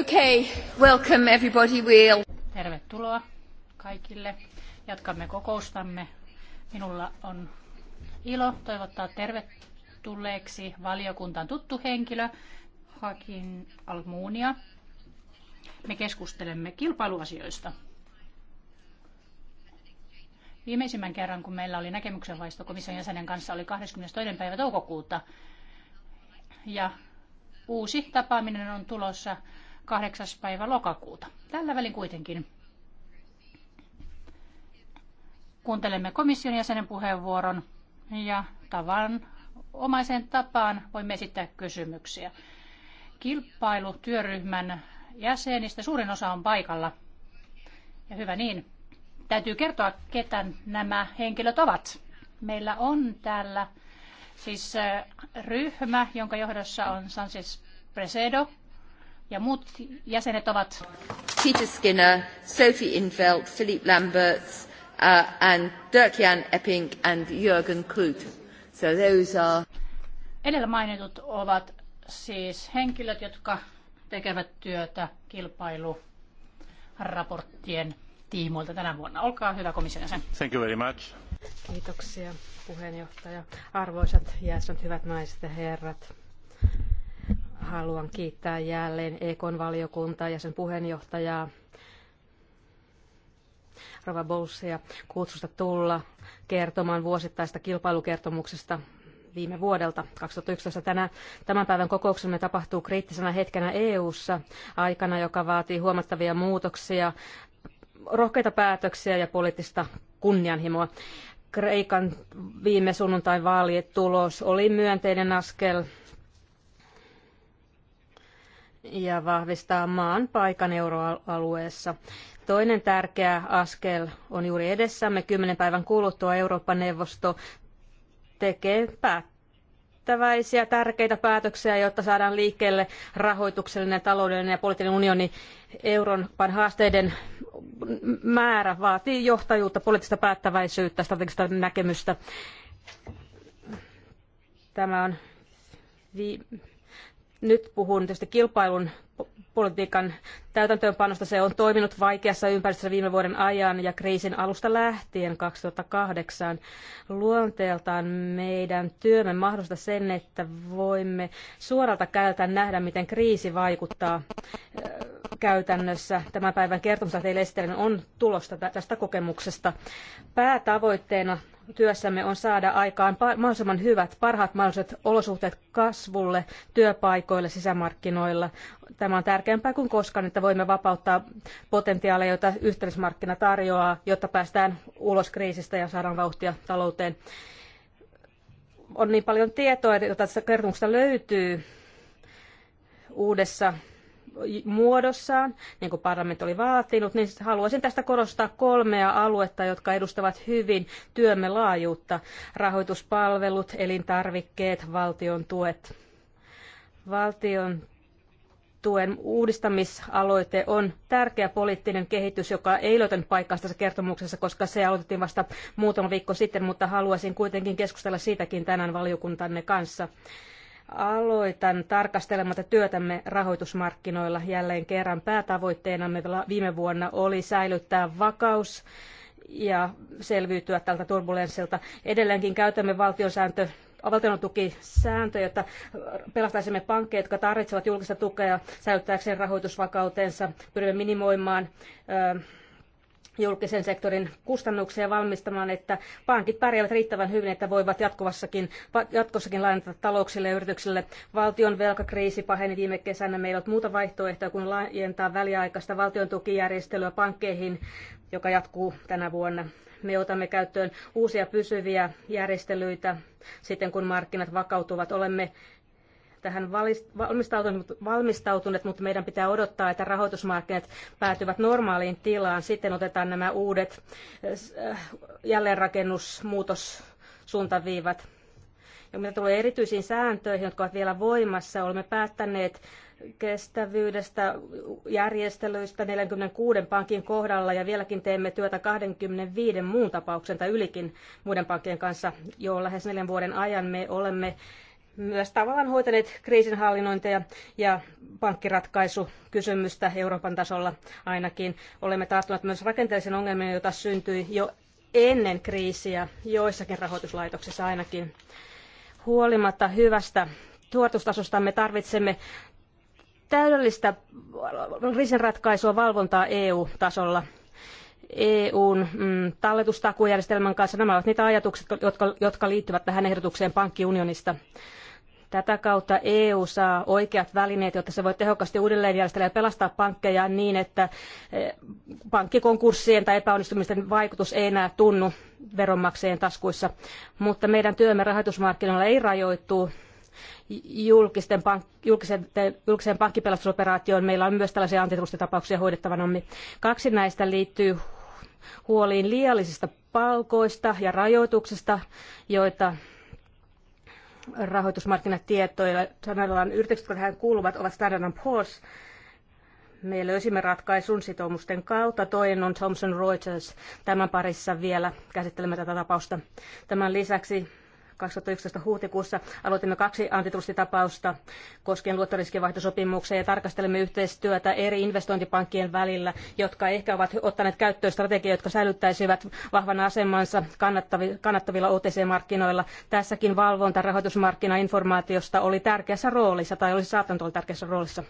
Okay, welcome everybody. We'll... Tervetuloa kaikille. Jatkamme kokoustamme. Minulla on ilo toivottaa tervetulleeksi valiokuntaan tuttu henkilö, Hakin Almunia. Me keskustelemme kilpailuasioista. Viimeisimmän kerran, kun meillä oli näkemyksen vaisto komission jäsenen kanssa, oli 22. päivä toukokuuta. Ja uusi tapaaminen on tulossa 8. päivä lokakuuta. Tällä välin kuitenkin kuuntelemme komission jäsenen puheenvuoron ja tavan omaisen tapaan voimme esittää kysymyksiä. Kilpailutyöryhmän jäsenistä suurin osa on paikalla. Ja hyvä niin. Täytyy kertoa, ketä nämä henkilöt ovat. Meillä on täällä siis äh, ryhmä, jonka johdossa on Sanchez Presedo, ja muut jäsenet ovat Peter Skinner, Sophie Infeld, Philippe Lamberts uh, and Dirk-Jan Epping and Jürgen Klut. So those are... Edellä mainitut ovat siis henkilöt, jotka tekevät työtä kilpailuraporttien tiimoilta tänä vuonna. Olkaa hyvä komission jäsen. Thank you very much. Kiitoksia puheenjohtaja. Arvoisat jäsenet, hyvät naiset ja herrat. Haluan kiittää jälleen Ekon valiokuntaa ja sen puheenjohtajaa Rova Bolsia kutsusta tulla kertomaan vuosittaista kilpailukertomuksesta viime vuodelta 2011. Tänä, tämän päivän kokouksemme tapahtuu kriittisenä hetkenä EU:ssa aikana, joka vaatii huomattavia muutoksia, rohkeita päätöksiä ja poliittista kunnianhimoa. Kreikan viime sunnuntain vaalitulos tulos oli myönteinen askel ja vahvistaa maan paikan euroalueessa. Toinen tärkeä askel on juuri edessämme. Kymmenen päivän kuluttua Eurooppa-neuvosto tekee päättäväisiä tärkeitä päätöksiä, jotta saadaan liikkeelle rahoituksellinen, taloudellinen ja poliittinen unioni. Euroopan haasteiden määrä vaatii johtajuutta, poliittista päättäväisyyttä, strategista näkemystä. Tämä on vi- nyt puhun tietysti kilpailun politiikan täytäntöönpanosta. Se on toiminut vaikeassa ympäristössä viime vuoden ajan ja kriisin alusta lähtien 2008. Luonteeltaan meidän työmme mahdollista sen, että voimme suoralta kädeltä nähdä, miten kriisi vaikuttaa käytännössä. Tämän päivän kertomus, teille esittelen, on tulosta tästä kokemuksesta. Päätavoitteena työssämme on saada aikaan mahdollisimman hyvät, parhaat mahdolliset olosuhteet kasvulle, työpaikoille, sisämarkkinoilla. Tämä on tärkeämpää kuin koskaan, että voimme vapauttaa potentiaaleja, jota yhteismarkkina tarjoaa, jotta päästään ulos kriisistä ja saadaan vauhtia talouteen. On niin paljon tietoa, jota tästä kertomuksesta löytyy uudessa muodossaan, niin kuin parlamentti oli vaatinut, niin haluaisin tästä korostaa kolmea aluetta, jotka edustavat hyvin työmme laajuutta. Rahoituspalvelut, elintarvikkeet, valtion tuet. Valtion tuen uudistamisaloite on tärkeä poliittinen kehitys, joka ei löytänyt paikkaa tässä kertomuksessa, koska se aloitettiin vasta muutama viikko sitten, mutta haluaisin kuitenkin keskustella siitäkin tänään valiokuntanne kanssa. Aloitan tarkastelematta työtämme rahoitusmarkkinoilla jälleen kerran. Päätavoitteenamme viime vuonna oli säilyttää vakaus ja selviytyä tältä turbulenssilta. Edelleenkin käytämme valtiosääntö valtiontukisääntöjä, jotta pelastaisimme pankkeja, jotka tarvitsevat julkista tukea säilyttääkseen rahoitusvakautensa. Pyrimme minimoimaan julkisen sektorin kustannuksia valmistamaan, että pankit pärjäävät riittävän hyvin, että voivat jatkossakin jatkossakin lainata talouksille ja yrityksille. Valtion velkakriisi paheni viime kesänä. Meillä on muuta vaihtoehtoa kuin laajentaa väliaikaista valtion tukijärjestelyä pankkeihin, joka jatkuu tänä vuonna. Me otamme käyttöön uusia pysyviä järjestelyitä sitten, kun markkinat vakautuvat. Olemme tähän valmistautuneet, valmistautuneet, mutta meidän pitää odottaa, että rahoitusmarkkinat päätyvät normaaliin tilaan. Sitten otetaan nämä uudet äh, jälleenrakennusmuutossuuntaviivat. Ja mitä tulee erityisiin sääntöihin, jotka ovat vielä voimassa, olemme päättäneet kestävyydestä, järjestelyistä 46 pankin kohdalla ja vieläkin teemme työtä 25 muun tapauksen tai ylikin muiden pankkien kanssa jo lähes neljän vuoden ajan. Me olemme myös tavallaan hoitaneet kriisinhallinnointia ja pankkiratkaisukysymystä Euroopan tasolla ainakin. Olemme tarttuneet myös rakenteellisiin ongelmiin, joita syntyi jo ennen kriisiä joissakin rahoituslaitoksissa ainakin. Huolimatta hyvästä tuotustasosta me tarvitsemme täydellistä kriisinratkaisua valvontaa EU-tasolla. EUn mm, talletustakujärjestelmän kanssa. Nämä ovat niitä ajatuksia, jotka, jotka liittyvät tähän ehdotukseen pankkiunionista. Tätä kautta EU saa oikeat välineet, jotta se voi tehokkaasti uudelleenjärjestellä ja pelastaa pankkeja niin, että e, pankkikonkurssien tai epäonnistumisten vaikutus ei enää tunnu veronmaksajien taskuissa. Mutta meidän työmme rahoitusmarkkinoilla ei rajoittuu julkisten pank- julkisen, julkiseen pankkipelastusoperaatioon. Meillä on myös tällaisia antitrustitapauksia hoidettavanamme. Kaksi näistä liittyy huoliin liiallisista palkoista ja rajoituksista, joita rahoitusmarkkinatietoilla sanallaan yritykset, jotka tähän kuuluvat, ovat Standard Poor's. Me löysimme ratkaisun sitoumusten kautta. Toinen on Thomson Reuters. Tämän parissa vielä käsittelemme tätä tapausta. Tämän lisäksi 2011 huhtikuussa aloitimme kaksi antitrustitapausta koskien luottoriskivaihtosopimuksia ja tarkastelemme yhteistyötä eri investointipankkien välillä, jotka ehkä ovat ottaneet käyttöön strategioita, jotka säilyttäisivät vahvan asemansa kannattavilla OTC-markkinoilla. Tässäkin valvonta rahoitusmarkkinainformaatiosta oli tärkeässä roolissa tai olisi saattanut olla tärkeässä roolissa.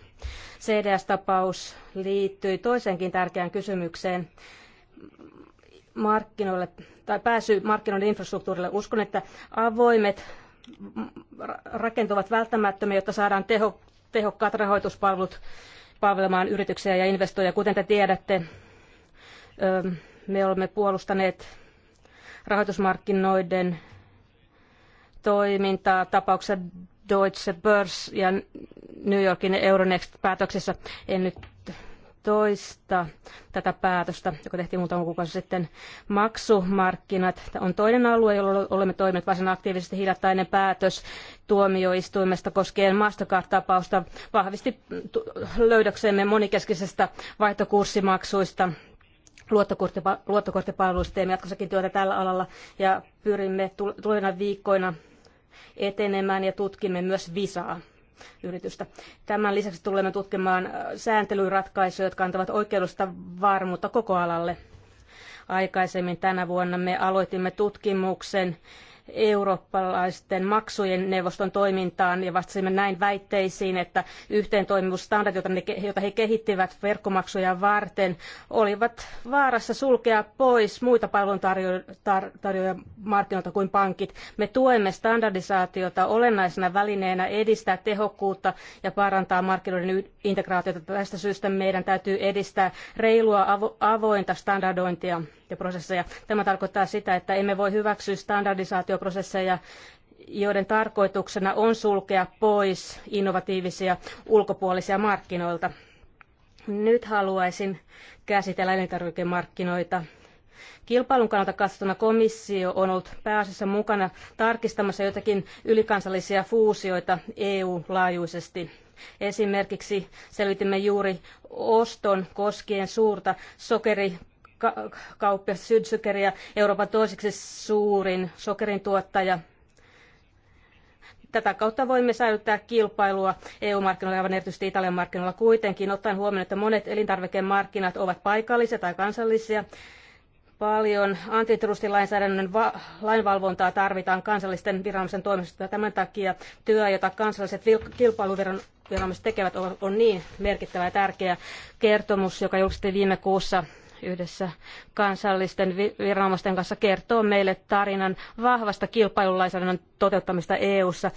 CDS-tapaus liittyi toiseenkin tärkeään kysymykseen markkinoille tai pääsy markkinoiden infrastruktuurille. Uskon, että avoimet rakentuvat välttämättömiä, jotta saadaan teho, tehokkaat rahoituspalvelut palvelemaan yrityksiä ja investoijia. Kuten te tiedätte, me olemme puolustaneet rahoitusmarkkinoiden toimintaa tapauksessa Deutsche Börse ja New Yorkin Euronext päätöksessä. En nyt toista tätä päätöstä, joka tehtiin muutama kuukausi sitten. Maksumarkkinat on toinen alue, jolla olemme toimineet varsin aktiivisesti hiljattainen päätös tuomioistuimesta koskien Mastercard-tapausta vahvisti löydöksemme monikeskisestä vaihtokurssimaksuista luottokorttipalveluista teemme jatkossakin työtä tällä alalla ja pyrimme tulevina viikkoina etenemään ja tutkimme myös visaa yritystä. Tämän lisäksi tulemme tutkimaan sääntelyratkaisuja, jotka antavat oikeudellista varmuutta koko alalle. Aikaisemmin tänä vuonna me aloitimme tutkimuksen eurooppalaisten maksujen neuvoston toimintaan ja vastasimme näin väitteisiin, että yhteentoimivuusstandardit, joita he kehittivät verkkomaksuja varten, olivat vaarassa sulkea pois muita palveluntarjoajia markkinoilta kuin pankit. Me tuemme standardisaatiota olennaisena välineenä edistää tehokkuutta ja parantaa markkinoiden integraatiota. Tästä syystä meidän täytyy edistää reilua avointa standardointia ja prosesseja. Tämä tarkoittaa sitä, että emme voi hyväksyä standardisaatio hallintoprosesseja, joiden tarkoituksena on sulkea pois innovatiivisia ulkopuolisia markkinoilta. Nyt haluaisin käsitellä elintarvikemarkkinoita. Kilpailun kannalta katsottuna komissio on ollut pääasiassa mukana tarkistamassa jotakin ylikansallisia fuusioita EU-laajuisesti. Esimerkiksi selvitimme juuri oston koskien suurta sokeri kauppias Sydsykeriä, Euroopan toiseksi suurin sokerin tuottaja. Tätä kautta voimme säilyttää kilpailua EU-markkinoilla, aivan erityisesti Italian markkinoilla kuitenkin, ottaen huomioon, että monet elintarvikemarkkinat ovat paikallisia tai kansallisia. Paljon antitrustilainsäädännön va- lainvalvontaa tarvitaan kansallisten viranomaisten toimesta. Tämän takia työ, jota kansalliset kilpailuviranomaiset tekevät, on, on niin merkittävä ja tärkeä kertomus, joka julkistettiin viime kuussa yhdessä kansallisten viranomaisten kanssa kertoo meille tarinan vahvasta kilpailulainsäädännön toteuttamista EU-ssa. 2004-2011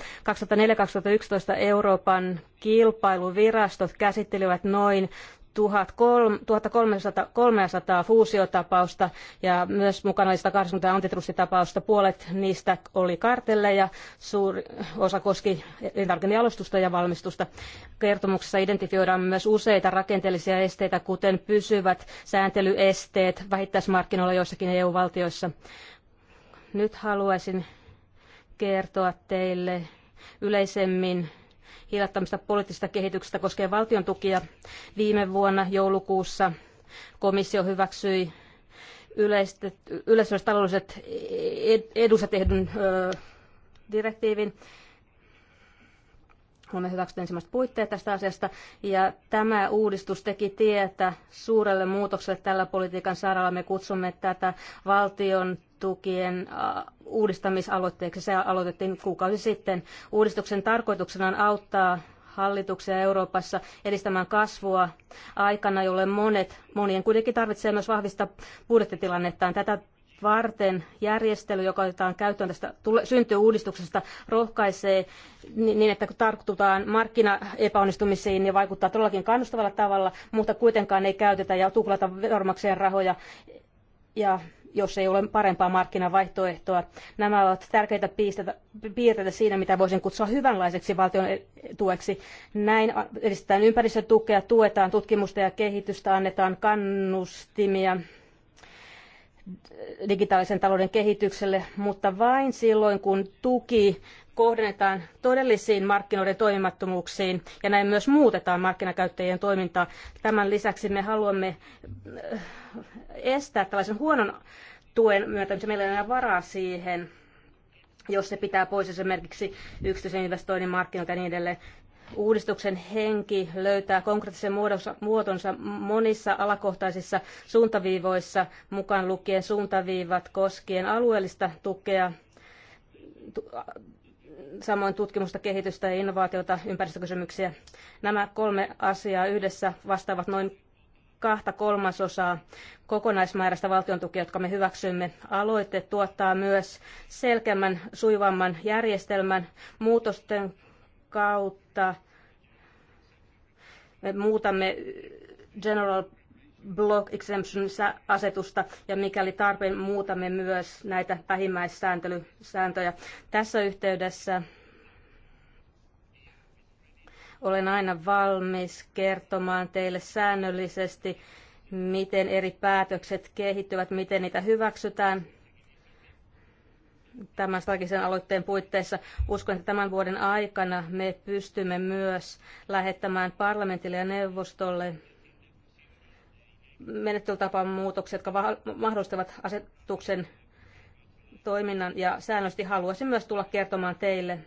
Euroopan kilpailuvirastot käsittelivät noin 1300 fuusiotapausta ja myös mukana oli 180 antitrustitapausta. Puolet niistä oli kartelleja, suuri osa koski elintarvikejalostusta ja valmistusta. Kertomuksessa identifioidaan myös useita rakenteellisia esteitä, kuten pysyvät sääntelyesteet vähittäismarkkinoilla joissakin EU-valtioissa. Nyt haluaisin kertoa teille yleisemmin hidattamista poliittisesta kehityksestä koskee valtion tukia. Viime vuonna joulukuussa komissio hyväksyi yleiset taloudelliset e- edussa tehdyn ö, direktiivin. Olemme hyväksyneet ensimmäiset puitteet tästä asiasta, ja tämä uudistus teki tietä suurelle muutokselle tällä politiikan saralla. Me kutsumme tätä valtion tukien äh, uudistamisaloitteeksi. Se aloitettiin kuukausi sitten. Uudistuksen tarkoituksena on auttaa hallituksia Euroopassa edistämään kasvua aikana, jolloin monet, monien kuitenkin tarvitsee myös vahvistaa budjettitilannettaan. Tätä varten järjestely, joka otetaan käyttöön tästä syntyy uudistuksesta, rohkaisee niin, että kun tartutaan markkinaepäonnistumisiin, niin vaikuttaa todellakin kannustavalla tavalla, mutta kuitenkaan ei käytetä ja tuplata veronmaksajan rahoja. Ja jos ei ole parempaa markkinavaihtoehtoa. Nämä ovat tärkeitä piirteitä siinä, mitä voisin kutsua hyvänlaiseksi valtion tueksi. Näin edistetään ympäristötukea, tuetaan tutkimusta ja kehitystä, annetaan kannustimia digitaalisen talouden kehitykselle, mutta vain silloin, kun tuki kohdennetaan todellisiin markkinoiden toimimattomuuksiin ja näin myös muutetaan markkinakäyttäjien toimintaa. Tämän lisäksi me haluamme estää tällaisen huonon tuen myötä, myöntämisen. Meillä ei ole enää varaa siihen, jos se pitää pois esimerkiksi yksityisen investoinnin markkinoilta ja niin edelleen. Uudistuksen henki löytää konkreettisen muotonsa monissa alakohtaisissa suuntaviivoissa, mukaan lukien suuntaviivat koskien alueellista tukea, samoin tutkimusta, kehitystä ja innovaatiota, ympäristökysymyksiä. Nämä kolme asiaa yhdessä vastaavat noin kahta kolmasosaa kokonaismäärästä valtion tukia, jotka me hyväksymme. Aloite tuottaa myös selkeämmän, suivamman järjestelmän muutosten kautta. Me muutamme General Block Exemption-asetusta ja mikäli tarpeen muutamme myös näitä vähimmäissääntöjä. Tässä yhteydessä olen aina valmis kertomaan teille säännöllisesti, miten eri päätökset kehittyvät, miten niitä hyväksytään tämän strategisen aloitteen puitteissa. Uskon, että tämän vuoden aikana me pystymme myös lähettämään parlamentille ja neuvostolle menettelytapaan muutokset, jotka mahdollistavat asetuksen toiminnan ja säännöllisesti haluaisin myös tulla kertomaan teille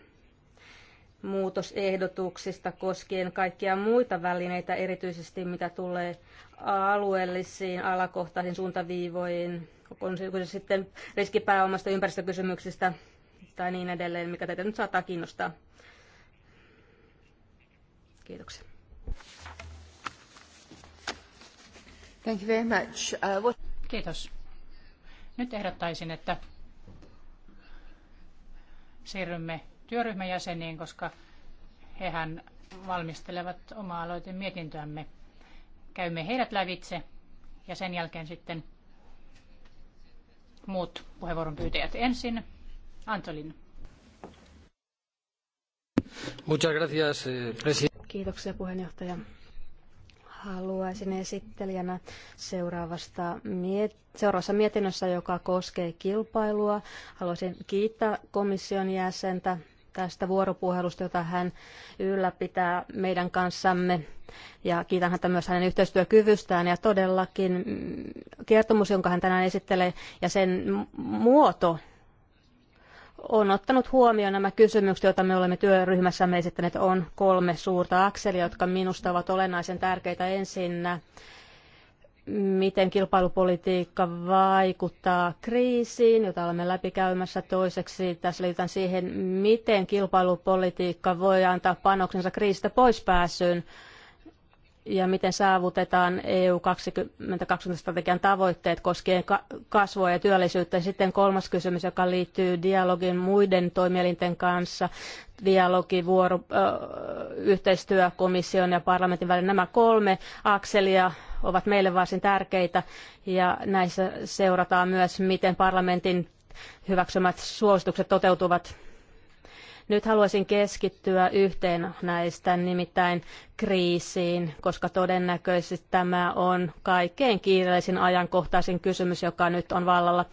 muutosehdotuksista koskien kaikkia muita välineitä, erityisesti mitä tulee alueellisiin, alakohtaisiin suuntaviivoihin, on se sitten riskipääomasta, ympäristökysymyksistä tai niin edelleen, mikä teitä nyt saattaa kiinnostaa. Kiitoksia. Thank you very much. Uh, what... Kiitos. Nyt ehdottaisin, että siirrymme työryhmän jäseniin, koska hehän valmistelevat omaa aloite mietintöämme. Käymme heidät lävitse ja sen jälkeen sitten muut puheenvuoron pyytäjät. Ensin Antolin. Muchas gracias, eh, Kiitoksia puheenjohtaja. Haluaisin esittelijänä seuraavasta miet- seuraavassa mietinnössä, joka koskee kilpailua. Haluaisin kiittää komission jäsentä tästä vuoropuhelusta, jota hän ylläpitää meidän kanssamme. Ja kiitän häntä myös hänen yhteistyökyvystään ja todellakin kertomus, jonka hän tänään esittelee ja sen muoto on ottanut huomioon nämä kysymykset, joita me olemme työryhmässämme esittäneet. On kolme suurta akselia, jotka minusta ovat olennaisen tärkeitä ensinnä miten kilpailupolitiikka vaikuttaa kriisiin, jota olemme läpikäymässä toiseksi. Tässä liitän siihen, miten kilpailupolitiikka voi antaa panoksensa kriisistä poispääsyyn ja miten saavutetaan EU 2020 strategian tavoitteet koskien kasvua ja työllisyyttä. Ja sitten kolmas kysymys, joka liittyy dialogin muiden toimielinten kanssa, dialogi, vuoro, äh, yhteistyö komission ja parlamentin välillä. Nämä kolme akselia ovat meille varsin tärkeitä ja näissä seurataan myös, miten parlamentin hyväksymät suositukset toteutuvat. Nyt haluaisin keskittyä yhteen näistä, nimittäin kriisiin, koska todennäköisesti tämä on kaikkein kiireellisin ajankohtaisin kysymys, joka nyt on vallalla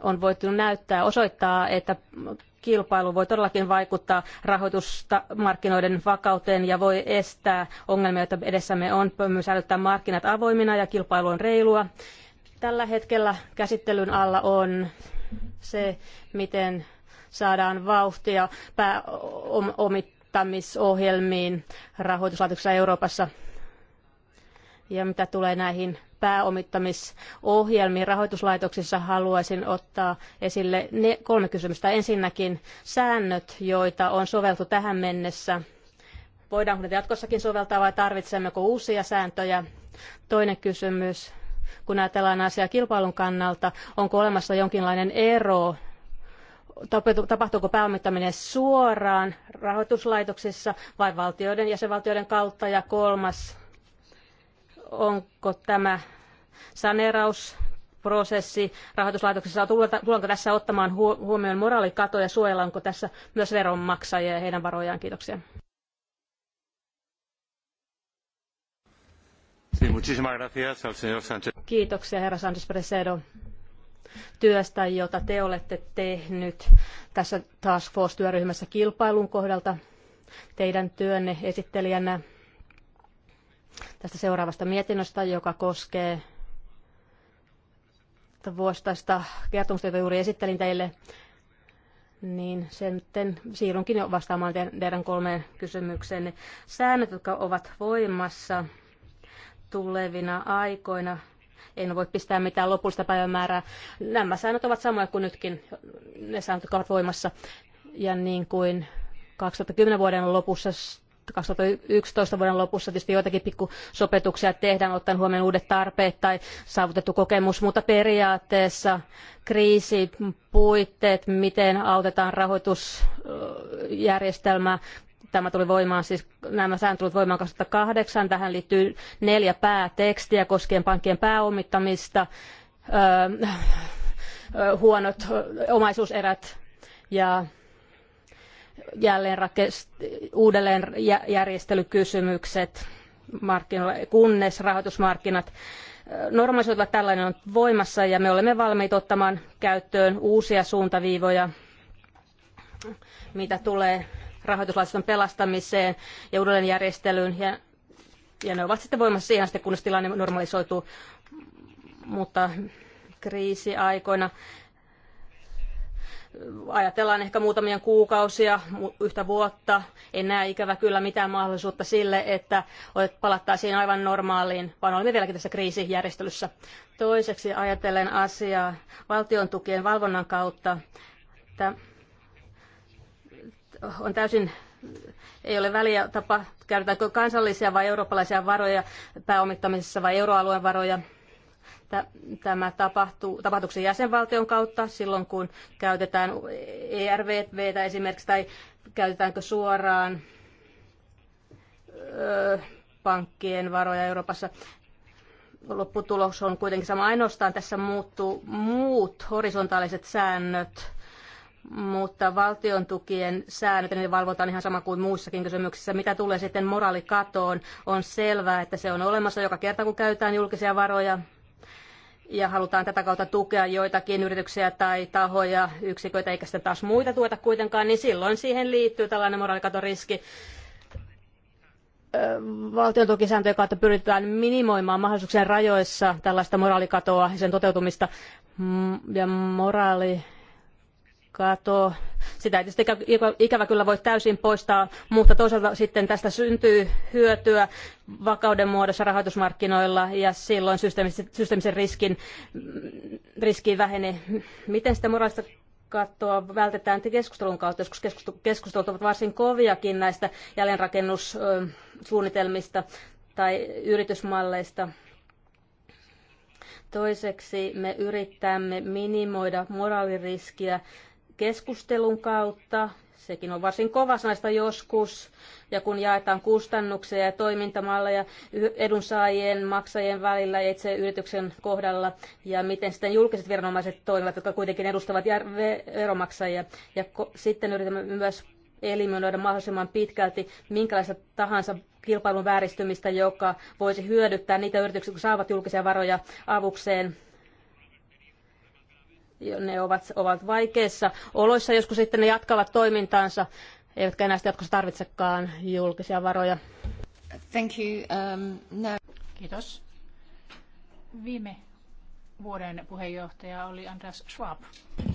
on voitu näyttää, osoittaa, että kilpailu voi todellakin vaikuttaa rahoitusmarkkinoiden vakauteen ja voi estää ongelmia, joita edessämme on, myös säilyttää markkinat avoimina ja kilpailu on reilua. Tällä hetkellä käsittelyn alla on se, miten saadaan vauhtia pääomittamisohjelmiin rahoituslaitoksissa Euroopassa – ja mitä tulee näihin pääomittamisohjelmiin rahoituslaitoksissa, haluaisin ottaa esille ne kolme kysymystä. Ensinnäkin säännöt, joita on soveltu tähän mennessä. Voidaanko ne jatkossakin soveltaa vai tarvitsemmeko uusia sääntöjä? Toinen kysymys, kun ajatellaan asiaa kilpailun kannalta, onko olemassa jonkinlainen ero tapahtuuko pääomittaminen suoraan rahoituslaitoksissa vai valtioiden jäsenvaltioiden kautta ja kolmas onko tämä saneeraus prosessi rahoituslaitoksessa, tullaanko tässä ottamaan huomioon moraalikato ja suojellaanko tässä myös veronmaksajia ja heidän varojaan? Kiitoksia. Kiitoksia herra Sanchez Presedo työstä, jota te olette tehnyt tässä Task Force-työryhmässä kilpailun kohdalta. Teidän työnne esittelijänä tästä seuraavasta mietinnöstä, joka koskee vuostaista kertomusta, jota juuri esittelin teille, niin sen siirrynkin jo vastaamaan teidän kolmeen kysymykseen. Säännöt, jotka ovat voimassa tulevina aikoina, en voi pistää mitään lopullista päivämäärää. Nämä säännöt ovat samoja kuin nytkin, ne säännöt, jotka ovat voimassa. Ja niin kuin 2010 vuoden lopussa 2011 vuoden lopussa tietysti joitakin pikkusopetuksia tehdään ottaen huomioon uudet tarpeet tai saavutettu kokemus, mutta periaatteessa kriisin puitteet, miten autetaan rahoitusjärjestelmä, tämä tuli voimaan, siis nämä säännöt tulivat voimaan 2008. Tähän liittyy neljä päätekstiä koskien pankkien pääomittamista, öö, huonot omaisuuserät ja jälleen uudelleen järjestelykysymykset kunnes rahoitusmarkkinat normalisoituvat. Tällainen on voimassa ja me olemme valmiit ottamaan käyttöön uusia suuntaviivoja, mitä tulee rahoituslaitosten pelastamiseen ja uudelleenjärjestelyyn. Ja, ja ne ovat sitten voimassa siihen asti, kunnes tilanne normalisoituu. Mutta kriisiaikoina ajatellaan ehkä muutamia kuukausia, yhtä vuotta. En näe ikävä kyllä mitään mahdollisuutta sille, että palattaisiin aivan normaaliin, vaan olemme vieläkin tässä kriisijärjestelyssä. Toiseksi ajatellen asiaa valtion tukien valvonnan kautta. Tämä on täysin ei ole väliä tapa, käytetäänkö kansallisia vai eurooppalaisia varoja pääomittamisessa vai euroalueen varoja Tämä tapahtuu tapahtuksen jäsenvaltion kautta silloin, kun käytetään ERVtä esimerkiksi tai käytetäänkö suoraan ö, pankkien varoja Euroopassa. Lopputulos on kuitenkin sama. Ainoastaan tässä muuttuu muut horisontaaliset säännöt, mutta valtion tukien säännöt, niitä valvotaan ihan sama kuin muissakin kysymyksissä. Mitä tulee sitten moraalikatoon, on selvää, että se on olemassa joka kerta, kun käytetään julkisia varoja ja halutaan tätä kautta tukea joitakin yrityksiä tai tahoja, yksiköitä, eikä sitten taas muita tueta kuitenkaan, niin silloin siihen liittyy tällainen moraalikatoriski. Valtion tukisääntöjen kautta pyritään minimoimaan mahdollisuuksien rajoissa tällaista moraalikatoa ja sen toteutumista. Mm, ja moraali kato. Sitä ei tietysti ikävä kyllä voi täysin poistaa, mutta toisaalta sitten tästä syntyy hyötyä vakauden muodossa rahoitusmarkkinoilla ja silloin systeemisen riskin, riski vähenee. Miten sitä moraalista kattoa vältetään keskustelun kautta, joskus keskustelut ovat varsin koviakin näistä jälleenrakennussuunnitelmista tai yritysmalleista. Toiseksi me yritämme minimoida moraaliriskiä keskustelun kautta. Sekin on varsin kovasnaista joskus, ja kun jaetaan kustannuksia ja toimintamalleja edunsaajien, maksajien välillä ja itse yrityksen kohdalla, ja miten sitten julkiset viranomaiset toimivat, jotka kuitenkin edustavat veromaksajia. Ja sitten yritämme myös eliminoida mahdollisimman pitkälti minkälaista tahansa kilpailun vääristymistä, joka voisi hyödyttää niitä yrityksiä, jotka saavat julkisia varoja avukseen ne ovat, ovat vaikeissa oloissa. Joskus sitten ne jatkavat toimintaansa, eivätkä enää jatkossa tarvitsekaan julkisia varoja. Thank you. Um, no. Kiitos. Viime vuoden puheenjohtaja oli Andreas Schwab.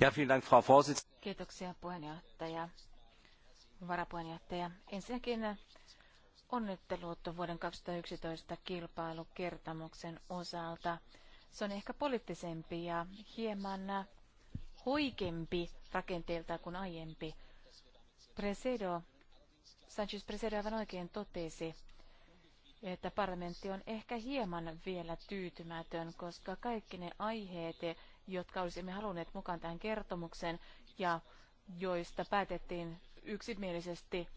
Ja, Dank, Frau Kiitoksia puheenjohtaja, varapuheenjohtaja. Ensinnäkin onnittelut vuoden 2011 kilpailukertomuksen osalta. Se on ehkä poliittisempi ja hieman huikempi rakenteelta kuin aiempi. Presedo, Sanchez Presedo aivan oikein totesi, että parlamentti on ehkä hieman vielä tyytymätön, koska kaikki ne aiheet, jotka olisimme halunneet mukaan tähän kertomukseen ja joista päätettiin yksimielisesti,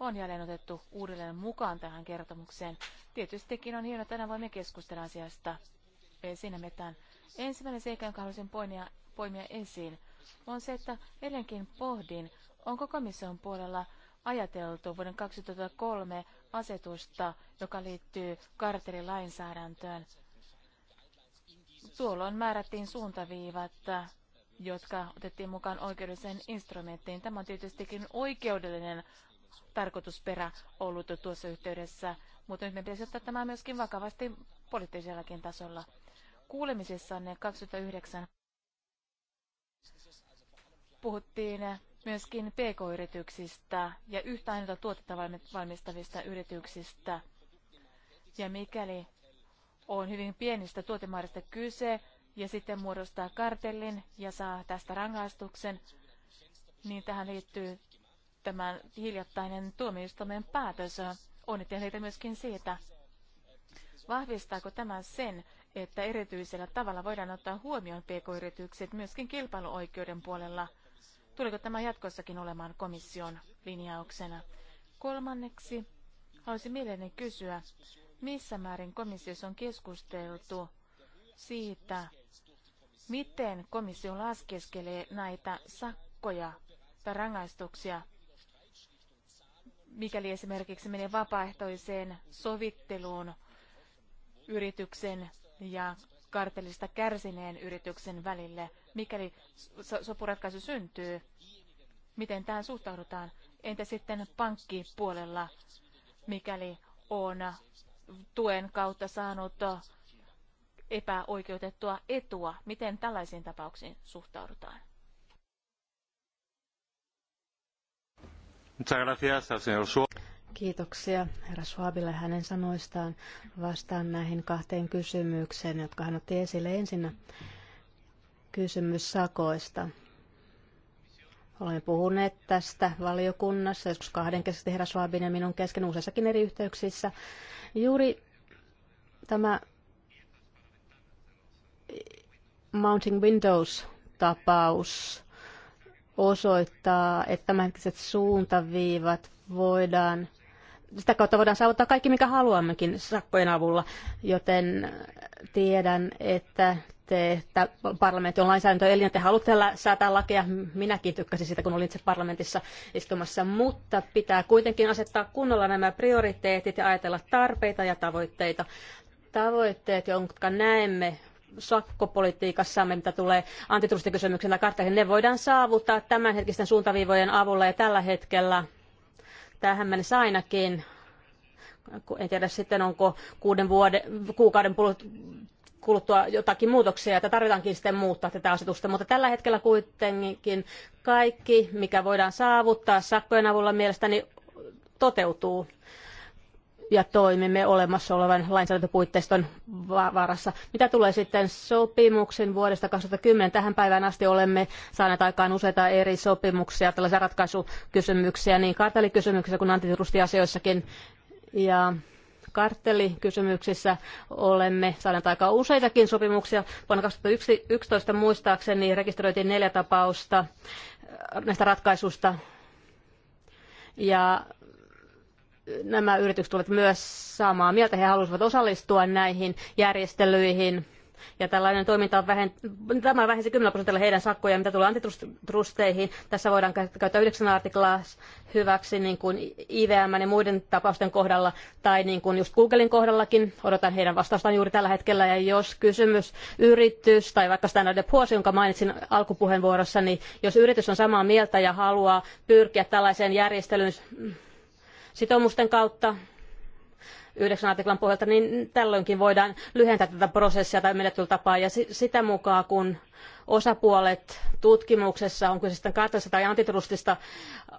on jälleen otettu uudelleen mukaan tähän kertomukseen. Tietystikin on hienoa, että tänään voimme keskustella asiasta siinä mitään. Ensimmäinen seikka, jonka haluaisin poimia, poimia esiin, on se, että edelleenkin pohdin, onko komission puolella ajateltu vuoden 2003 asetusta, joka liittyy kartelilainsäädäntöön. Tuolloin määrättiin suuntaviivat, jotka otettiin mukaan oikeudelliseen instrumenttiin. Tämä on tietystikin oikeudellinen tarkoitusperä ollut tuossa yhteydessä, mutta nyt me pitäisi ottaa tämä myöskin vakavasti poliittisellakin tasolla kuulemisessanne 2009 puhuttiin myöskin pk-yrityksistä ja yhtä ainoa tuotetta valmistavista yrityksistä. Ja mikäli on hyvin pienistä tuotemaarista kyse ja sitten muodostaa kartellin ja saa tästä rangaistuksen, niin tähän liittyy tämän hiljattainen tuomioistuimen päätös. Onnittelen heitä myöskin siitä. Vahvistaako tämä sen, että erityisellä tavalla voidaan ottaa huomioon pk-yritykset myöskin kilpailuoikeuden puolella. Tuleeko tämä jatkossakin olemaan komission linjauksena? Kolmanneksi haluaisin mielelläni kysyä, missä määrin komissiossa on keskusteltu siitä, miten komissio laskeskelee näitä sakkoja tai rangaistuksia, mikäli esimerkiksi menee vapaaehtoiseen sovitteluun yrityksen ja kartellista kärsineen yrityksen välille, mikäli so- sopuratkaisu syntyy. Miten tähän suhtaudutaan? Entä sitten pankkipuolella, mikäli on tuen kautta saanut epäoikeutettua etua? Miten tällaisiin tapauksiin suhtaudutaan? Muchas gracias al señor Kiitoksia herra Schwabille hänen sanoistaan. Vastaan näihin kahteen kysymykseen, jotka hän otti esille. Ensinnä kysymys sakoista. Olemme puhuneet tästä valiokunnassa, joskus kahden kesken herra Schwabin ja minun kesken useissakin eri yhteyksissä. Juuri tämä Mounting Windows-tapaus osoittaa, että tämänhetkiset suuntaviivat voidaan sitä kautta voidaan saavuttaa kaikki, mikä haluammekin sakkojen avulla, joten tiedän, että te, että parlamentti on lainsäädäntöelin, te haluatte säätää lakeja. Minäkin tykkäsin sitä, kun olin itse parlamentissa istumassa, mutta pitää kuitenkin asettaa kunnolla nämä prioriteetit ja ajatella tarpeita ja tavoitteita. Tavoitteet, jotka näemme sakkopolitiikassamme, mitä tulee antitrustikysymyksen tai kartteihin, ne voidaan saavuttaa tämänhetkisten suuntaviivojen avulla ja tällä hetkellä tähän mennessä ainakin. En tiedä sitten, onko kuuden vuoden, kuukauden kuluttua jotakin muutoksia, että tarvitaankin sitten muuttaa tätä asetusta. Mutta tällä hetkellä kuitenkin kaikki, mikä voidaan saavuttaa sakkojen avulla mielestäni toteutuu ja toimimme olemassa olevan lainsäädäntöpuitteiston varassa. Mitä tulee sitten sopimuksen vuodesta 2010 tähän päivään asti olemme saaneet aikaan useita eri sopimuksia, tällaisia ratkaisukysymyksiä, niin kartellikysymyksissä kuin antitrustiasioissakin. Ja karttellikysymyksissä olemme saaneet aikaan useitakin sopimuksia. Vuonna 2011 muistaakseni rekisteröitiin neljä tapausta näistä ratkaisusta. Ja nämä yritykset olivat myös samaa mieltä. He halusivat osallistua näihin järjestelyihin. Ja tällainen toiminta on vähen, tämä vähensi 10 prosentilla heidän sakkoja, mitä tulee antitrusteihin. Tässä voidaan käyttää 9 artiklaa hyväksi niin kuin IVM ja muiden tapausten kohdalla tai niin kuin just Googlein kohdallakin. Odotan heidän vastaustaan juuri tällä hetkellä. Ja jos kysymys yritys tai vaikka Standard Poor's, jonka mainitsin alkupuheenvuorossa, niin jos yritys on samaa mieltä ja haluaa pyrkiä tällaiseen järjestelyyn sitoumusten kautta yhdeksän artiklan pohjalta, niin tällöinkin voidaan lyhentää tätä prosessia tai menettelytapaa. Ja sitä mukaan, kun osapuolet tutkimuksessa, on kyse sitten kartellista tai antitrustista,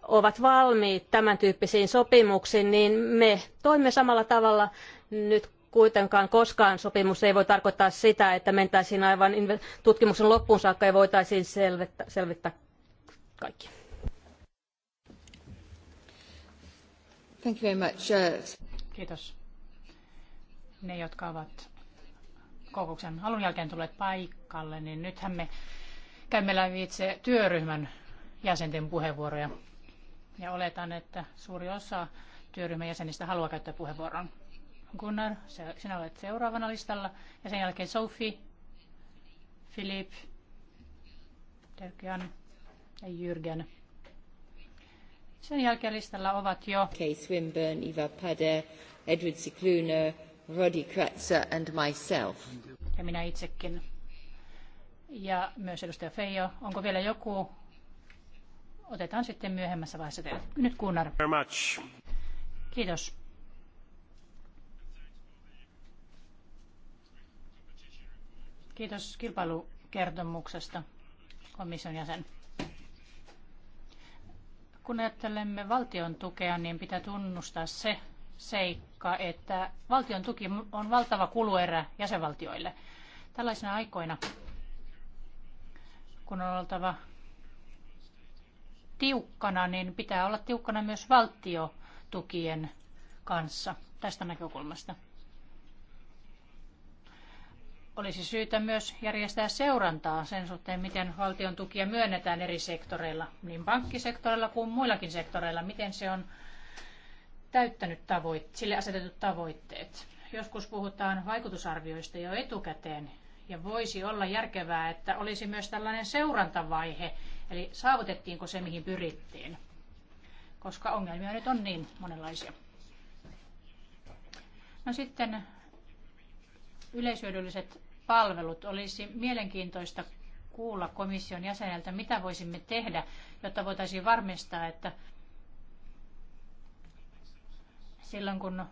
ovat valmiit tämän tyyppisiin sopimuksiin, niin me toimimme samalla tavalla nyt kuitenkaan koskaan sopimus ei voi tarkoittaa sitä, että mentäisiin aivan tutkimuksen loppuun saakka ja voitaisiin selvittää, selvittää kaikki. Thank you very much. Uh, Kiitos. Ne, jotka ovat kokouksen alun jälkeen tulleet paikalle, niin nythän me käymme läpi itse työryhmän jäsenten puheenvuoroja. Ja oletan, että suuri osa työryhmän jäsenistä haluaa käyttää puheenvuoron. Gunnar, sinä olet seuraavana listalla. Ja sen jälkeen Sophie, Filip, Derkjan ja Jürgen. Sen jälkeen listalla ovat jo Kay Swinburne, Eva Pade, Edward Cicluna, Roddy Kratzer and myself. Ja minä itsekin. Ja myös edustaja Feijo. Onko vielä joku? Otetaan sitten myöhemmässä vaiheessa teidät. Nyt Gunnar. Very much. Kiitos. Kiitos kilpailukertomuksesta komission jäsen. Kun ajattelemme valtion tukea, niin pitää tunnustaa se seikka, että valtion tuki on valtava kuluerä jäsenvaltioille. Tällaisina aikoina, kun on oltava tiukkana, niin pitää olla tiukkana myös valtiotukien kanssa tästä näkökulmasta olisi syytä myös järjestää seurantaa sen suhteen, miten valtion tukia myönnetään eri sektoreilla, niin pankkisektorilla kuin muillakin sektoreilla, miten se on täyttänyt tavoit, sille asetetut tavoitteet. Joskus puhutaan vaikutusarvioista jo etukäteen, ja voisi olla järkevää, että olisi myös tällainen seurantavaihe, eli saavutettiinko se, mihin pyrittiin, koska ongelmia nyt on niin monenlaisia. No sitten yleisyödylliset palvelut. Olisi mielenkiintoista kuulla komission jäseneltä, mitä voisimme tehdä, jotta voitaisiin varmistaa, että silloin kun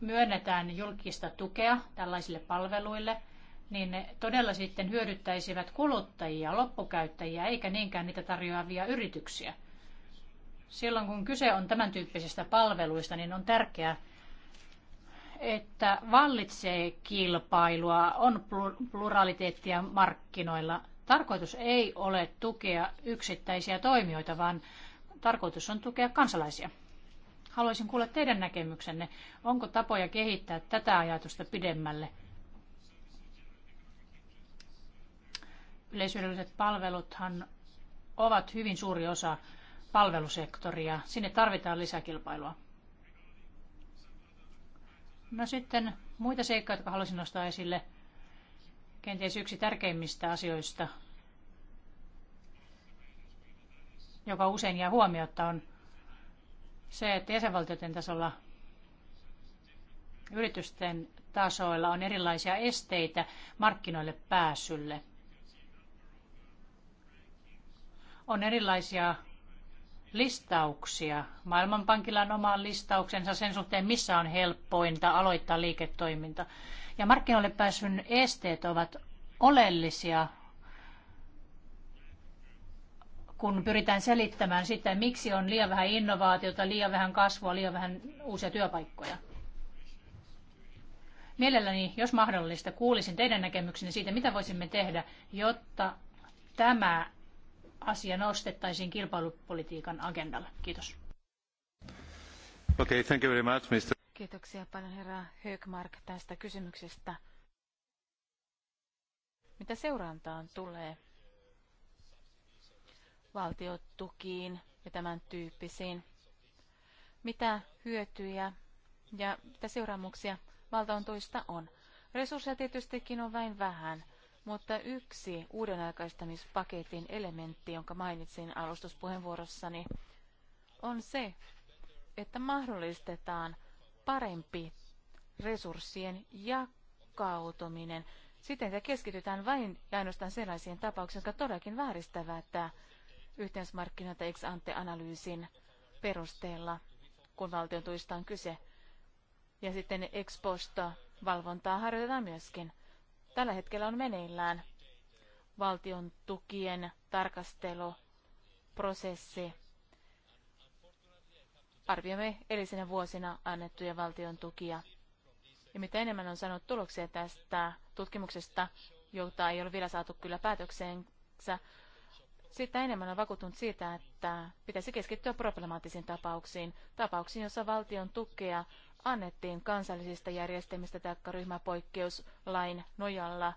myönnetään julkista tukea tällaisille palveluille, niin ne todella sitten hyödyttäisivät kuluttajia, loppukäyttäjiä, eikä niinkään niitä tarjoavia yrityksiä. Silloin kun kyse on tämän tyyppisistä palveluista, niin on tärkeää, että vallitsee kilpailua, on pluraliteettia markkinoilla. Tarkoitus ei ole tukea yksittäisiä toimijoita, vaan tarkoitus on tukea kansalaisia. Haluaisin kuulla teidän näkemyksenne. Onko tapoja kehittää tätä ajatusta pidemmälle? Yleisyydelliset palveluthan ovat hyvin suuri osa palvelusektoria. Sinne tarvitaan lisäkilpailua. No sitten muita seikkoja, jotka haluaisin nostaa esille. Kenties yksi tärkeimmistä asioista, joka usein jää huomiota, on se, että jäsenvaltioiden tasolla yritysten tasoilla on erilaisia esteitä markkinoille pääsylle. On erilaisia listauksia. Maailmanpankilla on oma listauksensa sen suhteen, missä on helppointa aloittaa liiketoiminta. Ja markkinoille pääsyn esteet ovat oleellisia, kun pyritään selittämään sitä, miksi on liian vähän innovaatiota, liian vähän kasvua, liian vähän uusia työpaikkoja. Mielelläni, jos mahdollista, kuulisin teidän näkemyksenne siitä, mitä voisimme tehdä, jotta tämä asia nostettaisiin kilpailupolitiikan agendalle. Kiitos. Okay, thank you very much, Mr. Kiitoksia paljon herra Högmark tästä kysymyksestä. Mitä seurantaan tulee valtiotukiin ja tämän tyyppisiin? Mitä hyötyjä ja mitä seuraamuksia valtaon toista on? Resursseja tietystikin on vain vähän. Mutta yksi uuden aikaistamispaketin elementti, jonka mainitsin alustuspuheenvuorossani, on se, että mahdollistetaan parempi resurssien jakautuminen siten, että keskitytään vain ja ainoastaan sellaisiin tapauksiin, jotka todellakin vääristävät yhteismarkkinoita ex ante analyysin perusteella, kun valtion tuista on kyse. Ja sitten ex posto valvontaa harjoitetaan myöskin. Tällä hetkellä on meneillään valtion tukien tarkasteluprosessi. Arvioimme edellisenä vuosina annettuja valtion tukia. Ja mitä enemmän on saanut tuloksia tästä tutkimuksesta, jota ei ole vielä saatu kyllä päätökseensä, sitä enemmän on vakuuttunut siitä, että pitäisi keskittyä problemaattisiin tapauksiin, tapauksiin, joissa valtion tukea annettiin kansallisista järjestelmistä taikka ryhmäpoikkeuslain nojalla,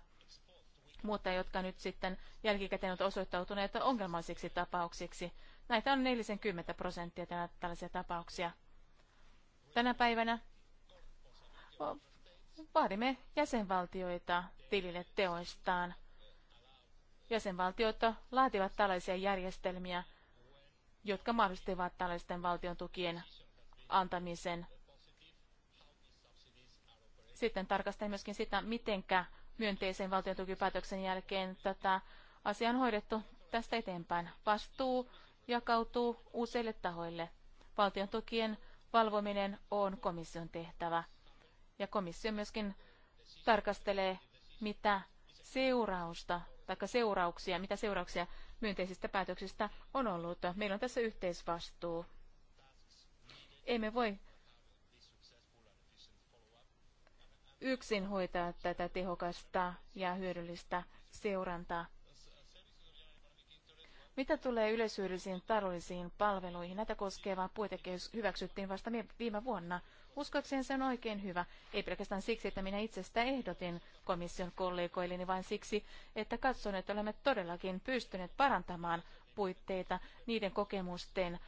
mutta jotka nyt sitten jälkikäteen ovat osoittautuneet ongelmallisiksi tapauksiksi. Näitä on 40 prosenttia tällaisia tapauksia. Tänä päivänä vaadimme jäsenvaltioita tilille teoistaan. Jäsenvaltiot laativat tällaisia järjestelmiä, jotka mahdollistivat tällaisten valtion tukien antamisen sitten tarkastan myöskin sitä, mitenkä myönteisen valtiontukipäätöksen jälkeen tätä asiaa on hoidettu tästä eteenpäin. Vastuu jakautuu useille tahoille. Valtion tukien valvominen on komission tehtävä. Ja komissio myöskin tarkastelee, mitä seurausta tai seurauksia, mitä seurauksia myönteisistä päätöksistä on ollut. Meillä on tässä yhteisvastuu. Emme voi yksin hoitaa tätä tehokasta ja hyödyllistä seurantaa. Mitä tulee yleishyödyllisiin taloudellisiin palveluihin, näitä koskeva puitekehys hyväksyttiin vasta viime vuonna. Uskoakseni se on oikein hyvä, ei pelkästään siksi, että minä itse sitä ehdotin komission kollegoilleni, niin vaan siksi, että katson, että olemme todellakin pystyneet parantamaan puitteita niiden kokemusten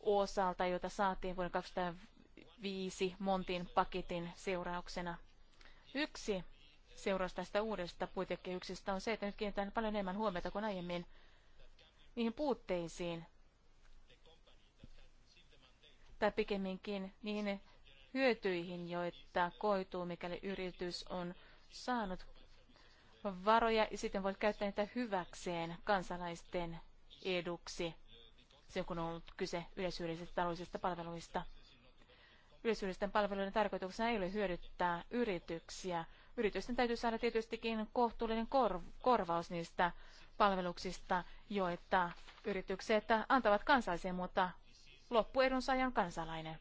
osalta, joita saatiin vuonna 2005 Montin paketin seurauksena. Yksi seuraus tästä uudesta puitekehyksestä on se, että nyt kiinnitetään paljon enemmän huomiota kuin aiemmin niihin puutteisiin, tai pikemminkin niihin hyötyihin, joita koituu, mikäli yritys on saanut varoja ja sitten voit käyttää niitä hyväkseen kansalaisten eduksi, se kun on ollut kyse yleisyydellisistä taloudellisista palveluista. Yleishyödyllisten palveluiden tarkoituksena ei ole hyödyttää yrityksiä. Yritysten täytyy saada tietystikin kohtuullinen korvaus niistä palveluksista, joita yritykset antavat kansalaiseen, mutta loppuedunsaajan kansalainen.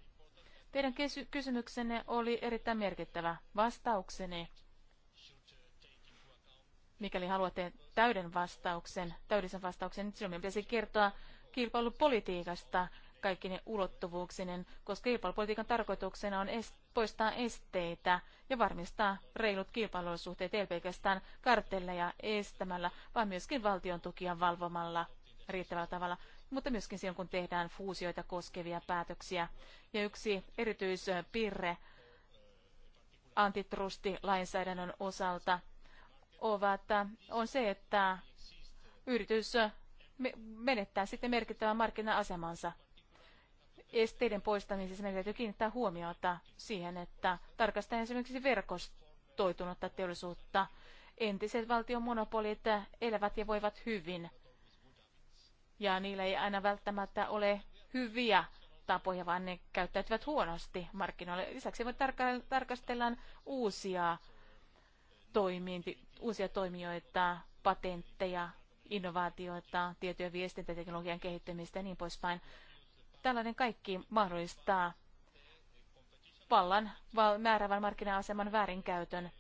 Teidän kysymyksenne oli erittäin merkittävä vastaukseni. Mikäli haluatte täyden vastauksen, täydellisen vastauksen, niin silloin pitäisi kertoa kilpailupolitiikasta kaikki ne ulottuvuuksinen, koska kilpailupolitiikan tarkoituksena on est- poistaa esteitä ja varmistaa reilut kilpailuolosuhteet ei pelkästään kartelleja estämällä, vaan myöskin valtion tukia valvomalla riittävällä tavalla, mutta myöskin silloin, kun tehdään fuusioita koskevia päätöksiä. Ja yksi erityispiirre antitrusti-lainsäädännön osalta ovat, on se, että yritys menettää sitten merkittävän markkina-asemansa esteiden poistamisessa meidän täytyy kiinnittää huomiota siihen, että tarkastetaan esimerkiksi verkostoitunutta teollisuutta. Entiset valtion monopolit elävät ja voivat hyvin. Ja niillä ei aina välttämättä ole hyviä tapoja, vaan ne käyttäytyvät huonosti markkinoille. Lisäksi voi tarka- tarkastellaan uusia, toiminti- uusia toimijoita, patentteja, innovaatioita, tieto- ja viestintäteknologian kehittymistä ja niin poispäin. Tällainen kaikki mahdollistaa vallan määrävän markkina-aseman väärinkäytön.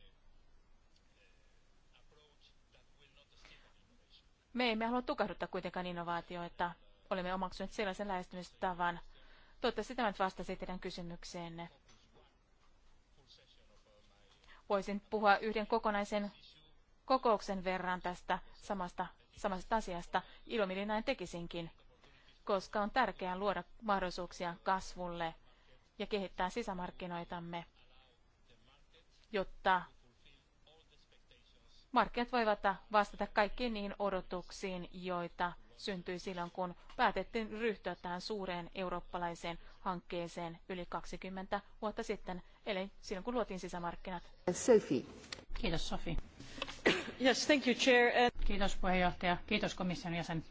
Me emme halua tukahduttaa kuitenkaan innovaatioita. Olemme omaksuneet sellaisen lähestymistavan. Toivottavasti tämä nyt vastasi teidän kysymykseenne. Voisin puhua yhden kokonaisen kokouksen verran tästä samasta, samasta asiasta. Ilomielin näin tekisinkin koska on tärkeää luoda mahdollisuuksia kasvulle ja kehittää sisämarkkinoitamme, jotta markkinat voivat vastata kaikkiin niihin odotuksiin, joita syntyi silloin, kun päätettiin ryhtyä tähän suureen eurooppalaiseen hankkeeseen yli 20 vuotta sitten, eli silloin, kun luotiin sisämarkkinat. Sophie. Kiitos, Sofi. Yes, thank you, Chair. Kiitos, puheenjohtaja. Kiitos, komission jäsen.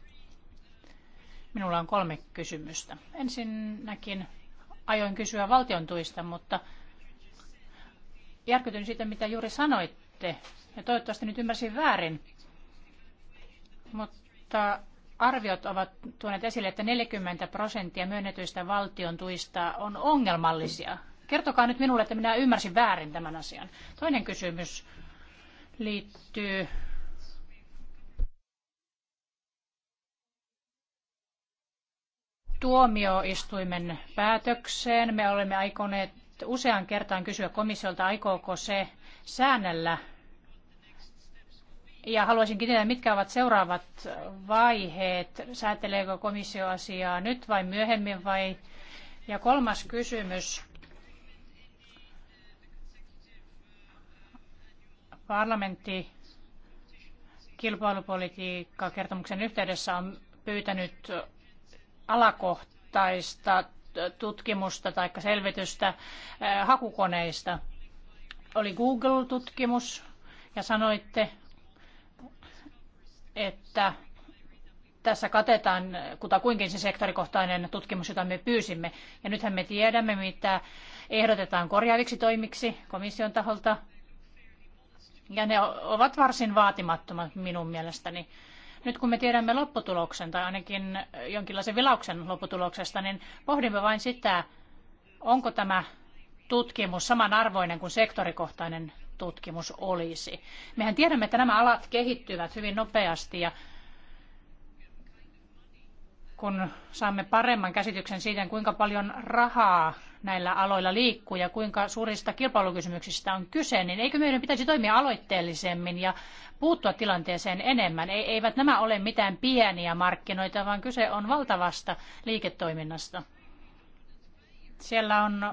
Minulla on kolme kysymystä. Ensinnäkin ajoin kysyä valtion tuista, mutta järkytyn siitä, mitä juuri sanoitte. Ja toivottavasti nyt ymmärsin väärin. Mutta arviot ovat tuoneet esille, että 40 prosenttia myönnetyistä valtion tuista on ongelmallisia. Kertokaa nyt minulle, että minä ymmärsin väärin tämän asian. Toinen kysymys liittyy tuomioistuimen päätökseen. Me olemme aikoneet useaan kertaan kysyä komissiolta, aikooko se säännellä. Ja haluaisinkin tietää, mitkä ovat seuraavat vaiheet. Sääteleekö komissio asiaa nyt vai myöhemmin vai? Ja kolmas kysymys. Parlamentti kilpailupolitiikka kertomuksen yhteydessä on pyytänyt alakohtaista tutkimusta tai selvitystä eh, hakukoneista. Oli Google-tutkimus ja sanoitte, että tässä katetaan kutakuinkin se sektorikohtainen tutkimus, jota me pyysimme. Ja nythän me tiedämme, mitä ehdotetaan korjaaviksi toimiksi komission taholta. Ja ne ovat varsin vaatimattomat minun mielestäni. Nyt kun me tiedämme lopputuloksen tai ainakin jonkinlaisen vilauksen lopputuloksesta, niin pohdimme vain sitä, onko tämä tutkimus samanarvoinen kuin sektorikohtainen tutkimus olisi. Mehän tiedämme, että nämä alat kehittyvät hyvin nopeasti ja kun saamme paremman käsityksen siitä, kuinka paljon rahaa näillä aloilla liikkuu ja kuinka suurista kilpailukysymyksistä on kyse, niin eikö meidän pitäisi toimia aloitteellisemmin ja puuttua tilanteeseen enemmän? E- eivät nämä ole mitään pieniä markkinoita, vaan kyse on valtavasta liiketoiminnasta. Siellä on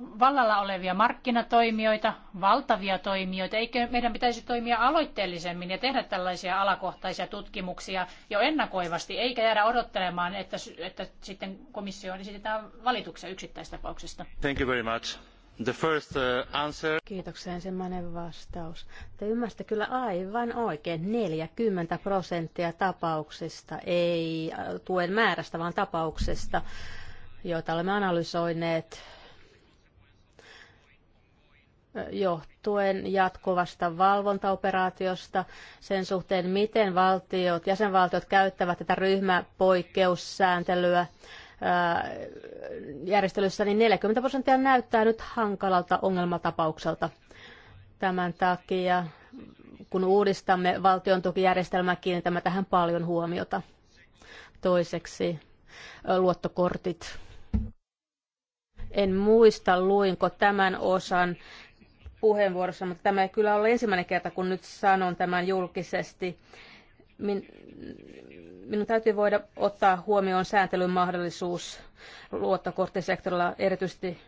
vallalla olevia markkinatoimijoita, valtavia toimijoita. Eikö meidän pitäisi toimia aloitteellisemmin ja tehdä tällaisia alakohtaisia tutkimuksia jo ennakoivasti, eikä jäädä odottelemaan, että, että sitten komissioon esitetään valituksia yksittäistapauksista? Thank you very much. The first uh, answer. Kiitoksia ensimmäinen vastaus. Te ymmärsitte kyllä aivan oikein. 40 prosenttia tapauksista, ei äh, tuen määrästä, vaan tapauksista, joita olemme analysoineet johtuen jatkuvasta valvontaoperaatiosta sen suhteen, miten valtiot, jäsenvaltiot käyttävät tätä ryhmäpoikkeussääntelyä järjestelyssä, niin 40 prosenttia näyttää nyt hankalalta ongelmatapaukselta. Tämän takia, kun uudistamme valtion tukijärjestelmää, kiinnitämme tähän paljon huomiota. Toiseksi luottokortit. En muista, luinko tämän osan puheenvuorossa, mutta tämä ei kyllä ole ensimmäinen kerta, kun nyt sanon tämän julkisesti. Min, minun täytyy voida ottaa huomioon sääntelyn mahdollisuus luottokorttisektorilla, erityisesti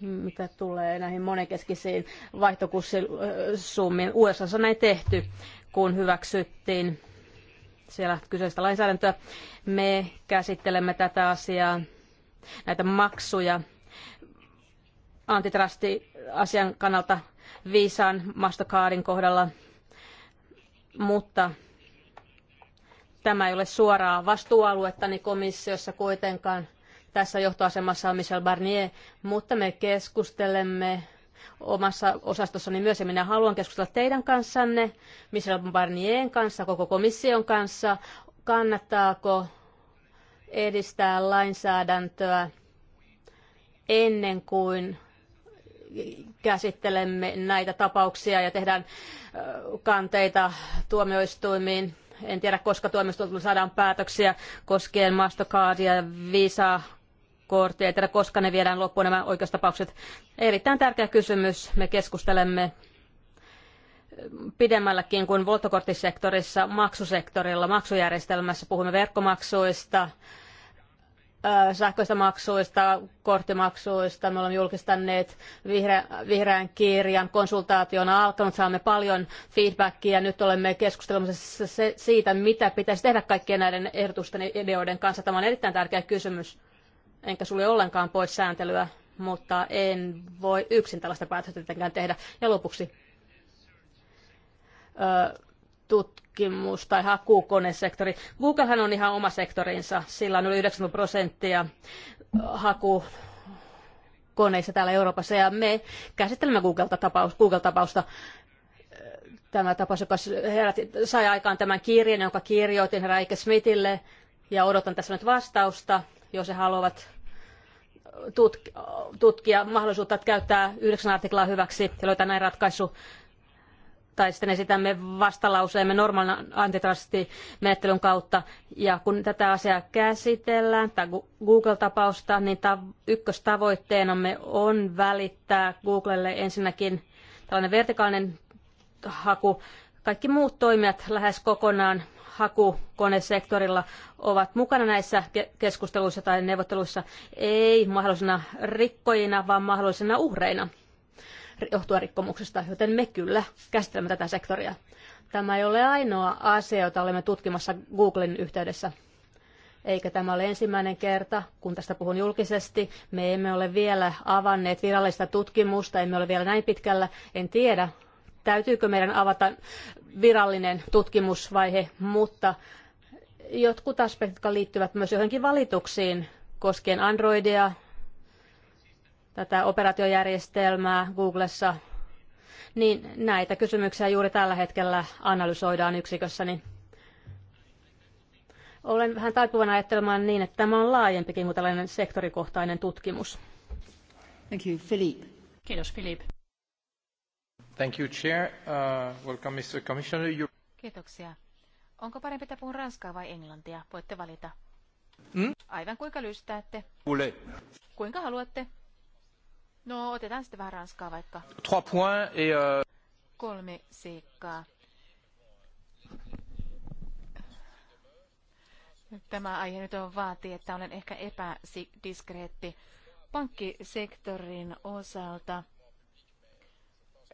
mitä tulee näihin monenkeskisiin vaihtokurssisummiin. USA on näin tehty, kun hyväksyttiin siellä kyseistä lainsäädäntöä. Me käsittelemme tätä asiaa, näitä maksuja antitrust-asian kannalta Visan Mastercardin kohdalla, mutta tämä ei ole suoraa vastuualuettani komissiossa kuitenkaan. Tässä johtoasemassa on Michel Barnier, mutta me keskustelemme omassa osastossani myös, ja minä haluan keskustella teidän kanssanne, Michel Barnierin kanssa, koko komission kanssa, kannattaako edistää lainsäädäntöä ennen kuin käsittelemme näitä tapauksia ja tehdään kanteita tuomioistuimiin. En tiedä, koska tuomioistuimilla saadaan päätöksiä koskien Mastercardia ja visa korttia. En tiedä, koska ne viedään loppuun nämä oikeustapaukset. Erittäin tärkeä kysymys. Me keskustelemme pidemmälläkin kuin luottokorttisektorissa, maksusektorilla, maksujärjestelmässä. Puhumme verkkomaksuista, sähköistä maksuista, korttimaksuista. Me olemme julkistaneet vihreä, vihreän kirjan on alkanut. Saamme paljon feedbackia. Nyt olemme keskustelemassa siitä, mitä pitäisi tehdä kaikkien näiden ehdotusten ja ideoiden kanssa. Tämä on erittäin tärkeä kysymys. Enkä sulje ollenkaan pois sääntelyä, mutta en voi yksin tällaista päätöstä tietenkään tehdä. Ja lopuksi. Öö, tutkimus- tai hakukonesektori. Googlehan on ihan oma sektorinsa, sillä on yli 90 prosenttia haku koneissa täällä Euroopassa ja me käsittelemme Google-tapausta. Google-tapausta tämä tapaus, joka herätti, sai aikaan tämän kirjan, jonka kirjoitin Raike Smithille ja odotan tässä nyt vastausta, jos he haluavat tutkia mahdollisuutta käyttää yhdeksän artiklaa hyväksi ja löytää näin ratkaisu tai sitten esitämme vastalauseemme normaalin antitrustimenettelyn kautta. Ja kun tätä asiaa käsitellään, tai Google-tapausta, niin ykköstavoitteenamme on välittää Googlelle ensinnäkin tällainen vertikaalinen haku. Kaikki muut toimijat lähes kokonaan hakukonesektorilla ovat mukana näissä keskusteluissa tai neuvotteluissa ei mahdollisina rikkojina, vaan mahdollisina uhreina johtua rikkomuksesta, joten me kyllä käsittelemme tätä sektoria. Tämä ei ole ainoa asia, jota olemme tutkimassa Googlen yhteydessä. Eikä tämä ole ensimmäinen kerta, kun tästä puhun julkisesti. Me emme ole vielä avanneet virallista tutkimusta, emme ole vielä näin pitkällä. En tiedä, täytyykö meidän avata virallinen tutkimusvaihe, mutta jotkut aspektit, jotka liittyvät myös johonkin valituksiin koskien Androidia, tätä operaatiojärjestelmää Googlessa, niin näitä kysymyksiä juuri tällä hetkellä analysoidaan yksikössä. Olen vähän taipuvana ajattelemaan niin, että tämä on laajempikin kuin tällainen sektorikohtainen tutkimus. Thank you, Philippe. Kiitos, Philippe. Thank you, Chair. Uh, welcome, Mr. Commissioner. You... Kiitoksia. Onko parempi, että puhun ranskaa vai englantia? Voitte valita. Hmm? Aivan kuinka lystäätte. Ule. Kuinka haluatte? No, otetaan sitten vähän Ranskaa vaikka. Trois points et, uh... Kolme seikkaa. Tämä aihe nyt on vaatii, että olen ehkä epädiskreetti pankkisektorin osalta.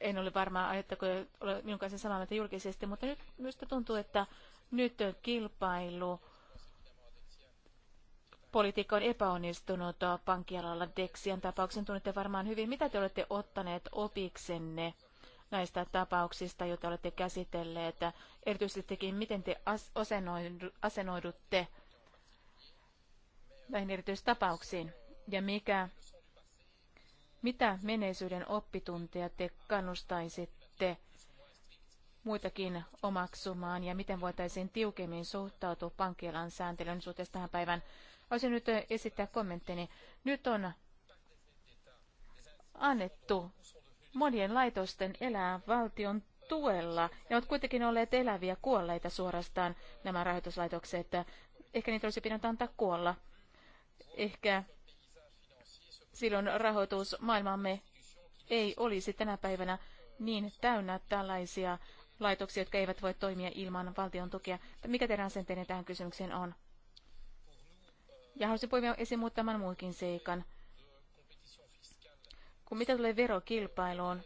En ole varma, ajatteko minun kanssa samaa mieltä julkisesti, mutta nyt minusta tuntuu, että nyt kilpailu politiikka on epäonnistunut pankkialalla Dexian tapauksen. Tunnette varmaan hyvin, mitä te olette ottaneet opiksenne näistä tapauksista, joita olette käsitelleet. Erityisestikin, miten te asenoidutte näihin erityistapauksiin ja mikä, mitä menneisyyden oppitunteja te kannustaisitte muitakin omaksumaan ja miten voitaisiin tiukemmin suhtautua pankkialan sääntelyn suhteessa tähän päivän Haluaisin nyt esittää kommenttini. Nyt on annettu monien laitosten elää valtion tuella. Ne ovat kuitenkin olleet eläviä kuolleita suorastaan nämä rahoituslaitokset. Ehkä niitä olisi pitänyt antaa kuolla. Ehkä silloin rahoitusmaailmamme ei olisi tänä päivänä niin täynnä tällaisia laitoksia, jotka eivät voi toimia ilman valtion tukea. Mikä teidän asenteenne tähän kysymykseen on? Ja haluaisin poimia esiin muutaman muukin seikan. Kun mitä tulee verokilpailuun,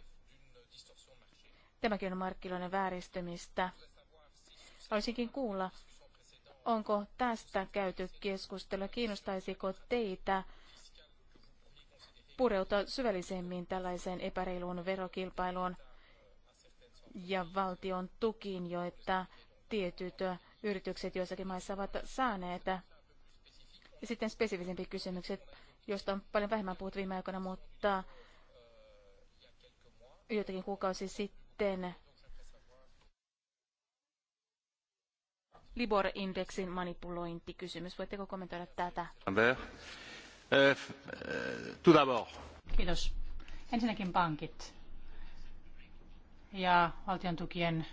tämäkin on markkinoiden vääristymistä. Haluaisinkin kuulla, onko tästä käyty keskustelua, kiinnostaisiko teitä pureutua syvällisemmin tällaiseen epäreiluun verokilpailuun ja valtion tukiin, joita tietyt yritykset joissakin maissa ovat saaneet ja sitten spesifisempi kysymykset, joista on paljon vähemmän puhuttu viime aikoina, mutta joitakin kuukausi sitten Libor-indeksin manipulointikysymys. Voitteko kommentoida tätä? Euh, euh, Kiitos. Ensinnäkin pankit ja valtion tukien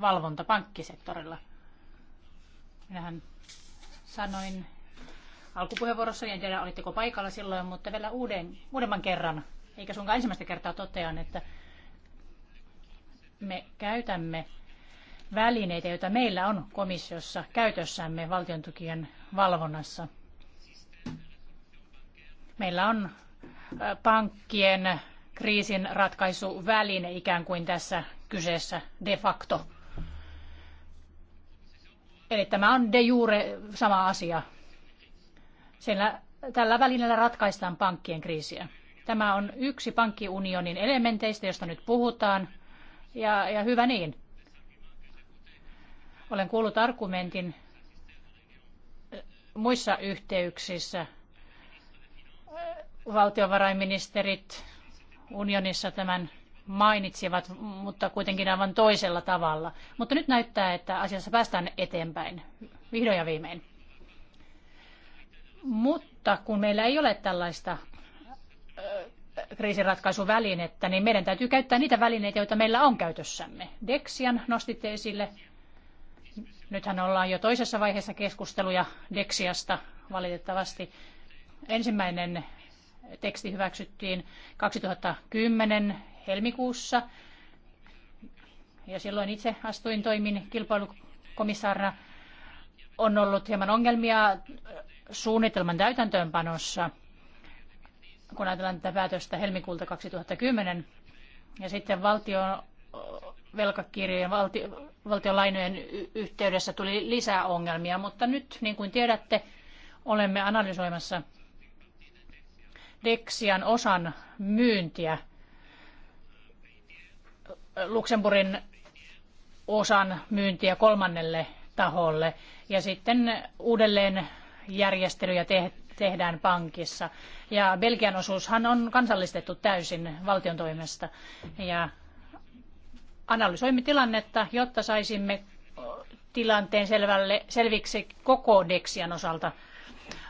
valvonta pankkisektorilla. Minähän sanoin alkupuheenvuorossa, ja tiedä olitteko paikalla silloin, mutta vielä uuden, uudemman kerran, eikä sunkaan ensimmäistä kertaa totean, että me käytämme välineitä, joita meillä on komissiossa käytössämme valtiontukien valvonnassa. Meillä on pankkien kriisin ratkaisuväline ikään kuin tässä kyseessä de facto. Eli tämä on de jure sama asia sillä, tällä välineellä ratkaistaan pankkien kriisiä. Tämä on yksi pankkiunionin elementeistä, josta nyt puhutaan, ja, ja hyvä niin. Olen kuullut argumentin äh, muissa yhteyksissä. Äh, valtiovarainministerit unionissa tämän mainitsivat, mutta kuitenkin aivan toisella tavalla. Mutta nyt näyttää, että asiassa päästään eteenpäin, vihdoin ja viimein. Mutta kun meillä ei ole tällaista kriisinratkaisuvälinettä, niin meidän täytyy käyttää niitä välineitä, joita meillä on käytössämme. Dexian nostitte esille. Nythän ollaan jo toisessa vaiheessa keskusteluja Dexiasta valitettavasti. Ensimmäinen teksti hyväksyttiin 2010 helmikuussa ja silloin itse astuin toimin kilpailukomissaarina. On ollut hieman ongelmia suunnitelman täytäntöönpanossa, kun ajatellaan tätä päätöstä helmikuulta 2010, ja sitten valtion velkakirjojen, valti, valtion lainojen yhteydessä tuli lisää ongelmia, mutta nyt, niin kuin tiedätte, olemme analysoimassa Dexian osan myyntiä Luxemburgin osan myyntiä kolmannelle taholle ja sitten uudelleen järjestelyjä te- tehdään pankissa. Ja Belgian osuushan on kansallistettu täysin valtion toimesta. Ja analysoimme tilannetta, jotta saisimme tilanteen selvälle, selviksi koko Dexian osalta.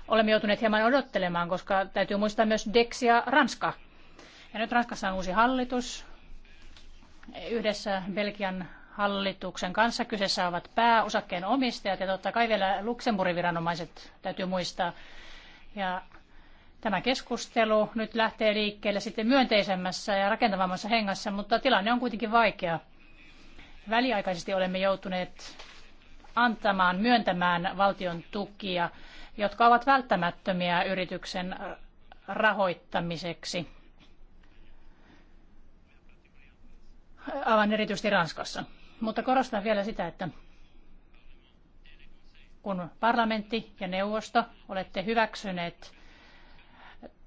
Olemme joutuneet hieman odottelemaan, koska täytyy muistaa myös Dexia Ranska. Ja nyt Ranskassa on uusi hallitus yhdessä Belgian hallituksen kanssa. Kyseessä ovat pääosakkeen omistajat ja totta kai vielä Luxemburgin viranomaiset täytyy muistaa. Ja tämä keskustelu nyt lähtee liikkeelle sitten myönteisemmässä ja rakentavammassa hengessä, mutta tilanne on kuitenkin vaikea. Väliaikaisesti olemme joutuneet antamaan, myöntämään valtion tukia, jotka ovat välttämättömiä yrityksen rahoittamiseksi aivan erityisesti Ranskassa. Mutta korostan vielä sitä, että kun parlamentti ja neuvosto olette hyväksyneet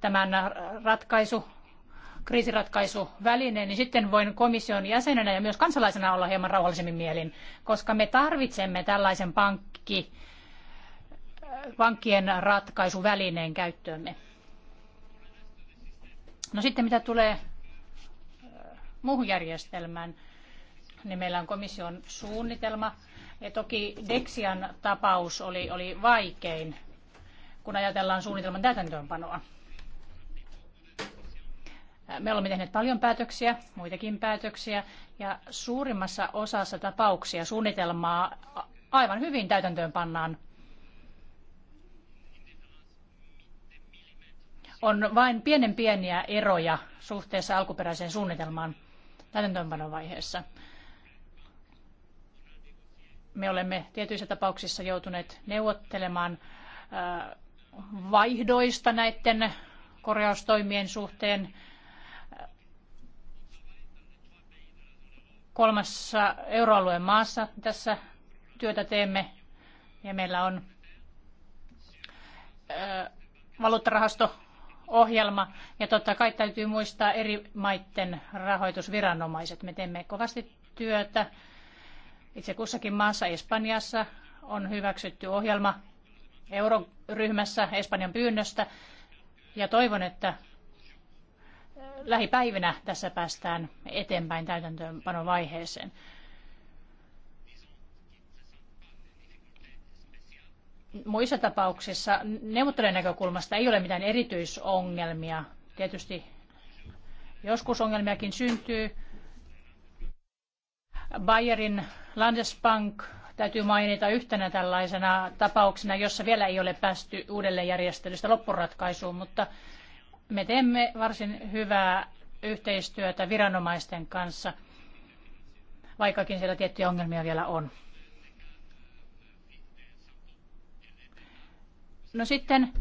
tämän ratkaisu, kriisiratkaisuvälineen, niin sitten voin komission jäsenenä ja myös kansalaisena olla hieman rauhallisemmin mielin, koska me tarvitsemme tällaisen pankki, pankkien ratkaisuvälineen käyttöömme. No sitten mitä tulee muuhun järjestelmään, niin meillä on komission suunnitelma. Ja toki Dexian tapaus oli, oli vaikein, kun ajatellaan suunnitelman täytäntöönpanoa. Me olemme tehneet paljon päätöksiä, muitakin päätöksiä, ja suurimmassa osassa tapauksia suunnitelmaa aivan hyvin täytäntöön pannaan. On vain pienen pieniä eroja suhteessa alkuperäiseen suunnitelmaan täytäntöönpanovaiheessa. vaiheessa me olemme tietyissä tapauksissa joutuneet neuvottelemaan äh, vaihdoista näiden korjaustoimien suhteen. Kolmassa euroalueen maassa tässä työtä teemme ja meillä on äh, valuuttarahasto ohjelma. Ja totta kai täytyy muistaa eri maiden rahoitusviranomaiset. Me teemme kovasti työtä itse kussakin maassa Espanjassa on hyväksytty ohjelma euroryhmässä Espanjan pyynnöstä ja toivon, että eh, lähipäivinä tässä päästään eteenpäin täytäntöönpanovaiheeseen. Muissa tapauksissa neuvottelujen näkökulmasta ei ole mitään erityisongelmia. Tietysti joskus ongelmiakin syntyy, Bayerin Landesbank täytyy mainita yhtenä tällaisena tapauksena, jossa vielä ei ole päästy uudelleenjärjestelystä loppuratkaisuun, mutta me teemme varsin hyvää yhteistyötä viranomaisten kanssa, vaikkakin siellä tiettyjä ongelmia vielä on. No sitten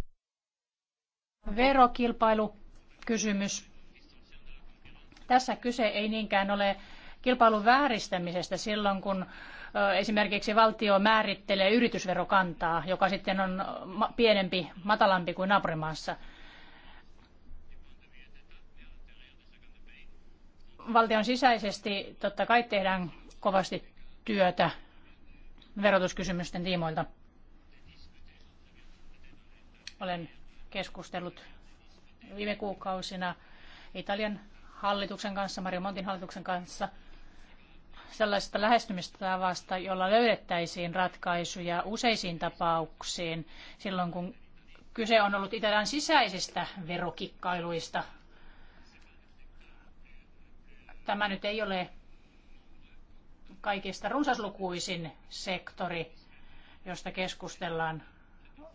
verokilpailukysymys. Tässä kyse ei niinkään ole kilpailun vääristämisestä silloin, kun esimerkiksi valtio määrittelee yritysverokantaa, joka sitten on pienempi, matalampi kuin naapurimaassa. Valtion sisäisesti totta kai tehdään kovasti työtä verotuskysymysten tiimoilta. Olen keskustellut viime kuukausina Italian hallituksen kanssa, Mario Montin hallituksen kanssa – sellaisesta lähestymistavasta, jolla löydettäisiin ratkaisuja useisiin tapauksiin silloin, kun kyse on ollut Itälän sisäisistä verokikkailuista. Tämä nyt ei ole kaikista runsaslukuisin sektori, josta keskustellaan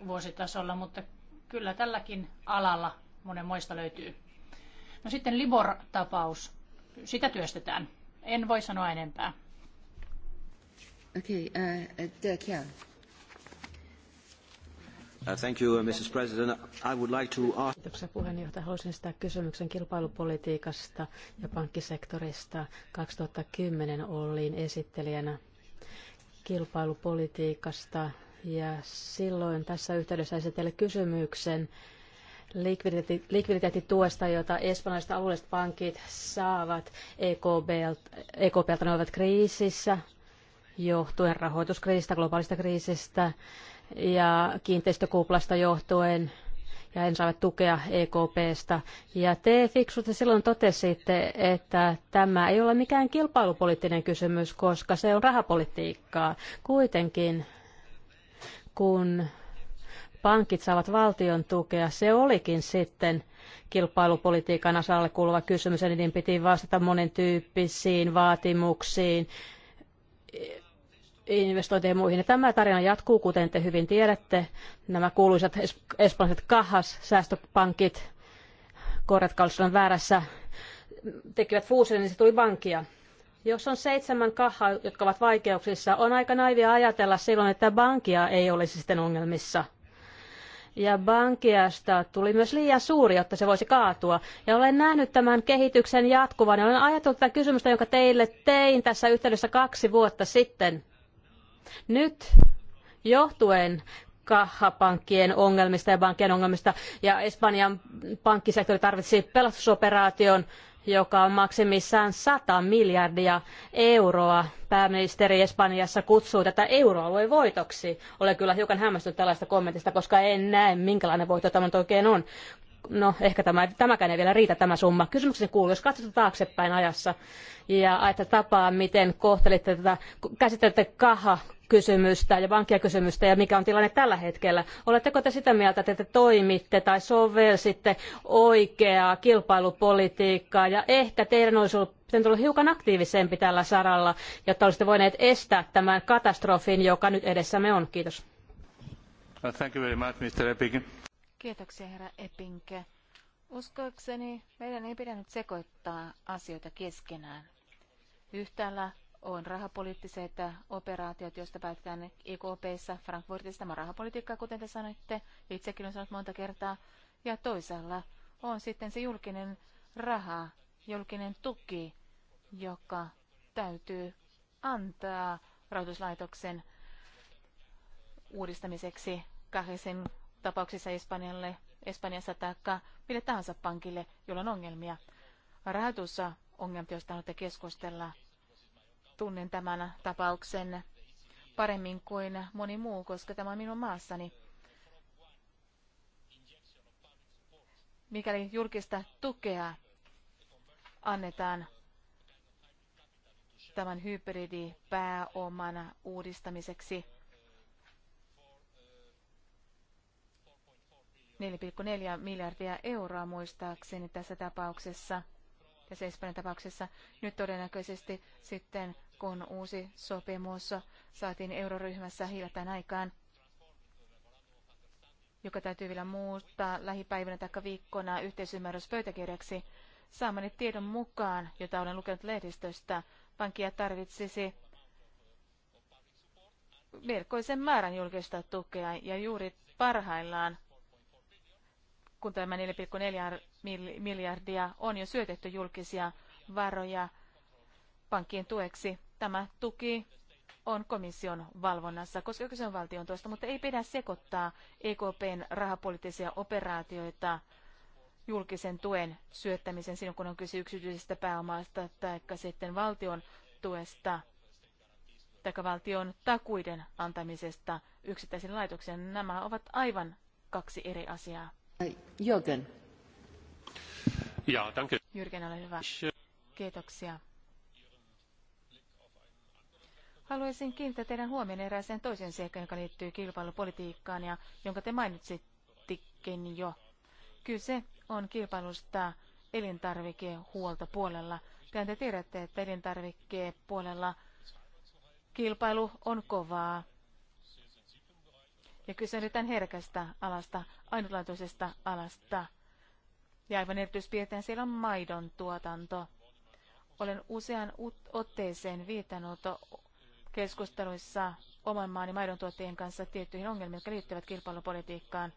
vuositasolla, mutta kyllä tälläkin alalla monen löytyy. No sitten Libor-tapaus, sitä työstetään. En voi sanoa enempää. Okei, okay, uh, uh, Dirk Jan. Uh, thank you, Mrs. President. I would like to ask... Kiitoksia puheenjohtaja. Haluaisin sitä kysymyksen kilpailupolitiikasta ja pankkisektorista. 2010 olin esittelijänä kilpailupolitiikasta ja silloin tässä yhteydessä esitellä kysymyksen, likviditeettituesta, jota espanjalaiset alueelliset pankit saavat EKP:ltä, EKBltä ne ovat kriisissä johtuen rahoituskriisistä, globaalista kriisistä ja kiinteistökuplasta johtuen ja en saavat tukea EKPstä. Ja te fiksusti silloin totesitte, että tämä ei ole mikään kilpailupoliittinen kysymys, koska se on rahapolitiikkaa. Kuitenkin, kun pankit saavat valtion tukea. Se olikin sitten kilpailupolitiikan asalle kuuluva kysymys, ja niiden piti vastata monen tyyppisiin vaatimuksiin, investointeihin ja muihin. Ja tämä tarina jatkuu, kuten te hyvin tiedätte. Nämä kuuluisat espanjalaiset kahas-säästöpankit, korjatkaus väärässä, tekivät fuusion, niin se tuli bankia. Jos on seitsemän kahaa, jotka ovat vaikeuksissa, on aika naivia ajatella silloin, että bankia ei olisi sitten ongelmissa – ja Bankiasta tuli myös liian suuri, jotta se voisi kaatua. Ja olen nähnyt tämän kehityksen jatkuvan ja olen ajatellut tätä kysymystä, jonka teille tein tässä yhteydessä kaksi vuotta sitten. Nyt johtuen kahapankkien ongelmista ja pankkien ongelmista ja Espanjan pankkisektori tarvitsi pelastusoperaation, joka on maksimissaan 100 miljardia euroa. Pääministeri Espanjassa kutsuu tätä euroalueen voitoksi. Olen kyllä hiukan hämmästynyt tällaista kommentista, koska en näe, minkälainen voitto tämä oikein on no ehkä tämä, tämäkään ei vielä riitä tämä summa. Kysymykseni kuuluu, jos katsotte taaksepäin ajassa ja että tapaa, miten kohtelitte tätä, käsittelette kaha kysymystä ja kysymystä ja mikä on tilanne tällä hetkellä. Oletteko te sitä mieltä, että te toimitte tai sovelsitte oikeaa kilpailupolitiikkaa ja ehkä teidän olisi ollut pitänyt olla hiukan aktiivisempi tällä saralla, jotta olisitte voineet estää tämän katastrofin, joka nyt edessämme on. Kiitos. Thank you very much, Mr. Epikin. Kiitoksia, herra Epinke. Uskoakseni meidän ei pidä nyt sekoittaa asioita keskenään. Yhtäällä on rahapoliittiset operaatiot, joista päätetään EKPissa Frankfurtissa. Tämä rahapolitiikka, kuten te sanoitte. Itsekin olen sanonut monta kertaa. Ja toisaalla on sitten se julkinen raha, julkinen tuki, joka täytyy antaa rahoituslaitoksen uudistamiseksi kahdeksan tapauksissa Espanjalle, Espanjassa tai mille tahansa pankille, jolla on ongelmia. Rahoitussa ongelmat, joista haluatte keskustella. Tunnen tämän tapauksen paremmin kuin moni muu, koska tämä on minun maassani. Mikäli julkista tukea annetaan tämän hybridipääoman uudistamiseksi, 4,4 miljardia euroa muistaakseni tässä tapauksessa, tässä Espanjan tapauksessa. Nyt todennäköisesti sitten, kun uusi sopimus saatiin euroryhmässä hiljattain aikaan, joka täytyy vielä muuttaa lähipäivinä tai viikkona yhteisymmärryspöytäkirjaksi. Saamani tiedon mukaan, jota olen lukenut lehdistöstä, pankkia tarvitsisi melkoisen määrän julkista tukea ja juuri parhaillaan kun tämä 4,4 miljardia on jo syötetty julkisia varoja pankkien tueksi. Tämä tuki on komission valvonnassa, koska se on valtion tuosta, mutta ei pidä sekoittaa EKPn rahapoliittisia operaatioita julkisen tuen syöttämisen silloin, kun on kyse yksityisestä pääomasta tai sitten valtion tuesta tai valtion takuiden antamisesta yksittäisen laitoksen. Nämä ovat aivan kaksi eri asiaa. Jürgen. Ja, ole hyvä. Äh, Kiitoksia. Haluaisin kiinnittää teidän huomioon erääseen toisen seikkaan, joka liittyy kilpailupolitiikkaan ja jonka te mainitsittekin jo. Kyse on kilpailusta elintarvikehuoltopuolella. Tehän te tiedätte, että elintarvikepuolella kilpailu on kovaa ja kyse on erittäin herkästä alasta, ainutlaatuisesta alasta. Ja aivan erityispiirtein siellä on maidon tuotanto. Olen usean otteeseen viitannut keskusteluissa oman maani maidon tuottajien kanssa tiettyihin ongelmiin, jotka liittyvät kilpailupolitiikkaan.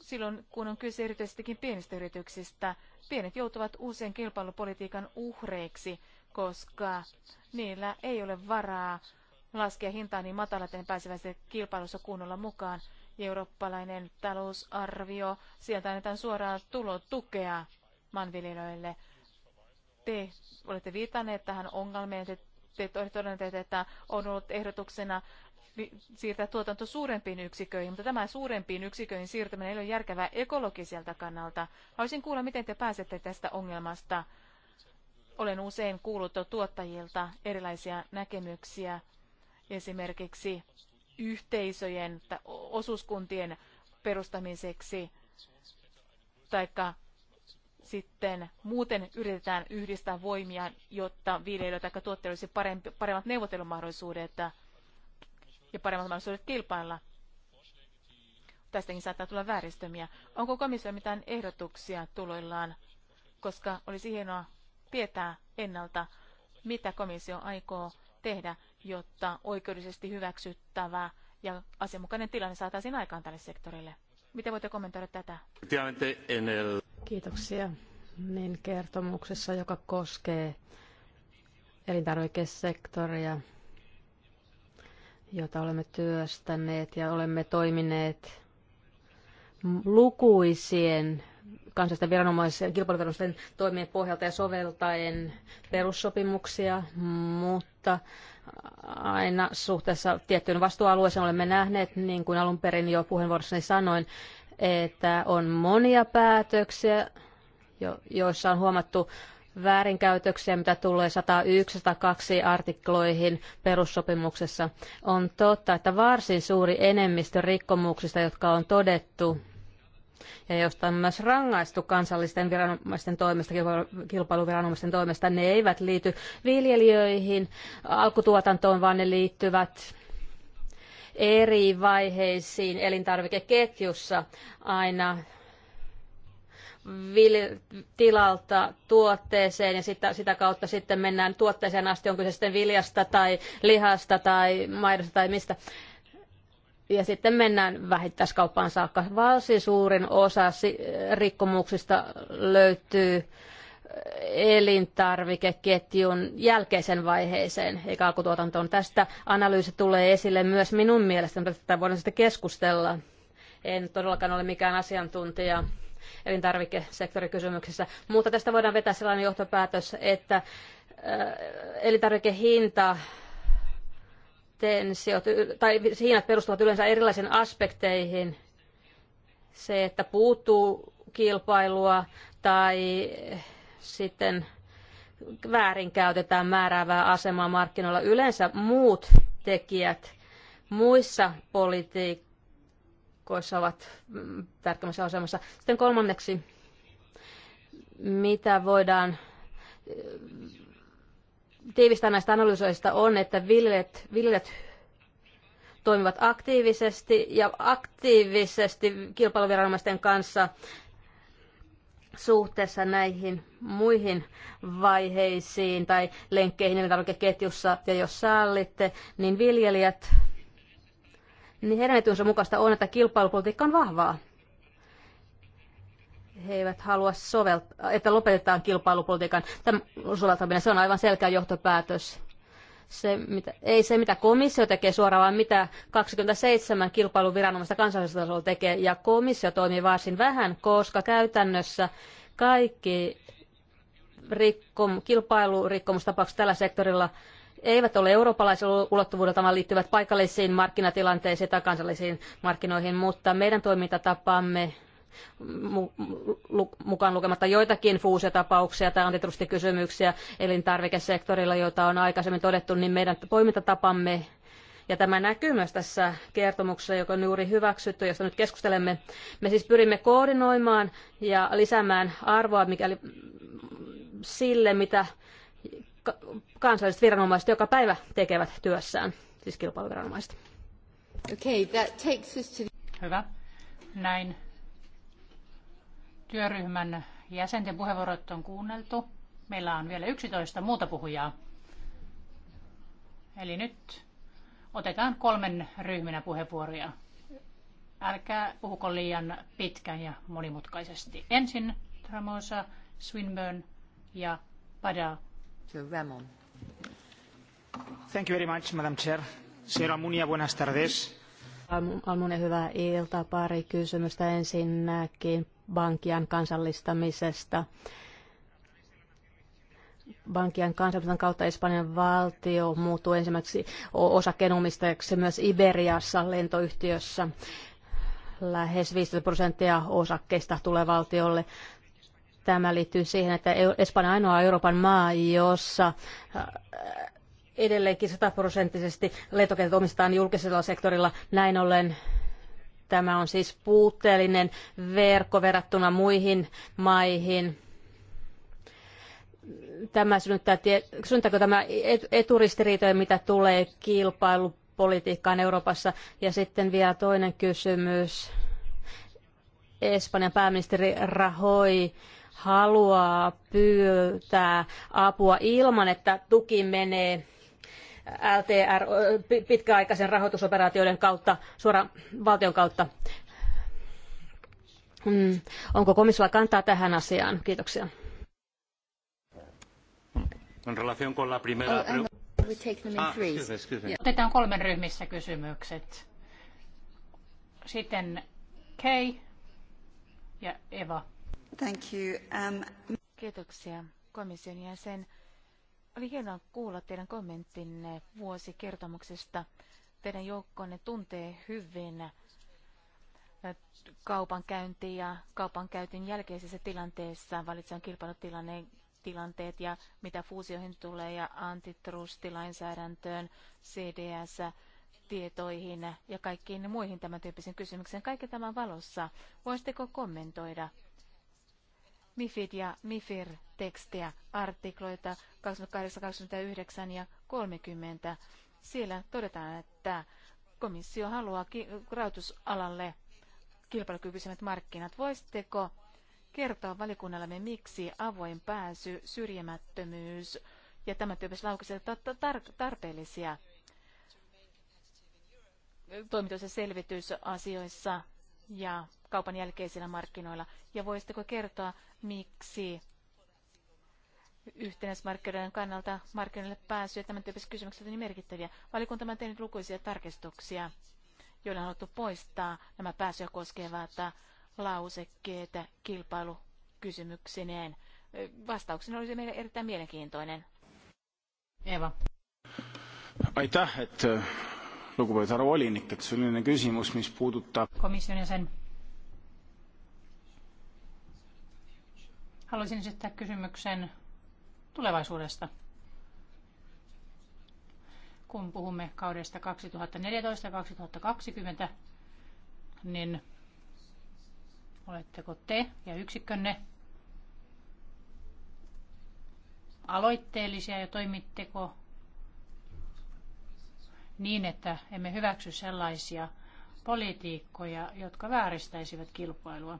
Silloin kun on kyse erityisestikin pienistä yrityksistä, pienet joutuvat usein kilpailupolitiikan uhreiksi, koska niillä ei ole varaa laskea hintaa niin matala, että ne pääsevät kilpailussa kunnolla mukaan. Eurooppalainen talousarvio, sieltä annetaan suoraa tulotukea maanviljelijöille. Te olette viitanneet tähän ongelmien, te, te todenneet, että on ollut ehdotuksena siirtää tuotanto suurempiin yksiköihin, mutta tämä suurempiin yksiköihin siirtäminen ei ole järkevää ekologiselta kannalta. Haluaisin kuulla, miten te pääsette tästä ongelmasta. Olen usein kuullut tuottajilta erilaisia näkemyksiä esimerkiksi yhteisöjen tai osuuskuntien perustamiseksi, taikka sitten muuten yritetään yhdistää voimia, jotta viljelijöillä tai tuotteilla olisi parempi, paremmat neuvottelumahdollisuudet ja paremmat mahdollisuudet kilpailla. Tästäkin saattaa tulla vääristömiä. Onko komissio mitään ehdotuksia tuloillaan? Koska olisi hienoa tietää ennalta, mitä komissio aikoo tehdä jotta oikeudellisesti hyväksyttävä ja asianmukainen tilanne saataisiin aikaan tälle sektorille. Miten voitte kommentoida tätä? Kiitoksia. Niin kertomuksessa, joka koskee elintarvikesektoria, jota olemme työstäneet ja olemme toimineet lukuisien kansallisten viranomaisten, kilpailuviranomaisten toimien pohjalta ja soveltaen perussopimuksia, mutta mutta aina suhteessa tiettyyn vastuualueeseen olemme nähneet, niin kuin alun perin jo puheenvuorossani sanoin, että on monia päätöksiä, joissa on huomattu väärinkäytöksiä, mitä tulee 101-102 artikloihin perussopimuksessa. On totta, että varsin suuri enemmistö rikkomuksista, jotka on todettu ja josta on myös rangaistu kansallisten viranomaisten toimesta, kilpailuviranomaisten toimesta, ne eivät liity viljelijöihin, alkutuotantoon, vaan ne liittyvät eri vaiheisiin elintarvikeketjussa aina tilalta tuotteeseen ja sitä, sitä kautta sitten mennään tuotteeseen asti, onko se sitten viljasta tai lihasta tai maidosta tai mistä ja sitten mennään vähittäiskauppaan saakka. Varsin suurin osa rikkomuksista löytyy elintarvikeketjun jälkeisen vaiheeseen, eikä alkutuotantoon. Tästä analyysi tulee esille myös minun mielestäni, mutta tätä voidaan sitten keskustella. En todellakaan ole mikään asiantuntija elintarvikesektorikysymyksissä, mutta tästä voidaan vetää sellainen johtopäätös, että elintarvikehinta tensiot, tai hinnat perustuvat yleensä erilaisiin aspekteihin. Se, että puuttuu kilpailua tai sitten väärinkäytetään määräävää asemaa markkinoilla. Yleensä muut tekijät muissa politiikoissa ovat mm, tärkeämmässä asemassa. Sitten kolmanneksi, mitä voidaan tiivistää näistä analysoista on, että viljelijät, viljelijät toimivat aktiivisesti ja aktiivisesti kilpailuviranomaisten kanssa suhteessa näihin muihin vaiheisiin tai lenkkeihin elintarvikeketjussa. Ja jos sallitte, niin viljelijät, niin heidän etunsa mukaista on, että kilpailupolitiikka on vahvaa he eivät halua soveltaa, että lopetetaan kilpailupolitiikan Tämä soveltaminen. Se on aivan selkeä johtopäätös. Se, mitä, ei se, mitä komissio tekee suoraan, vaan mitä 27 kilpailuviranomaista kansallisella tasolla tekee. Ja komissio toimii varsin vähän, koska käytännössä kaikki rikkom, kilpailurikkomustapaukset tällä sektorilla eivät ole eurooppalaisella ulottuvuudelta, vaan liittyvät paikallisiin markkinatilanteisiin tai kansallisiin markkinoihin, mutta meidän toimintatapaamme mukaan lukematta joitakin fuusiotapauksia tai antitrustikysymyksiä elintarvikesektorilla, joita on aikaisemmin todettu, niin meidän toimintatapamme ja tämä näkyy myös tässä kertomuksessa, joka on juuri hyväksytty, josta nyt keskustelemme. Me siis pyrimme koordinoimaan ja lisäämään arvoa mikäli sille, mitä kansalliset viranomaiset joka päivä tekevät työssään, siis kilpailuviranomaiset. Okay, that takes us to... Hyvä. Näin Työryhmän jäsenten puheenvuorot on kuunneltu. Meillä on vielä 11 muuta puhujaa. Eli nyt otetaan kolmen ryhminä puheenvuoroja. Älkää puhuko liian pitkään ja monimutkaisesti. Ensin Tramosa, Swinburne ja Pada. Thank you very much, Madam Chair. Señora Munia, buenas tardes. Almune hyvää iltaa. Pari kysymystä ensinnäkin bankian kansallistamisesta. Bankian kansallistamisen kautta Espanjan valtio muuttuu ensimmäiseksi osakenomistajaksi myös Iberiassa lentoyhtiössä. Lähes 15 prosenttia osakkeista tulee valtiolle tämä liittyy siihen, että Espanja on ainoa Euroopan maa, jossa äh, edelleenkin sataprosenttisesti lentokentät omistetaan julkisella sektorilla. Näin ollen tämä on siis puutteellinen verkko verrattuna muihin maihin. Tämä synnyttää, synnyttääkö tämä eturistiriitoja, mitä tulee kilpailupolitiikkaan Euroopassa? Ja sitten vielä toinen kysymys. Espanjan pääministeri Rahoi haluaa pyytää apua ilman, että tuki menee LTR pitkäaikaisen rahoitusoperaatioiden kautta, suoraan valtion kautta. Mm. Onko komissiolla kantaa tähän asiaan? Kiitoksia. Oh, ah, Otetaan kolmen ryhmissä kysymykset. Sitten Kay ja Eva. Thank you. Um... Kiitoksia komission jäsen. Oli hienoa kuulla teidän kommenttinne vuosikertomuksesta. Teidän joukkonne tuntee hyvin kaupankäynti ja kaupankäytin jälkeisessä tilanteessa valitsevan kilpailutilanne tilanteet ja mitä fuusioihin tulee ja antitrustilainsäädäntöön, CDS, tietoihin ja kaikkiin muihin tämän tyyppisiin kysymyksiin. Kaiken tämän valossa voisitteko kommentoida MIFID ja MIFIR-tekstejä, artikloita 28, 29 ja 30. Siellä todetaan, että komissio haluaa rahoitusalalle kilpailukykyisemmät markkinat. Voisitteko kertoa valikunnallemme, miksi avoin pääsy, syrjimättömyys ja tämän tyyppiset laukiset ovat tar- tarpeellisia toimitus- ja selvitysasioissa ja kaupan jälkeisillä markkinoilla? Ja voisitteko kertoa, miksi yhtenäismarkkinoiden kannalta markkinoille pääsy ja tämän tyyppiset kysymykset ovat niin merkittäviä. Valiokunta on tehnyt lukuisia tarkistuksia, joilla on haluttu poistaa nämä pääsyä koskevat lausekkeet kilpailukysymyksineen. Vastauksena olisi meille erittäin mielenkiintoinen. Eva. Aitäh, et äh, lugupeetud härra volinik, et selline küsimus, mis puudutab... Komisjon ja sen Haluaisin esittää kysymyksen tulevaisuudesta. Kun puhumme kaudesta 2014-2020, niin oletteko te ja yksikkönne aloitteellisia ja toimitteko niin, että emme hyväksy sellaisia politiikkoja, jotka vääristäisivät kilpailua?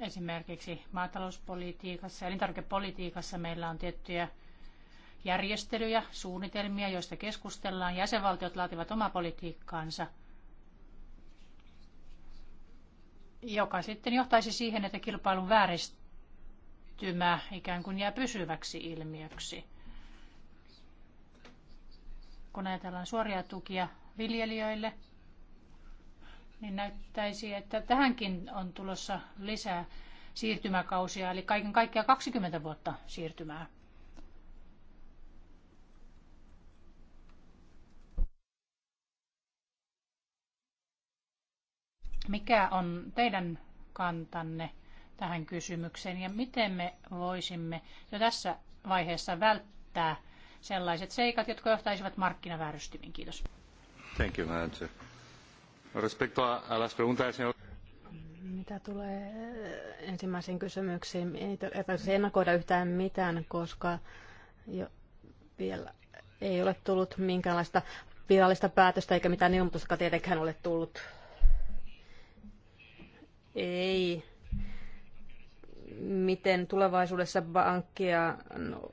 Esimerkiksi maatalouspolitiikassa ja elintarvikepolitiikassa meillä on tiettyjä järjestelyjä, suunnitelmia, joista keskustellaan. Jäsenvaltiot laativat omaa politiikkaansa, joka sitten johtaisi siihen, että kilpailun vääristymä ikään kuin jää pysyväksi ilmiöksi. Kun ajatellaan suoria tukia viljelijöille – niin näyttäisi, että tähänkin on tulossa lisää siirtymäkausia, eli kaiken kaikkiaan 20 vuotta siirtymää. Mikä on teidän kantanne tähän kysymykseen ja miten me voisimme jo tässä vaiheessa välttää sellaiset seikat, jotka johtaisivat markkinavääristymiin? Kiitos. Thank you, mitä tulee eh, ensimmäisiin kysymyksiin, ei tarvitse ennakoida yhtään mitään, koska jo vielä ei ole tullut minkäänlaista virallista päätöstä eikä mitään ilmoitusta tietenkään ole tullut. Ei. Miten tulevaisuudessa pankkia no,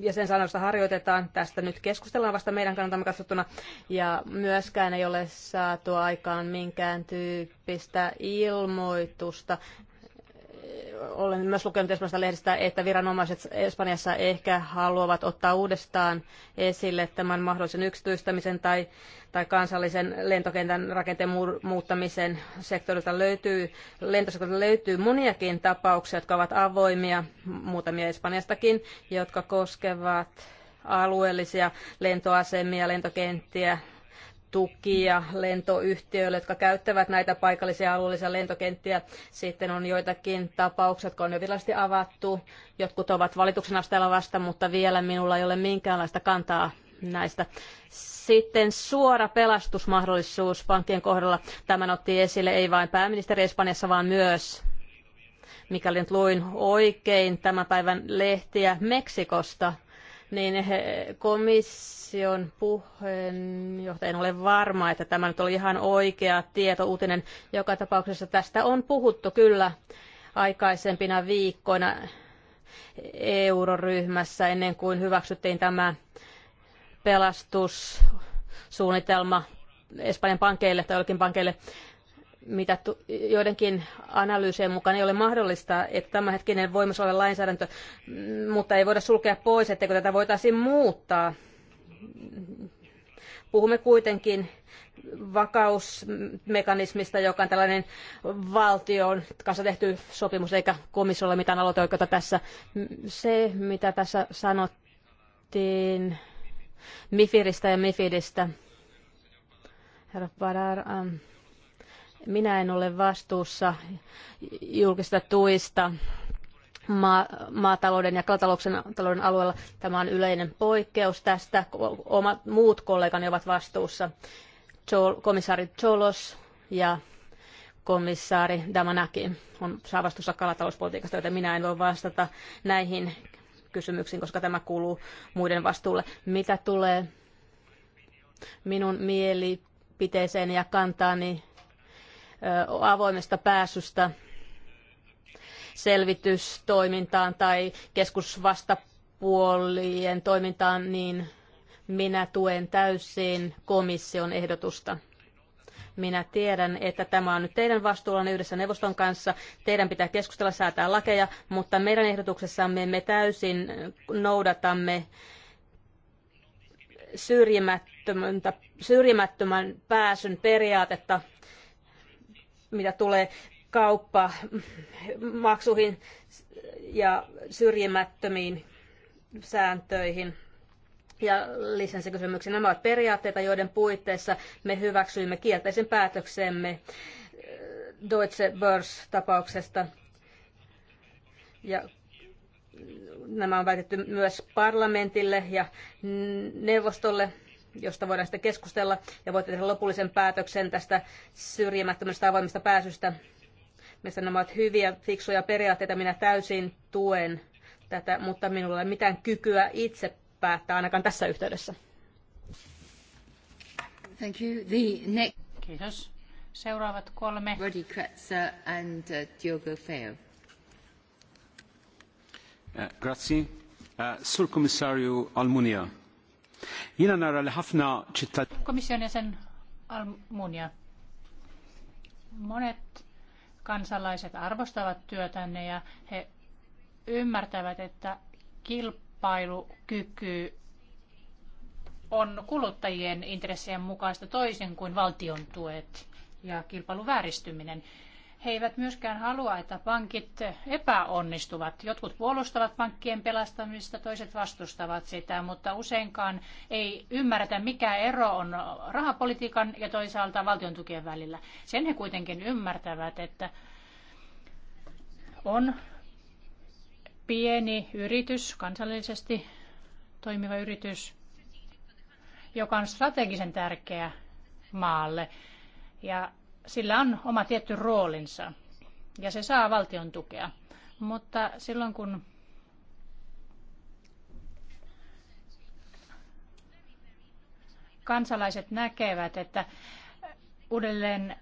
jäsensäännöstä harjoitetaan. Tästä nyt keskustellaan vasta meidän kannaltamme katsottuna. Ja myöskään ei ole saatu aikaan minkään tyyppistä ilmoitusta olen myös lukenut Espanjasta lehdistä, että viranomaiset Espanjassa ehkä haluavat ottaa uudestaan esille tämän mahdollisen yksityistämisen tai, tai kansallisen lentokentän rakenteen muuttamisen sektorilta löytyy, lentosektorilta löytyy moniakin tapauksia, jotka ovat avoimia, muutamia Espanjastakin, jotka koskevat alueellisia lentoasemia, lentokenttiä, tukia lentoyhtiöille, jotka käyttävät näitä paikallisia alueellisia lentokenttiä. Sitten on joitakin tapauksia, jotka on jo virallisesti avattu. Jotkut ovat valituksen asteella vasta, mutta vielä minulla ei ole minkäänlaista kantaa näistä. Sitten suora pelastusmahdollisuus pankkien kohdalla. Tämän otti esille ei vain pääministeri Espanjassa, vaan myös, mikäli nyt luin oikein tämän päivän lehtiä, Meksikosta – niin he, eh, komission puheenjohtaja, en ole varma, että tämä nyt oli ihan oikea tieto, uutinen. Joka tapauksessa tästä on puhuttu kyllä aikaisempina viikkoina euroryhmässä ennen kuin hyväksyttiin tämä pelastussuunnitelma Espanjan pankeille tai jollekin pankeille mitä tu- joidenkin analyysien mukaan ei ole mahdollista, että tämänhetkinen voimassa oleva lainsäädäntö, mm, mutta ei voida sulkea pois, etteikö tätä voitaisiin muuttaa. Puhumme kuitenkin vakausmekanismista, joka on tällainen valtion kanssa tehty sopimus, eikä komissiolla mitään aloiteoikeutta tässä. Se, mitä tässä sanottiin Mifiristä ja Mifidistä, herra Badar, um, minä en ole vastuussa julkista tuista maatalouden ja kalatalouden alueella. Tämä on yleinen poikkeus tästä. Omat muut kollegani ovat vastuussa. Komissaari Cholos ja komissaari Damanaki on saa vastuussa kalatalouspolitiikasta, joten minä en voi vastata näihin kysymyksiin, koska tämä kuuluu muiden vastuulle. Mitä tulee minun mielipiteeseen ja kantaani avoimesta pääsystä selvitystoimintaan tai keskusvastapuolien toimintaan, niin minä tuen täysin komission ehdotusta. Minä tiedän, että tämä on nyt teidän vastuullanne yhdessä neuvoston kanssa. Teidän pitää keskustella, säätää lakeja, mutta meidän ehdotuksessamme me täysin noudatamme syrjimättömän pääsyn periaatetta mitä tulee kauppa maksuihin ja syrjimättömiin sääntöihin ja lisenssikysymyksiin. Nämä ovat periaatteita, joiden puitteissa me hyväksyimme kielteisen päätöksemme Deutsche Börse-tapauksesta. Ja nämä on väitetty myös parlamentille ja neuvostolle josta voidaan sitten keskustella ja voitte tehdä lopullisen päätöksen tästä syrjimättömästä avoimesta pääsystä. Mielestäni nämä ovat hyviä, fiksuja periaatteita, minä täysin tuen tätä, mutta minulla ei ole mitään kykyä itse päättää ainakaan tässä yhteydessä. Thank you. The next... Kiitos. Seuraavat kolme. Rodi Kretzer and uh, Diogo Feo. Uh, grazie. Uh, eh, Sur commissario Almunia. Komission jäsen Almunia. Monet kansalaiset arvostavat työtänne ja he ymmärtävät, että kilpailukyky on kuluttajien intressien mukaista toisin kuin valtion tuet ja kilpailuvääristyminen. vääristyminen he eivät myöskään halua, että pankit epäonnistuvat. Jotkut puolustavat pankkien pelastamista, toiset vastustavat sitä, mutta useinkaan ei ymmärretä, mikä ero on rahapolitiikan ja toisaalta valtion tukien välillä. Sen he kuitenkin ymmärtävät, että on pieni yritys, kansallisesti toimiva yritys, joka on strategisen tärkeä maalle. Ja sillä on oma tietty roolinsa ja se saa valtion tukea. Mutta silloin kun kansalaiset näkevät, että uudelleen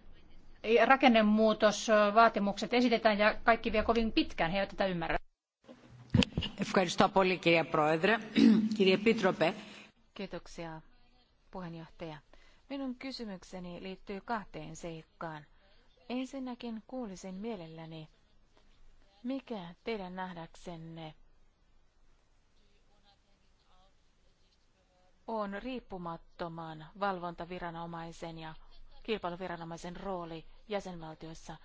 rakennemuutosvaatimukset esitetään ja kaikki vie kovin pitkään, he eivät tätä ymmärrä. Kiitoksia puheenjohtaja. Minun kysymykseni liittyy kahteen seikkaan. Ensinnäkin kuulisin mielelläni, mikä teidän nähdäksenne on riippumattoman valvontaviranomaisen ja kilpailuviranomaisen rooli jäsenvaltioissa.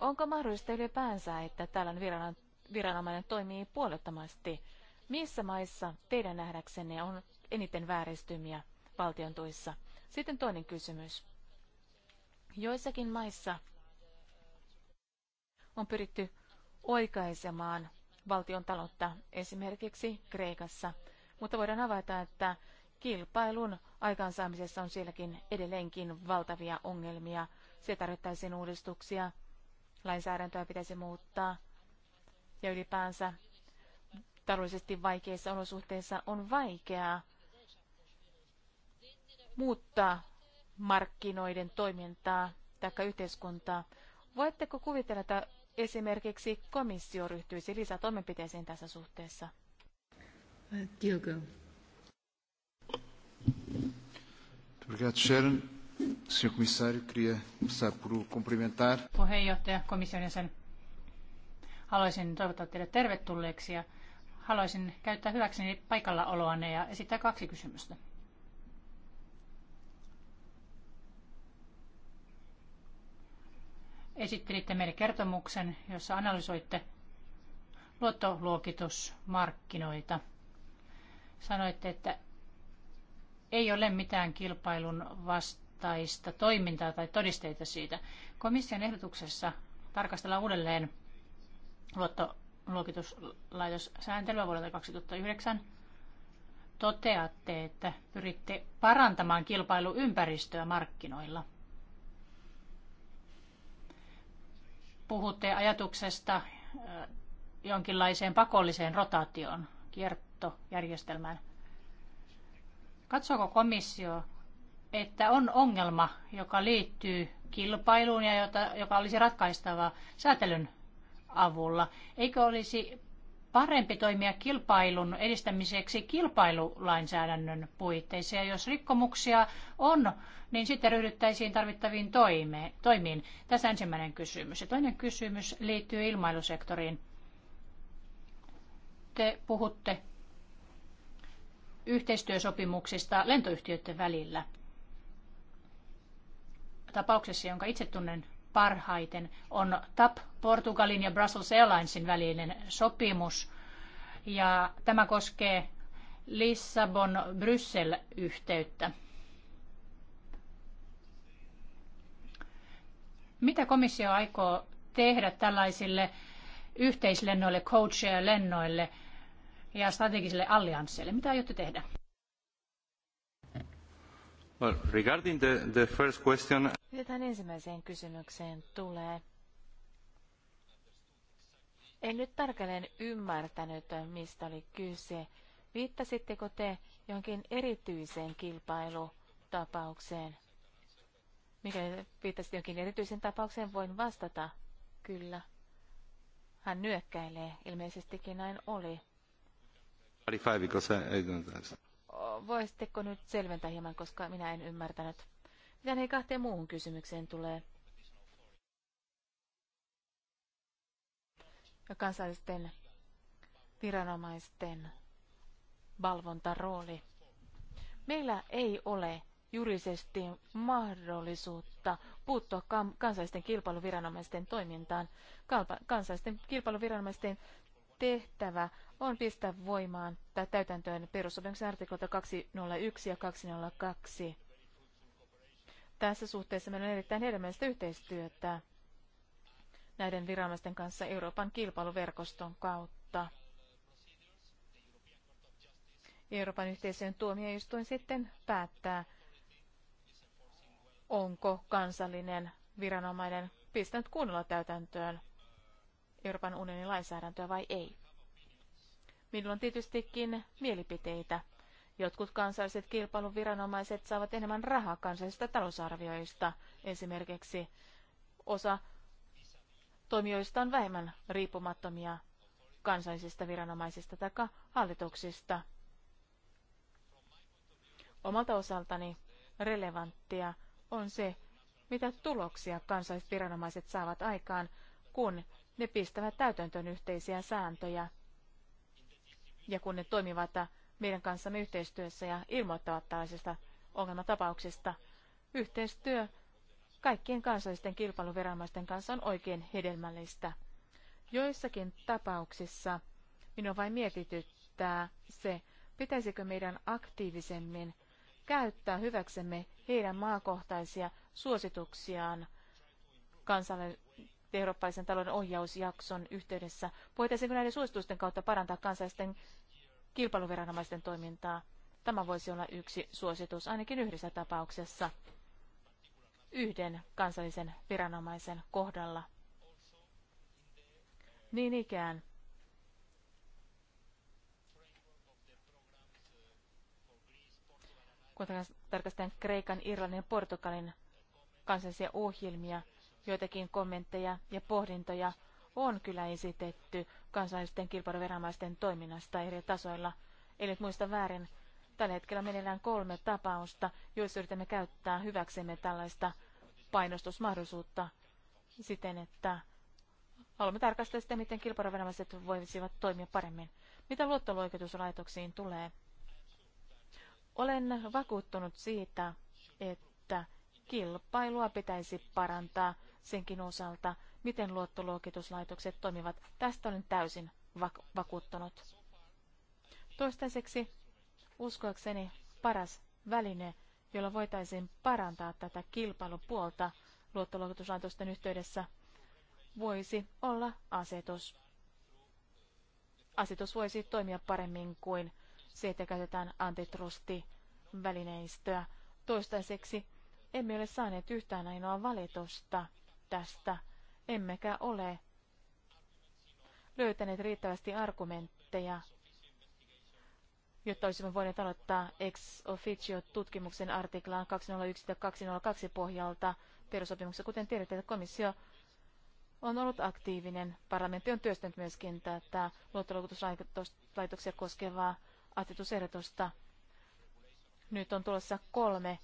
Onko mahdollista ylipäänsä, että tällainen viranomainen toimii puolettomasti? Missä maissa teidän nähdäksenne on eniten vääristymiä valtion tuissa? Sitten toinen kysymys. Joissakin maissa on pyritty oikaisemaan valtion taloutta, esimerkiksi Kreikassa, mutta voidaan avata, että kilpailun aikaansaamisessa on sielläkin edelleenkin valtavia ongelmia. Se tarvittaisiin uudistuksia, lainsäädäntöä pitäisi muuttaa ja ylipäänsä taloudellisesti vaikeissa olosuhteissa on vaikeaa muuttaa markkinoiden toimintaa tai yhteiskuntaa. Voitteko kuvitella, että esimerkiksi komissio ryhtyisi lisätoimenpiteisiin tässä suhteessa? Diogo. Obrigado, Sharon. Senhor Comissário, queria começar por cumprimentar. Puheenjohtaja, komission jäsen. Haluaisin toivottaa teidät tervetulleeksi ja haluaisin käyttää hyväkseni paikallaoloanne ja esittää kaksi kysymystä. esittelitte meille kertomuksen, jossa analysoitte luottoluokitusmarkkinoita. Sanoitte, että ei ole mitään kilpailun vastaista toimintaa tai todisteita siitä. Komission ehdotuksessa tarkastellaan uudelleen luottoluokituslaitossääntelyä vuodelta 2009. Toteatte, että pyritte parantamaan kilpailuympäristöä markkinoilla – puhutte ajatuksesta jonkinlaiseen pakolliseen rotaatioon, kiertojärjestelmään. Katsooko komissio, että on ongelma, joka liittyy kilpailuun ja jota, joka olisi ratkaistava säätelyn avulla? Eikö olisi parempi toimia kilpailun edistämiseksi kilpailulainsäädännön puitteissa. Ja jos rikkomuksia on, niin sitten ryhdyttäisiin tarvittaviin toimiin. Tässä ensimmäinen kysymys. Ja toinen kysymys liittyy ilmailusektoriin. Te puhutte yhteistyösopimuksista lentoyhtiöiden välillä. Tapauksessa, jonka itse tunnen parhaiten on TAP Portugalin ja Brussels Airlinesin välinen sopimus. Ja tämä koskee Lissabon-Bryssel-yhteyttä. Mitä komissio aikoo tehdä tällaisille yhteislennoille, co lennoille ja strategisille alliansseille? Mitä aiotte tehdä? Mitä tähän ensimmäiseen kysymykseen tulee? En nyt tarkalleen ymmärtänyt, mistä oli kyse. Viittasitteko te johonkin erityiseen kilpailutapaukseen? Mikä viittasit johonkin erityisen tapaukseen, voin vastata. Kyllä. Hän nyökkäilee. Ilmeisestikin näin oli voisitteko nyt selventää hieman, koska minä en ymmärtänyt. Mitä ne kahteen muuhun kysymykseen tulee? Kansallisten viranomaisten valvontarooli. Meillä ei ole juridisesti mahdollisuutta puuttua kansallisten kilpailuviranomaisten toimintaan. Kansallisten kilpailuviranomaisten tehtävä on pistää voimaan tai täytäntöön perussopimuksen artikloita 201 ja 202. Tässä suhteessa meillä on erittäin hedelmällistä yhteistyötä näiden viranomaisten kanssa Euroopan kilpailuverkoston kautta. Euroopan yhteisön tuomioistuin sitten päättää, onko kansallinen viranomainen pistänyt kunnolla täytäntöön Euroopan unionin lainsäädäntöä vai ei. Minulla on tietystikin mielipiteitä. Jotkut kansalliset kilpailuviranomaiset saavat enemmän rahaa kansallisista talousarvioista. Esimerkiksi osa toimijoista on vähemmän riippumattomia kansallisista viranomaisista tai hallituksista. Omalta osaltani relevanttia on se, mitä tuloksia kansalliset viranomaiset saavat aikaan, kun ne pistävät täytäntöön yhteisiä sääntöjä. Ja kun ne toimivat meidän kanssamme yhteistyössä ja ilmoittavat tällaisista ongelmatapauksista, yhteistyö kaikkien kansallisten kilpailuviranomaisten kanssa on oikein hedelmällistä. Joissakin tapauksissa minua vain mietityttää se, pitäisikö meidän aktiivisemmin käyttää hyväksemme heidän maakohtaisia suosituksiaan eurooppalaisen talouden ohjausjakson yhteydessä. Voitaisiinko näiden suositusten kautta parantaa kansallisten kilpailuviranomaisten toimintaa? Tämä voisi olla yksi suositus ainakin yhdessä tapauksessa yhden kansallisen viranomaisen kohdalla. Niin ikään. Kun tarkastetaan Kreikan, Irlannin ja Portugalin kansallisia ohjelmia, joitakin kommentteja ja pohdintoja on kyllä esitetty kansallisten kilpailuviranomaisten toiminnasta eri tasoilla. Ei nyt muista väärin, tällä hetkellä menellään kolme tapausta, joissa yritämme käyttää hyväksemme tällaista painostusmahdollisuutta siten, että haluamme tarkastella sitä, miten kilpailuviranomaiset voisivat toimia paremmin. Mitä luottoluokituslaitoksiin tulee? Olen vakuuttunut siitä, että kilpailua pitäisi parantaa senkin osalta, miten luottoluokituslaitokset toimivat. Tästä olen täysin vakuuttunut. Toistaiseksi uskoakseni paras väline, jolla voitaisiin parantaa tätä kilpailupuolta luottoluokituslaitosten yhteydessä, voisi olla asetus. Asetus voisi toimia paremmin kuin se, että käytetään antitrusti-välineistöä. Toistaiseksi emme ole saaneet yhtään ainoa valitusta tästä, emmekä ole löytäneet riittävästi argumentteja, jotta olisimme voineet aloittaa ex officio-tutkimuksen artiklaan 201 ja 202 pohjalta perusopimuksessa. Kuten tiedätte, että komissio on ollut aktiivinen. Parlamentti on työstänyt myöskin tätä luottoluokituslaitoksia koskevaa asetusehdotusta. Nyt on tulossa kolme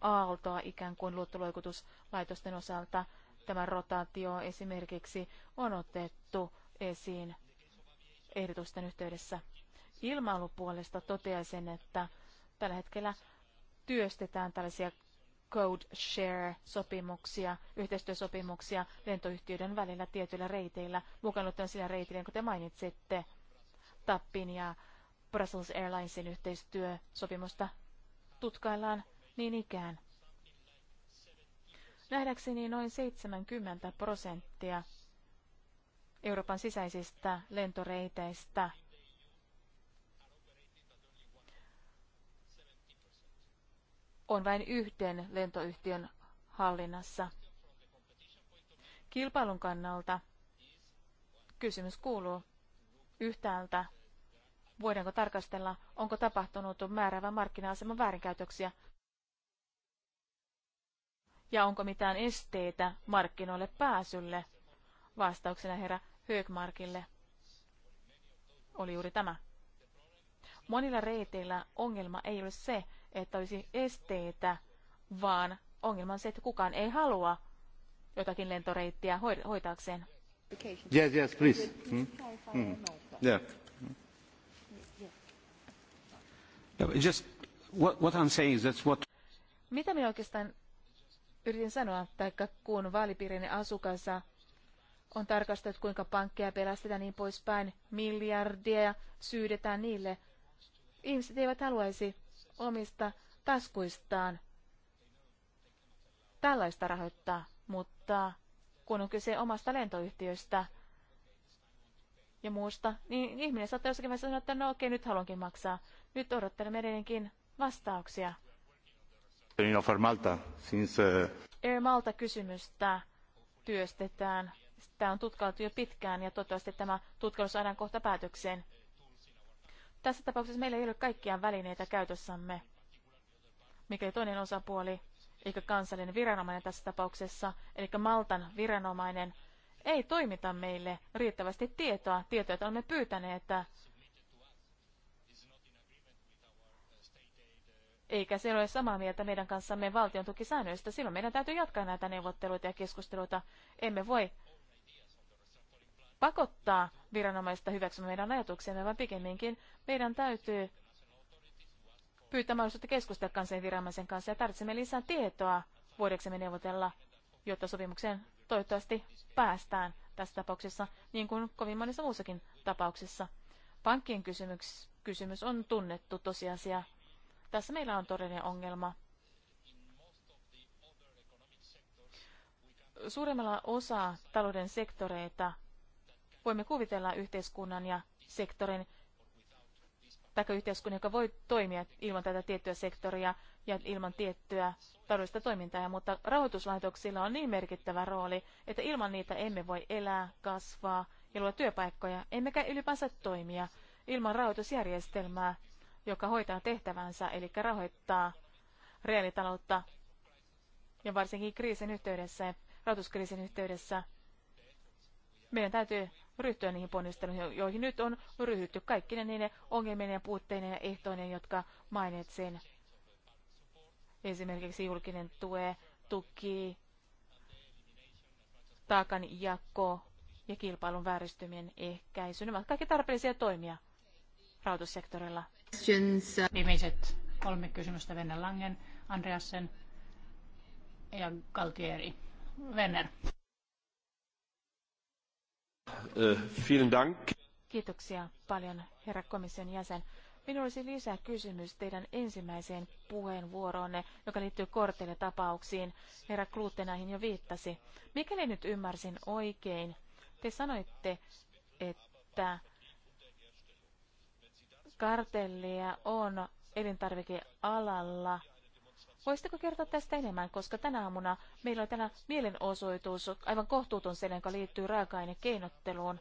aaltoa ikään kuin luottoluokituslaitosten osalta. Tämä rotaatio esimerkiksi on otettu esiin ehdotusten yhteydessä. Ilmailupuolesta toteaisin, että tällä hetkellä työstetään tällaisia code share-sopimuksia, yhteistyösopimuksia lentoyhtiöiden välillä tietyillä reiteillä, mukaan ottaen sillä reitillä, kun te mainitsitte, TAPPin ja Brussels Airlinesin yhteistyösopimusta tutkaillaan niin ikään. Nähdäkseni noin 70 prosenttia Euroopan sisäisistä lentoreiteistä on vain yhden lentoyhtiön hallinnassa. Kilpailun kannalta kysymys kuuluu yhtäältä, voidaanko tarkastella, onko tapahtunut määräävän markkina-aseman väärinkäytöksiä ja onko mitään esteitä markkinoille pääsylle? Vastauksena herra Högmarkille oli juuri tämä. Monilla reiteillä ongelma ei ole se, että olisi esteitä, vaan ongelma on se, että kukaan ei halua jotakin lentoreittiä hoitaakseen. Yes, yes, please. Hmm? Hmm. Yeah. Just what, I'm saying is that's what... Mitä minä oikeastaan yritin sanoa, taikka kun vaalipiirin asukassa on tarkastettu, kuinka pankkeja pelastetaan niin poispäin, miljardia syydetään niille. Ihmiset eivät haluaisi omista taskuistaan tällaista rahoittaa, mutta kun on kyse omasta lentoyhtiöstä, ja muusta, niin ihminen saattaa jossakin vaiheessa sanoa, että no okei, nyt haluankin maksaa. Nyt odottelemme edelleenkin vastauksia. Malta, since, uh... Air Malta kysymystä työstetään. Tämä on tutkailtu jo pitkään ja toivottavasti tämä tutkailu saadaan kohta päätökseen. Tässä tapauksessa meillä ei ole kaikkia välineitä käytössämme, mikäli toinen osapuoli, eikä kansallinen viranomainen tässä tapauksessa, eli Maltan viranomainen, ei toimita meille riittävästi tietoa, tietoja, että olemme pyytäneet, eikä se ole samaa mieltä meidän kanssamme valtion tukisäännöistä. Silloin meidän täytyy jatkaa näitä neuvotteluita ja keskusteluita. Emme voi pakottaa viranomaista hyväksymään meidän ajatuksemme, vaan pikemminkin meidän täytyy pyytää mahdollisuutta keskustella kansainvälisen viranomaisen kanssa ja tarvitsemme lisää tietoa voidaksemme neuvotella, jotta sopimukseen Toivottavasti päästään tässä tapauksessa, niin kuin kovin monissa muussakin tapauksessa. Pankkien kysymys, kysymys on tunnettu tosiasia. Tässä meillä on todellinen ongelma. Suuremmalla osa talouden sektoreita voimme kuvitella yhteiskunnan ja sektorin tai yhteiskunnan, joka voi toimia ilman tätä tiettyä sektoria, ja ilman tiettyä taloudellista toimintaa, mutta rahoituslaitoksilla on niin merkittävä rooli, että ilman niitä emme voi elää, kasvaa ja luoda työpaikkoja, emmekä ylipäänsä toimia ilman rahoitusjärjestelmää, joka hoitaa tehtävänsä, eli rahoittaa reaalitaloutta ja varsinkin kriisin yhteydessä, rahoituskriisin yhteydessä. Meidän täytyy ryhtyä niihin ponnisteluihin, joihin nyt on ryhdytty kaikkine niiden ongelmien ja puutteiden ja ehtoinen, jotka mainitsin. Esimerkiksi julkinen tue, tuki, taakan jako ja kilpailun vääristymien ehkäisy. Ne ovat kaikki tarpeellisia toimia rahoitussektorilla. Viimeiset kolme kysymystä Venner Langen, Andreasen ja Galtieri. Venner. Äh, vielen Dank. Kiitoksia paljon, herra komission jäsen. Minulla olisi lisää kysymys teidän ensimmäiseen puheenvuoroonne, joka liittyy kortille tapauksiin. Herra Kluutte näihin jo viittasi. Mikäli nyt ymmärsin oikein, te sanoitte, että kartellia on elintarvikealalla. Voisitteko kertoa tästä enemmän, koska tänä aamuna meillä on tänä mielenosoitus, aivan kohtuuton sen, joka liittyy raaka-ainekeinotteluun.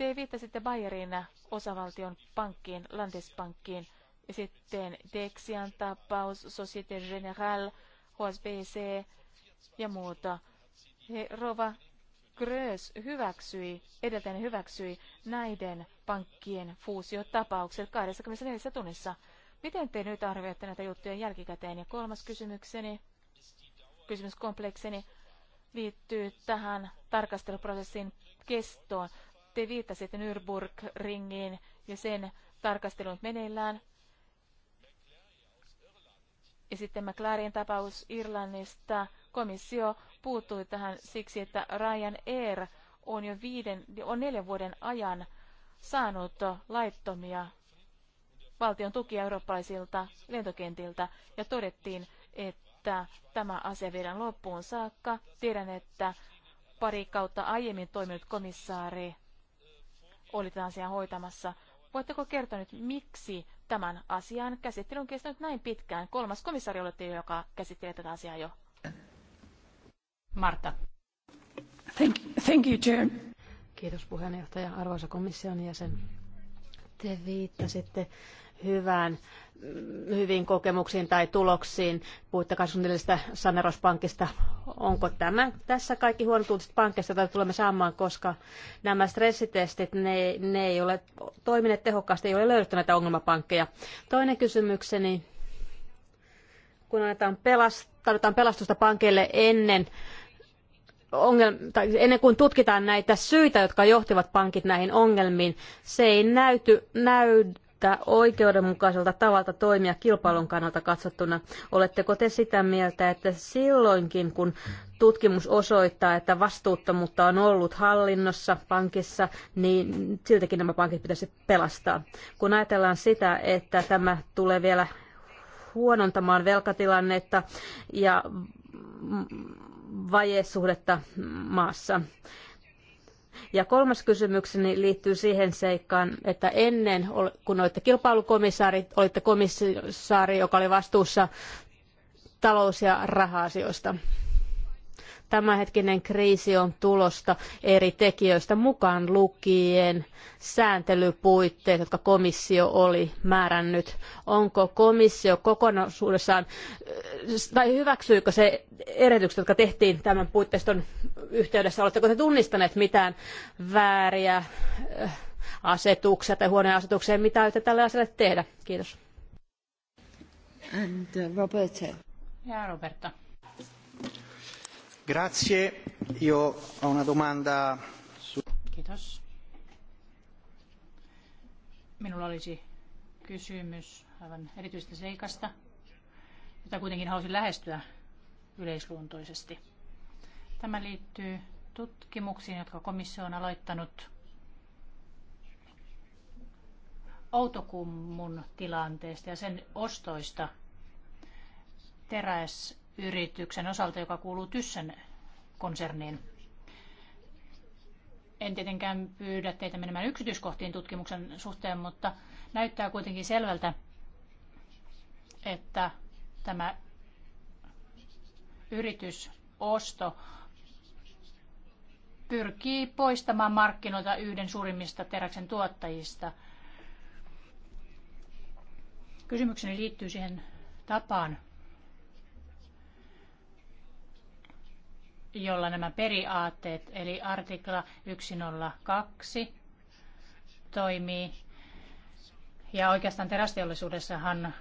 Te viittasitte Bayerin osavaltion pankkiin, Landespankkiin, ja sitten Dexian tapaus, Societe Generale, HSBC ja muuta. He, Rova Grös hyväksyi, edeltäinen hyväksyi näiden pankkien fuusiotapaukset 24 tunnissa. Miten te nyt arvioitte näitä juttuja jälkikäteen? Ja kolmas kysymykseni, kysymyskomplekseni liittyy tähän tarkasteluprosessin kestoon. Te viittasitte Nürburgringiin ja sen tarkastelun meneillään. Ja sitten McLaren tapaus Irlannista. Komissio puuttui tähän siksi, että Ryanair on jo viiden, on neljän vuoden ajan saanut laittomia valtion tukia eurooppalaisilta lentokentiltä ja todettiin, että tämä asia viedään loppuun saakka. Tiedän, että pari kautta aiemmin toiminut komissaari oli tätä hoitamassa. Voitteko kertoa nyt, miksi tämän asian käsittely on kestänyt näin pitkään? Kolmas komissaari olette jo, joka käsittelee tätä asiaa jo. Marta. Thank, thank you, Chair. Kiitos puheenjohtaja, arvoisa komission jäsen. Te viittasitte hyvään mm, hyvin kokemuksiin tai tuloksiin. Puhuitte kasvunillisesta sanerospankista. Onko tämä tässä kaikki huonot uutiset pankkeista, joita tulemme saamaan, koska nämä stressitestit, ne, ne ei ole toimineet tehokkaasti, ei ole löydetty näitä ongelmapankkeja. Toinen kysymykseni, kun annetaan pelast, tarvitaan pelastusta pankeille ennen tai ennen kuin tutkitaan näitä syitä, jotka johtivat pankit näihin ongelmiin, se ei näyty, näy näyttää oikeudenmukaiselta tavalta toimia kilpailun kannalta katsottuna. Oletteko te sitä mieltä, että silloinkin kun tutkimus osoittaa, että vastuuttomuutta on ollut hallinnossa, pankissa, niin siltäkin nämä pankit pitäisi pelastaa. Kun ajatellaan sitä, että tämä tulee vielä huonontamaan velkatilannetta ja vajesuhdetta maassa, ja kolmas kysymykseni liittyy siihen seikkaan, että ennen kun olitte kilpailukomissaari, olitte komissaari, joka oli vastuussa talous- ja raha-asioista tämänhetkinen kriisi on tulosta eri tekijöistä mukaan lukien sääntelypuitteet, jotka komissio oli määrännyt. Onko komissio kokonaisuudessaan, tai hyväksyykö se eritykset, jotka tehtiin tämän puitteiston yhteydessä? Oletteko te tunnistaneet mitään vääriä äh, asetuksia tai huonoja asetuksia? Mitä aiotte tälle asialle tehdä? Kiitos. And, uh, Roberta. Ja Roberta. Grazie. Io ho una domanda su... Kiitos. Minulla olisi kysymys aivan erityisestä seikasta, jota kuitenkin halusin lähestyä yleisluontoisesti. Tämä liittyy tutkimuksiin, jotka komissio on aloittanut Outokummun tilanteesta ja sen ostoista teräs- yrityksen osalta, joka kuuluu Tyssen konserniin. En tietenkään pyydä teitä menemään yksityiskohtiin tutkimuksen suhteen, mutta näyttää kuitenkin selvältä, että tämä yritysosto pyrkii poistamaan markkinoita yhden suurimmista teräksen tuottajista. Kysymykseni liittyy siihen tapaan, jolla nämä periaatteet, eli artikla 102 toimii. Ja oikeastaan terästeollisuudessahan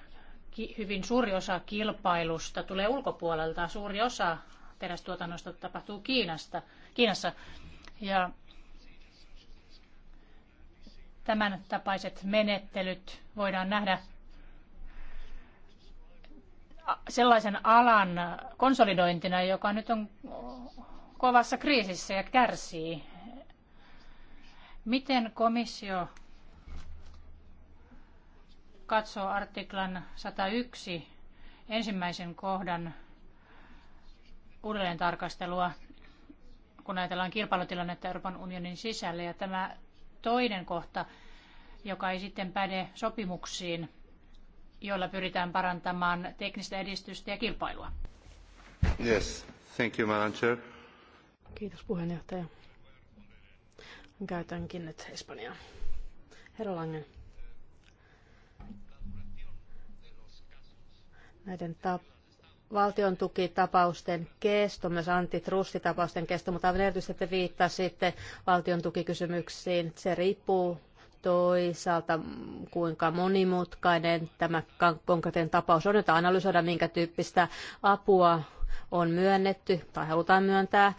hyvin suuri osa kilpailusta tulee ulkopuolelta. Suuri osa terästuotannosta tapahtuu Kiinasta, Kiinassa. Ja tämän tapaiset menettelyt voidaan nähdä sellaisen alan konsolidointina, joka nyt on kovassa kriisissä ja kärsii. Miten komissio katsoo artiklan 101 ensimmäisen kohdan uudelleentarkastelua, tarkastelua, kun ajatellaan kilpailutilannetta Euroopan unionin sisällä. Ja tämä toinen kohta, joka ei sitten päde sopimuksiin, joilla pyritään parantamaan teknistä edistystä ja kilpailua. Yes, thank you, Madam Chair. Kiitos puheenjohtaja. Käytänkin nyt Espanjaa. Herra Langen. Näiden tap- valtion tukitapausten kesto, myös antitrustitapausten kesto, mutta aivan erityisesti te viittasitte valtion tukikysymyksiin. Se riippuu toisaalta kuinka monimutkainen tämä konkreettinen tapaus on, jota analysoida, minkä tyyppistä apua on myönnetty tai halutaan myöntää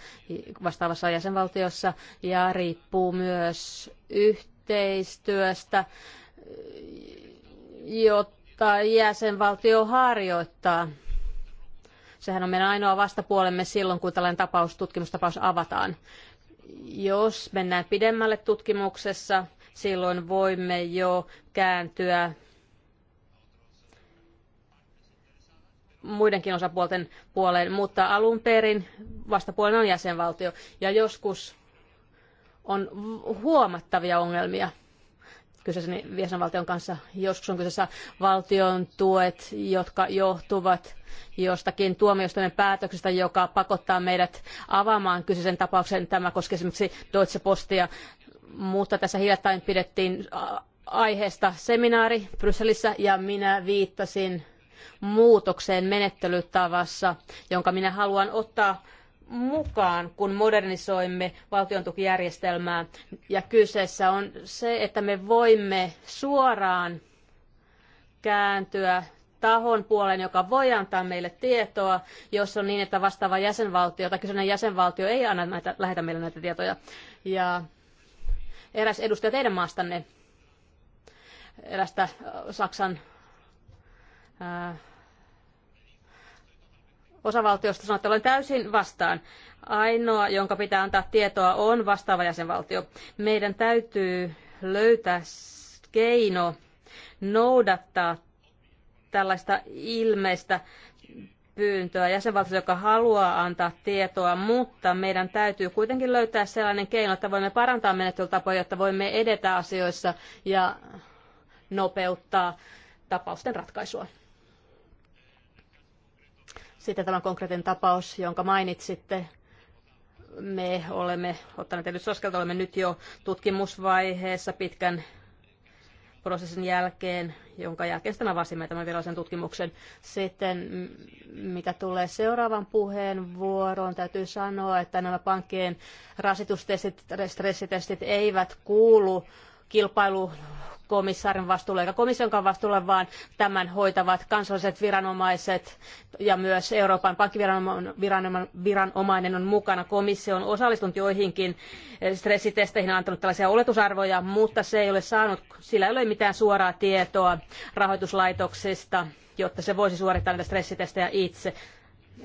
vastaavassa jäsenvaltiossa ja riippuu myös yhteistyöstä, jota jäsenvaltio harjoittaa. Sehän on meidän ainoa vastapuolemme silloin, kun tällainen tapaus, tutkimustapaus avataan. Jos mennään pidemmälle tutkimuksessa, silloin voimme jo kääntyä muidenkin osapuolten puoleen, mutta alun perin vastapuolena on jäsenvaltio. Ja joskus on huomattavia ongelmia kyseisen jäsenvaltion kanssa. Joskus on kyseessä valtion tuet, jotka johtuvat jostakin tuomioistuimen päätöksestä, joka pakottaa meidät avaamaan kyseisen tapauksen. Tämä koskee esimerkiksi Deutsche Postia mutta tässä hiljattain pidettiin aiheesta seminaari Brysselissä ja minä viittasin muutokseen menettelytavassa, jonka minä haluan ottaa mukaan, kun modernisoimme valtiontukijärjestelmää. Ja kyseessä on se, että me voimme suoraan kääntyä tahon puoleen, joka voi antaa meille tietoa, jos on niin, että vastaava jäsenvaltio tai kyseinen jäsenvaltio ei anna näitä, lähetä meille näitä tietoja. Ja eräs edustaja teidän maastanne, erästä Saksan ää, osavaltiosta sanoi, että olen täysin vastaan. Ainoa, jonka pitää antaa tietoa, on vastaava jäsenvaltio. Meidän täytyy löytää keino noudattaa tällaista ilmeistä pyyntöä jäsenvaltio, joka haluaa antaa tietoa, mutta meidän täytyy kuitenkin löytää sellainen keino, että voimme parantaa menettelytapoja, jotta voimme edetä asioissa ja nopeuttaa tapausten ratkaisua. Sitten tämä konkreettinen tapaus, jonka mainitsitte, me olemme ottaneet edes olemme nyt jo tutkimusvaiheessa pitkän prosessin jälkeen, jonka jälkeen sitten avasimme tämän virallisen tutkimuksen. Sitten mitä tulee seuraavan puheenvuoroon, täytyy sanoa, että nämä pankkien rasitustestit, stressitestit eivät kuulu kilpailu komissaarin vastuulle eikä komissionkaan vastuulle vaan tämän hoitavat kansalliset viranomaiset ja myös Euroopan pankkiviranomainen on mukana. Komissio on osallistunut joihinkin stressitesteihin ja antanut tällaisia oletusarvoja, mutta se ei ole saanut, sillä ei ole mitään suoraa tietoa rahoituslaitoksista, jotta se voisi suorittaa näitä stressitestejä itse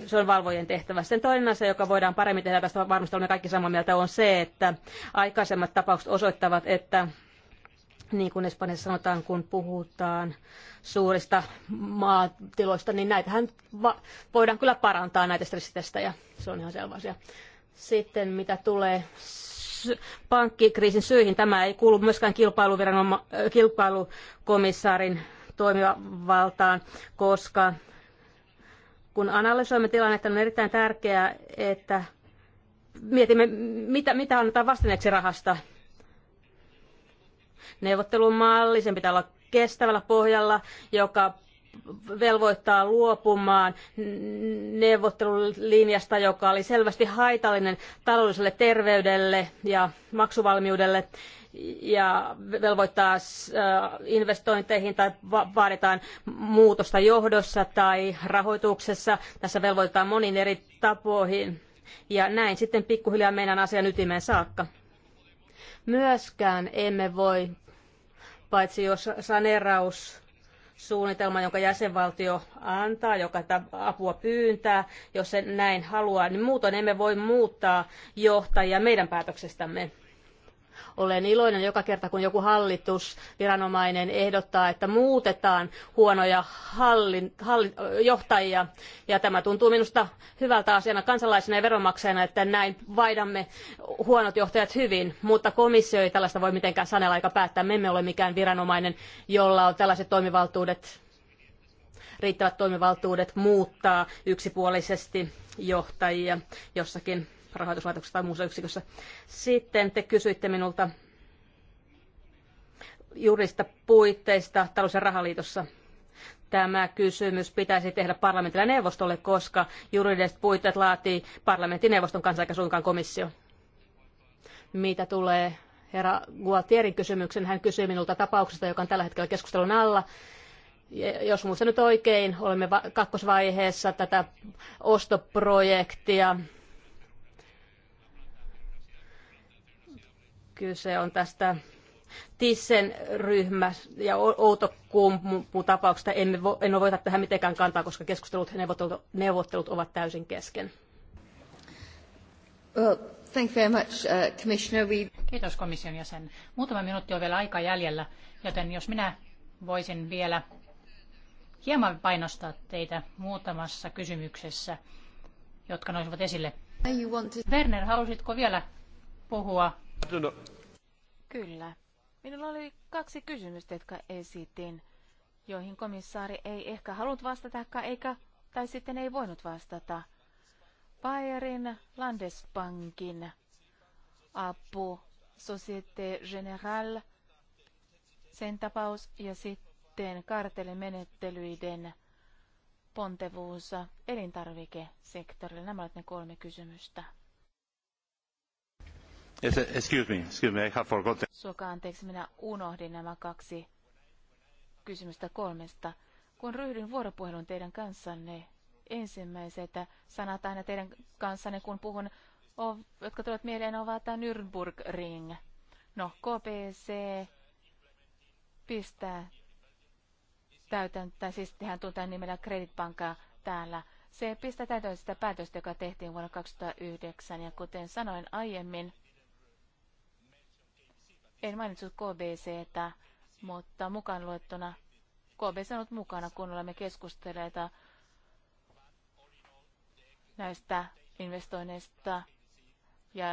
se on valvojen tehtävä. Sitten toinen asia, joka voidaan paremmin tehdä, tästä varmasti olemme kaikki samaa mieltä, on se, että aikaisemmat tapaukset osoittavat, että niin kuin Espanjassa sanotaan, kun puhutaan suurista maatiloista, niin näitähän voidaan kyllä parantaa näitä stressitestejä. Se on ihan selvä asia. Sitten mitä tulee pankkikriisin syihin, tämä ei kuulu myöskään kilpailukomissaarin toimivaltaan, koska kun analysoimme tilannetta, niin on erittäin tärkeää, että mietimme, mitä, mitä annetaan vastineeksi rahasta – neuvottelumalli, sen pitää olla kestävällä pohjalla, joka velvoittaa luopumaan neuvottelulinjasta, joka oli selvästi haitallinen taloudelliselle terveydelle ja maksuvalmiudelle ja velvoittaa äh, investointeihin tai vaaditaan muutosta johdossa tai rahoituksessa. Tässä velvoitetaan moniin eri tapoihin ja näin sitten pikkuhiljaa meidän asian ytimeen saakka. Myöskään emme voi, paitsi jos saneraus suunnitelma, jonka jäsenvaltio antaa, joka apua pyyntää, jos se näin haluaa, niin muutoin emme voi muuttaa johtajia meidän päätöksestämme. Olen iloinen joka kerta, kun joku hallitus, viranomainen ehdottaa, että muutetaan huonoja hallin, hallin, johtajia. Ja tämä tuntuu minusta hyvältä asiana kansalaisena ja veronmaksajana, että näin vaidamme huonot johtajat hyvin. Mutta komissio ei tällaista voi mitenkään sanella aika päättää. Me emme ole mikään viranomainen, jolla on tällaiset toimivaltuudet riittävät toimivaltuudet muuttaa yksipuolisesti johtajia jossakin rahoituslaitoksessa tai muussa yksikössä. Sitten te kysyitte minulta juridista puitteista talous- ja rahaliitossa. Tämä kysymys pitäisi tehdä parlamentilla neuvostolle, koska juridiset puitteet laatii parlamentin neuvoston kanssa eikä suinkaan komissio. Mitä tulee herra Gualtierin kysymyksen, hän kysyi minulta tapauksesta, joka on tällä hetkellä keskustelun alla. Jos muista nyt oikein, olemme kakkosvaiheessa tätä ostoprojektia Kyse on tästä Tissen ryhmä ja Outokumpu-tapauksesta en, vo, en voita tähän mitenkään kantaa, koska keskustelut ja neuvottelut, neuvottelut ovat täysin kesken. Well, thank very much, uh, Commissioner. We... Kiitos komission jäsen. Muutama minuutti on vielä aika jäljellä, joten jos minä voisin vielä hieman painostaa teitä muutamassa kysymyksessä, jotka nousivat esille. To... Werner, halusitko vielä puhua No. Kyllä. Minulla oli kaksi kysymystä, jotka esitin, joihin komissaari ei ehkä halunnut vastata, eikä, tai sitten ei voinut vastata. Bayerin Landesbankin apu, Societe general sen tapaus ja sitten kartelimenettelyiden pontevuus elintarvikesektorille. Nämä ovat ne kolme kysymystä excuse me, excuse me, I have forgotten. Suokaa anteeksi, minä unohdin nämä kaksi kysymystä kolmesta. Kun ryhdyn vuoropuhelun teidän kanssanne, ensimmäiset sanat aina teidän kanssanne, kun puhun, jotka tulevat mieleen, ovat Nürburgring. No, KPC pistää täytäntöön, siis tehän tuntuu nimellä Credit täällä. Se pistää täytäntöön sitä päätöstä, joka tehtiin vuonna 2009, ja kuten sanoin aiemmin, en mainitsut KBCtä, mutta mukaan luettuna KBC on ollut mukana, kun olemme keskustelleet näistä investoinneista ja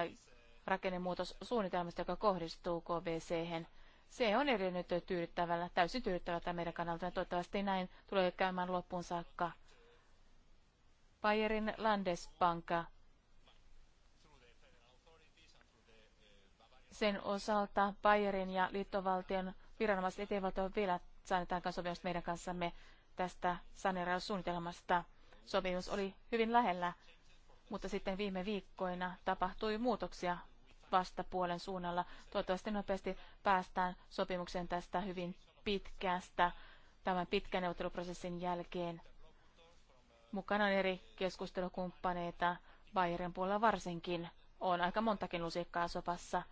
rakennemuutossuunnitelmista, joka kohdistuu KBC. -hän. Se on edennyt tyydyttävällä, täysin tyydyttävältä meidän kannalta. Ja toivottavasti näin tulee käymään loppuun saakka. Bayerin Landesbanka sen osalta Bayerin ja liittovaltion viranomaiset etenevät ovat vielä saaneet aikaan meidän kanssamme tästä saneeraussuunnitelmasta. Sopimus oli hyvin lähellä, mutta sitten viime viikkoina tapahtui muutoksia vastapuolen suunnalla. Toivottavasti nopeasti päästään sopimukseen tästä hyvin pitkästä, tämän pitkän neuvotteluprosessin jälkeen. Mukana on eri keskustelukumppaneita, Bayerin puolella varsinkin. On aika montakin lusikkaa sopassa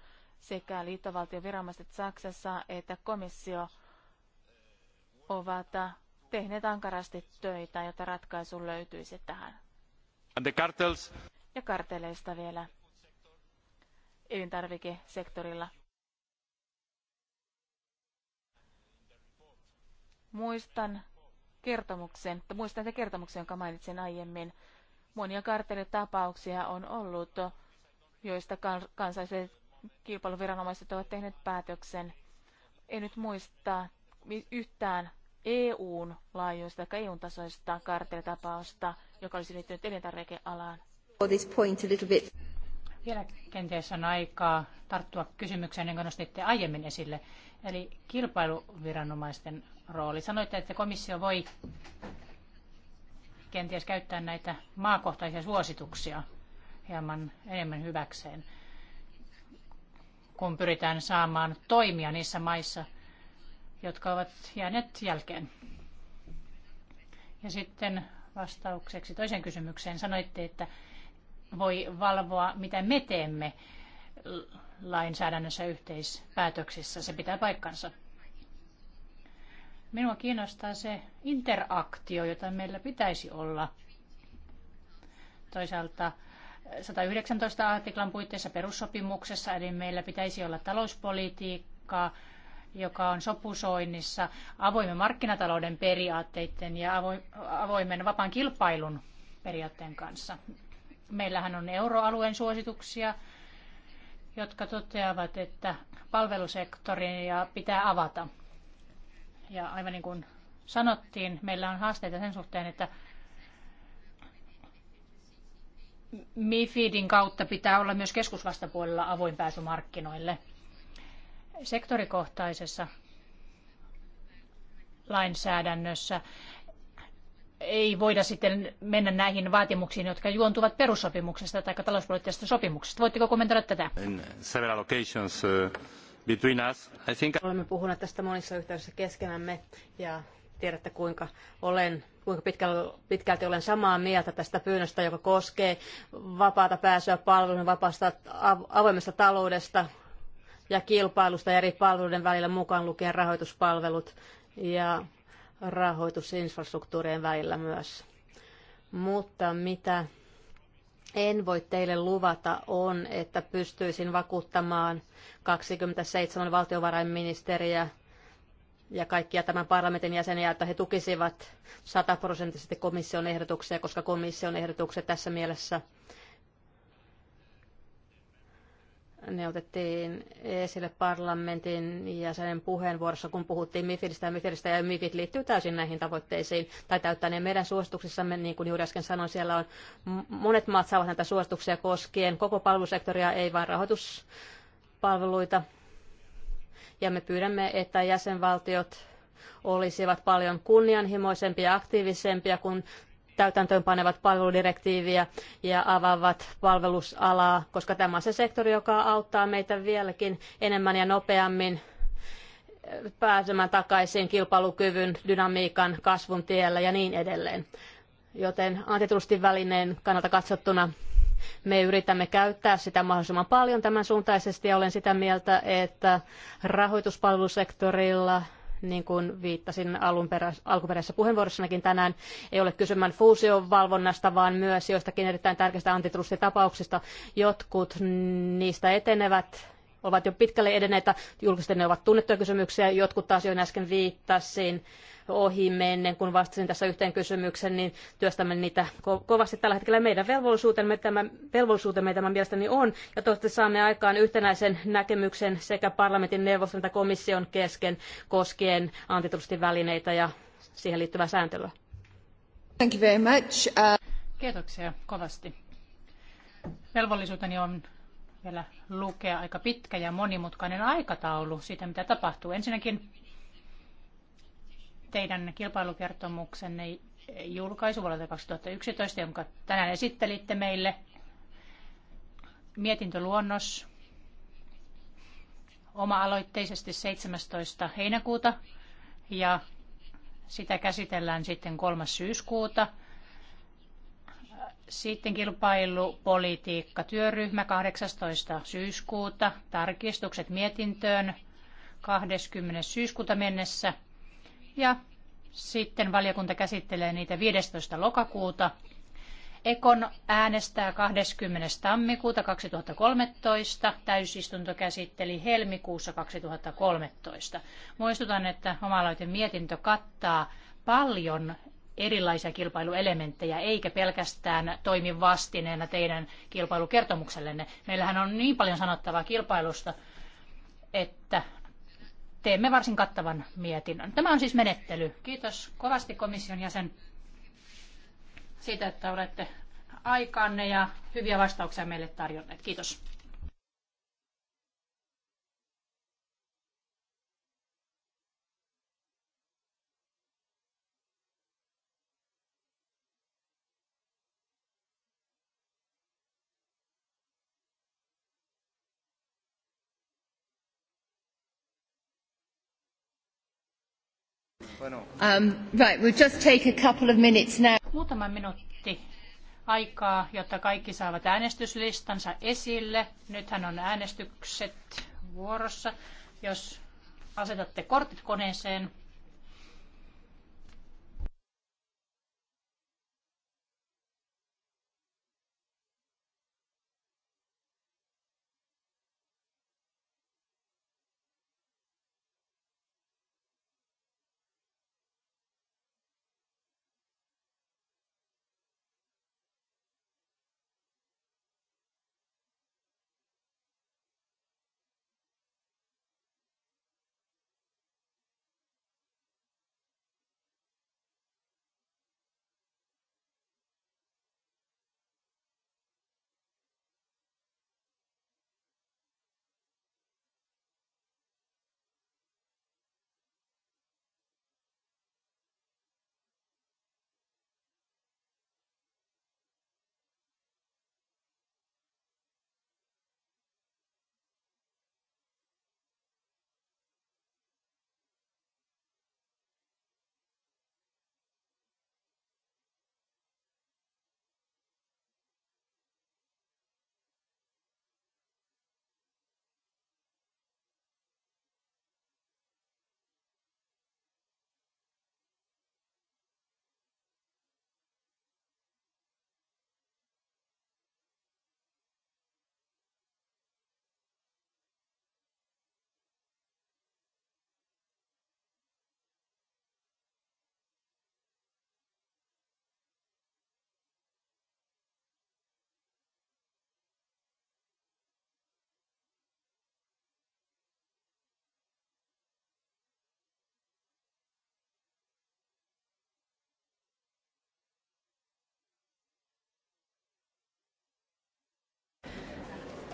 sekä liittovaltion viranomaiset Saksassa että komissio ovat tehneet ankarasti töitä, jotta ratkaisu löytyisi tähän. Ja karteleista vielä elintarvikesektorilla. Muistan kertomuksen, muistan te kertomuksen, jonka mainitsin aiemmin. Monia kartelitapauksia on ollut, joista kansalliset kilpailuviranomaiset ovat tehneet päätöksen. En nyt muista yhtään EUn laajuista tai eu tasoista kartelitapausta, joka olisi liittynyt elintarvikealaan. Vielä kenties on aikaa tarttua kysymykseen, jonka nostitte aiemmin esille. Eli kilpailuviranomaisten rooli. Sanoitte, että komissio voi kenties käyttää näitä maakohtaisia suosituksia hieman enemmän hyväkseen kun pyritään saamaan toimia niissä maissa, jotka ovat jääneet jälkeen. Ja sitten vastaukseksi toiseen kysymykseen sanoitte, että voi valvoa, mitä me teemme lainsäädännössä yhteispäätöksissä. Se pitää paikkansa. Minua kiinnostaa se interaktio, jota meillä pitäisi olla. Toisaalta 119 artiklan puitteissa perussopimuksessa, eli meillä pitäisi olla talouspolitiikkaa, joka on sopusoinnissa avoimen markkinatalouden periaatteiden ja avoimen vapaan kilpailun periaatteen kanssa. Meillähän on euroalueen suosituksia, jotka toteavat, että palvelusektoria pitää avata. Ja aivan niin kuin sanottiin, meillä on haasteita sen suhteen, että MIFIDin kautta pitää olla myös keskusvastapuolella avoin pääsy markkinoille. Sektorikohtaisessa lainsäädännössä ei voida sitten mennä näihin vaatimuksiin, jotka juontuvat perussopimuksesta tai talouspoliittisesta sopimuksesta. Voitteko kommentoida tätä? Uh, Olemme puhuneet tästä monissa yhteyksissä keskenämme ja Tiedätte, kuinka olen kuinka pitkälti olen samaa mieltä tästä pyynnöstä, joka koskee vapaata pääsyä palveluun, vapaasta avoimesta taloudesta ja kilpailusta eri palveluiden välillä mukaan lukien rahoituspalvelut ja rahoitusinfrastruktuurien välillä myös. Mutta mitä en voi teille luvata on, että pystyisin vakuuttamaan 27 valtiovarainministeriä – ja kaikkia tämän parlamentin jäseniä, että he tukisivat sataprosenttisesti komission ehdotuksia, koska komission ehdotukset tässä mielessä ne otettiin esille parlamentin jäsenen puheenvuorossa, kun puhuttiin MIFIDistä ja MIFIDistä, ja MIFID liittyy täysin näihin tavoitteisiin, tai täyttää ne meidän suosituksissamme, niin kuin juuri äsken sanoin, siellä on monet maat saavat näitä suosituksia koskien koko palvelusektoria, ei vain rahoituspalveluita, ja me pyydämme, että jäsenvaltiot olisivat paljon kunnianhimoisempia ja aktiivisempia, kun täytäntöön panevat palveludirektiiviä ja avaavat palvelusalaa, koska tämä on se sektori, joka auttaa meitä vieläkin enemmän ja nopeammin pääsemään takaisin kilpailukyvyn, dynamiikan, kasvun tiellä ja niin edelleen. Joten välineen kannalta katsottuna me yritämme käyttää sitä mahdollisimman paljon tämän suuntaisesti ja olen sitä mieltä, että rahoituspalvelusektorilla niin kuin viittasin alun perä, alkuperäisessä puheenvuorossanakin tänään, ei ole kysymään fuusion vaan myös joistakin erittäin tärkeistä antitrustitapauksista. Jotkut niistä etenevät ovat jo pitkälle edenneitä, julkisesti ne ovat tunnettuja kysymyksiä, jotkut taas jo äsken viittasin ohi menneen, kun vastasin tässä yhteen kysymykseen, niin työstämme niitä ko- kovasti tällä hetkellä. Meidän velvollisuutemme tämä, velvollisuutemme tämä mielestäni on, ja toivottavasti saamme aikaan yhtenäisen näkemyksen sekä parlamentin neuvoston että komission kesken koskien antitrustivälineitä ja siihen liittyvää sääntelyä. Thank you very much. Uh... Kiitoksia kovasti. Velvollisuuteni on vielä lukea aika pitkä ja monimutkainen aikataulu siitä, mitä tapahtuu. Ensinnäkin teidän kilpailukertomuksenne julkaisu vuodelta 2011, jonka tänään esittelitte meille. Mietintöluonnos oma-aloitteisesti 17. heinäkuuta ja sitä käsitellään sitten 3. syyskuuta – sitten kilpailupolitiikka työryhmä 18. syyskuuta, tarkistukset mietintöön 20. syyskuuta mennessä ja sitten valiokunta käsittelee niitä 15. lokakuuta. Ekon äänestää 20. tammikuuta 2013, täysistunto käsitteli helmikuussa 2013. Muistutan, että oma mietintö kattaa paljon erilaisia kilpailuelementtejä, eikä pelkästään toimi vastineena teidän kilpailukertomuksellenne. Meillähän on niin paljon sanottavaa kilpailusta, että teemme varsin kattavan mietinnön. Tämä on siis menettely. Kiitos kovasti komission jäsen siitä, että olette aikanne ja hyviä vastauksia meille tarjonneet. Kiitos. Um, right, we'll just take a couple of minutes now. Muutama minuutti aikaa, jotta kaikki saavat äänestyslistansa esille. Nythän on äänestykset vuorossa. Jos asetatte kortit koneeseen,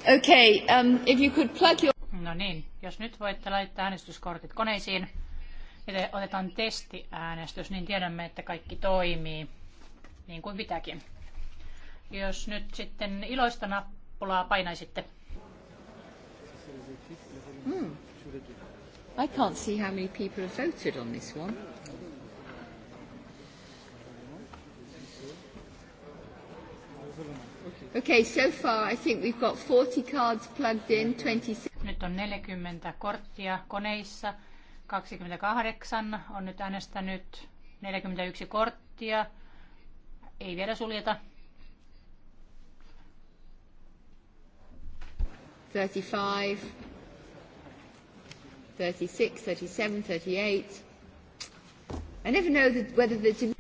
Okay, um, if you could plug your... No niin, jos nyt voitte laittaa äänestyskortit koneisiin ja otetaan testiäänestys, niin tiedämme, että kaikki toimii niin kuin pitääkin. Jos nyt sitten iloista nappulaa painaisitte. Mm. I can't see how many people have voted on this one. Okay, so far I think we've got 40 cards plugged in, 26. Nyt on 40 korttia koneissa. 28 on nyt äänestänyt 41 korttia. Ei vielä suljeta. 35, 36, 37, 38. I never know whether the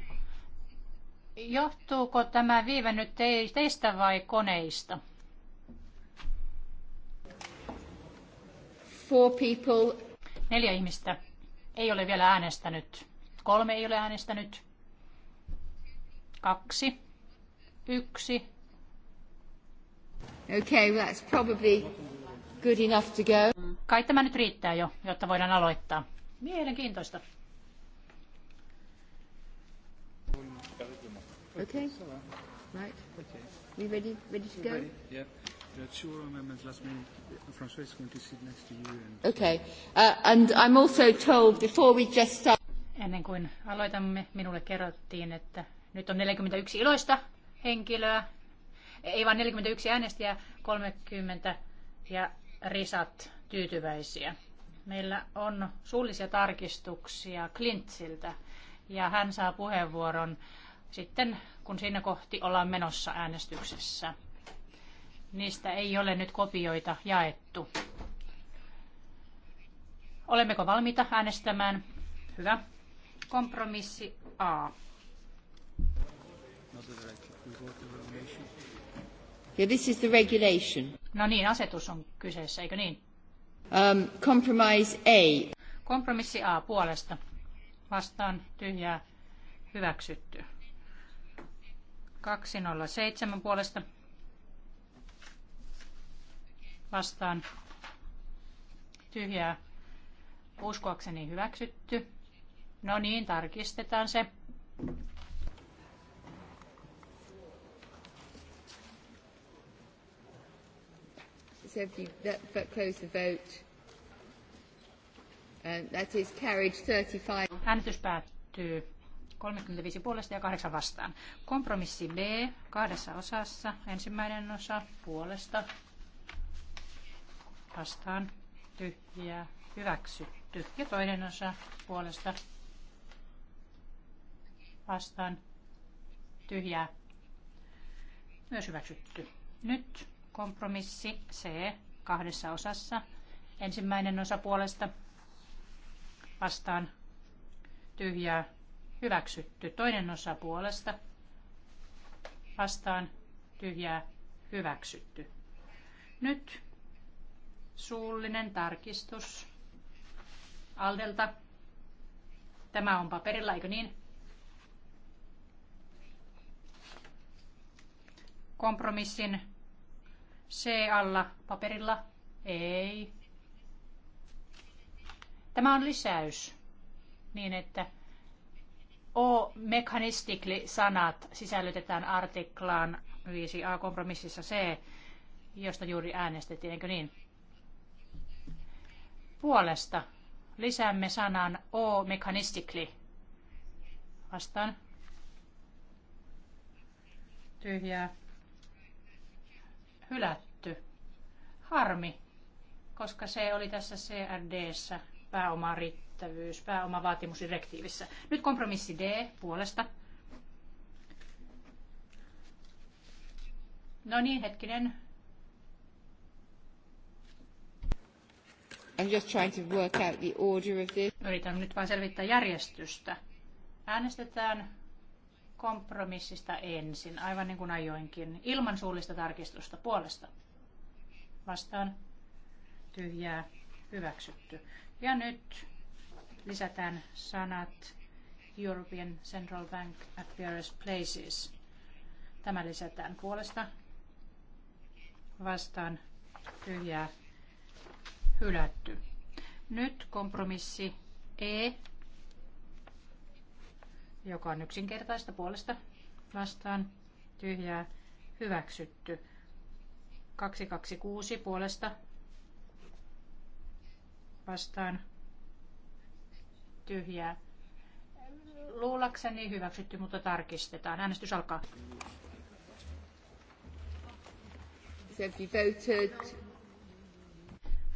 Johtuuko tämä viive nyt teistä vai koneista? Four people. Neljä ihmistä ei ole vielä äänestänyt. Kolme ei ole äänestänyt. Kaksi. Yksi. Okay, well that's probably good enough to go. Kai tämä nyt riittää jo, jotta voidaan aloittaa. Mielenkiintoista. Okay. Right. Okay. We ready? Ready to go? Ready. Yeah. There are two amendments last minute. François is going to sit next to you. And okay. Uh, and I'm also told before we just start. Ennen kuin aloitamme, minulle kerrottiin, että nyt on 41 iloista henkilöä, ei vain 41 äänestäjää, 30 ja risat tyytyväisiä. Meillä on suullisia tarkistuksia Klintsiltä ja hän saa puheenvuoron sitten, kun siinä kohti ollaan menossa äänestyksessä. Niistä ei ole nyt kopioita jaettu. Olemmeko valmiita äänestämään? Hyvä. Kompromissi A. Yeah, this is the regulation. No niin, asetus on kyseessä, eikö niin? Um, compromise A. Kompromissi A puolesta. Vastaan tyhjää hyväksytty. 207 puolesta vastaan tyhjää uskoakseni hyväksytty. No niin, tarkistetaan se. Äänestys päättyy. 35 puolesta ja 8 vastaan. Kompromissi B kahdessa osassa. Ensimmäinen osa puolesta vastaan tyhjää hyväksytty. Ja toinen osa puolesta vastaan tyhjää myös hyväksytty. Nyt kompromissi C kahdessa osassa. Ensimmäinen osa puolesta vastaan tyhjää Hyväksytty. Toinen osa puolesta. Vastaan. Tyhjää. Hyväksytty. Nyt suullinen tarkistus Aldelta. Tämä on paperilla, eikö niin? Kompromissin C-alla paperilla. Ei. Tämä on lisäys niin, että O-mekanistikli-sanat sisällytetään artiklaan 5a kompromississa C, josta juuri äänestettiin, eikö niin? Puolesta lisäämme sanan O-mekanistikli. Vastaan. Tyhjää. Hylätty. Harmi, koska se oli tässä CRDssä riittää riittävyys pääomavaatimusdirektiivissä. Nyt kompromissi D puolesta. No niin, hetkinen. I'm just trying to work out the order of this. Yritän nyt vain selvittää järjestystä. Äänestetään kompromissista ensin, aivan niin kuin ajoinkin, ilman suullista tarkistusta puolesta. Vastaan tyhjää hyväksytty. Ja nyt lisätään sanat European Central Bank at various places. Tämä lisätään puolesta vastaan tyhjää hylätty. Nyt kompromissi E, joka on yksinkertaista puolesta vastaan tyhjää hyväksytty. 226 puolesta vastaan tyhjää. Luulakseni hyväksytty, mutta tarkistetaan. Äänestys alkaa.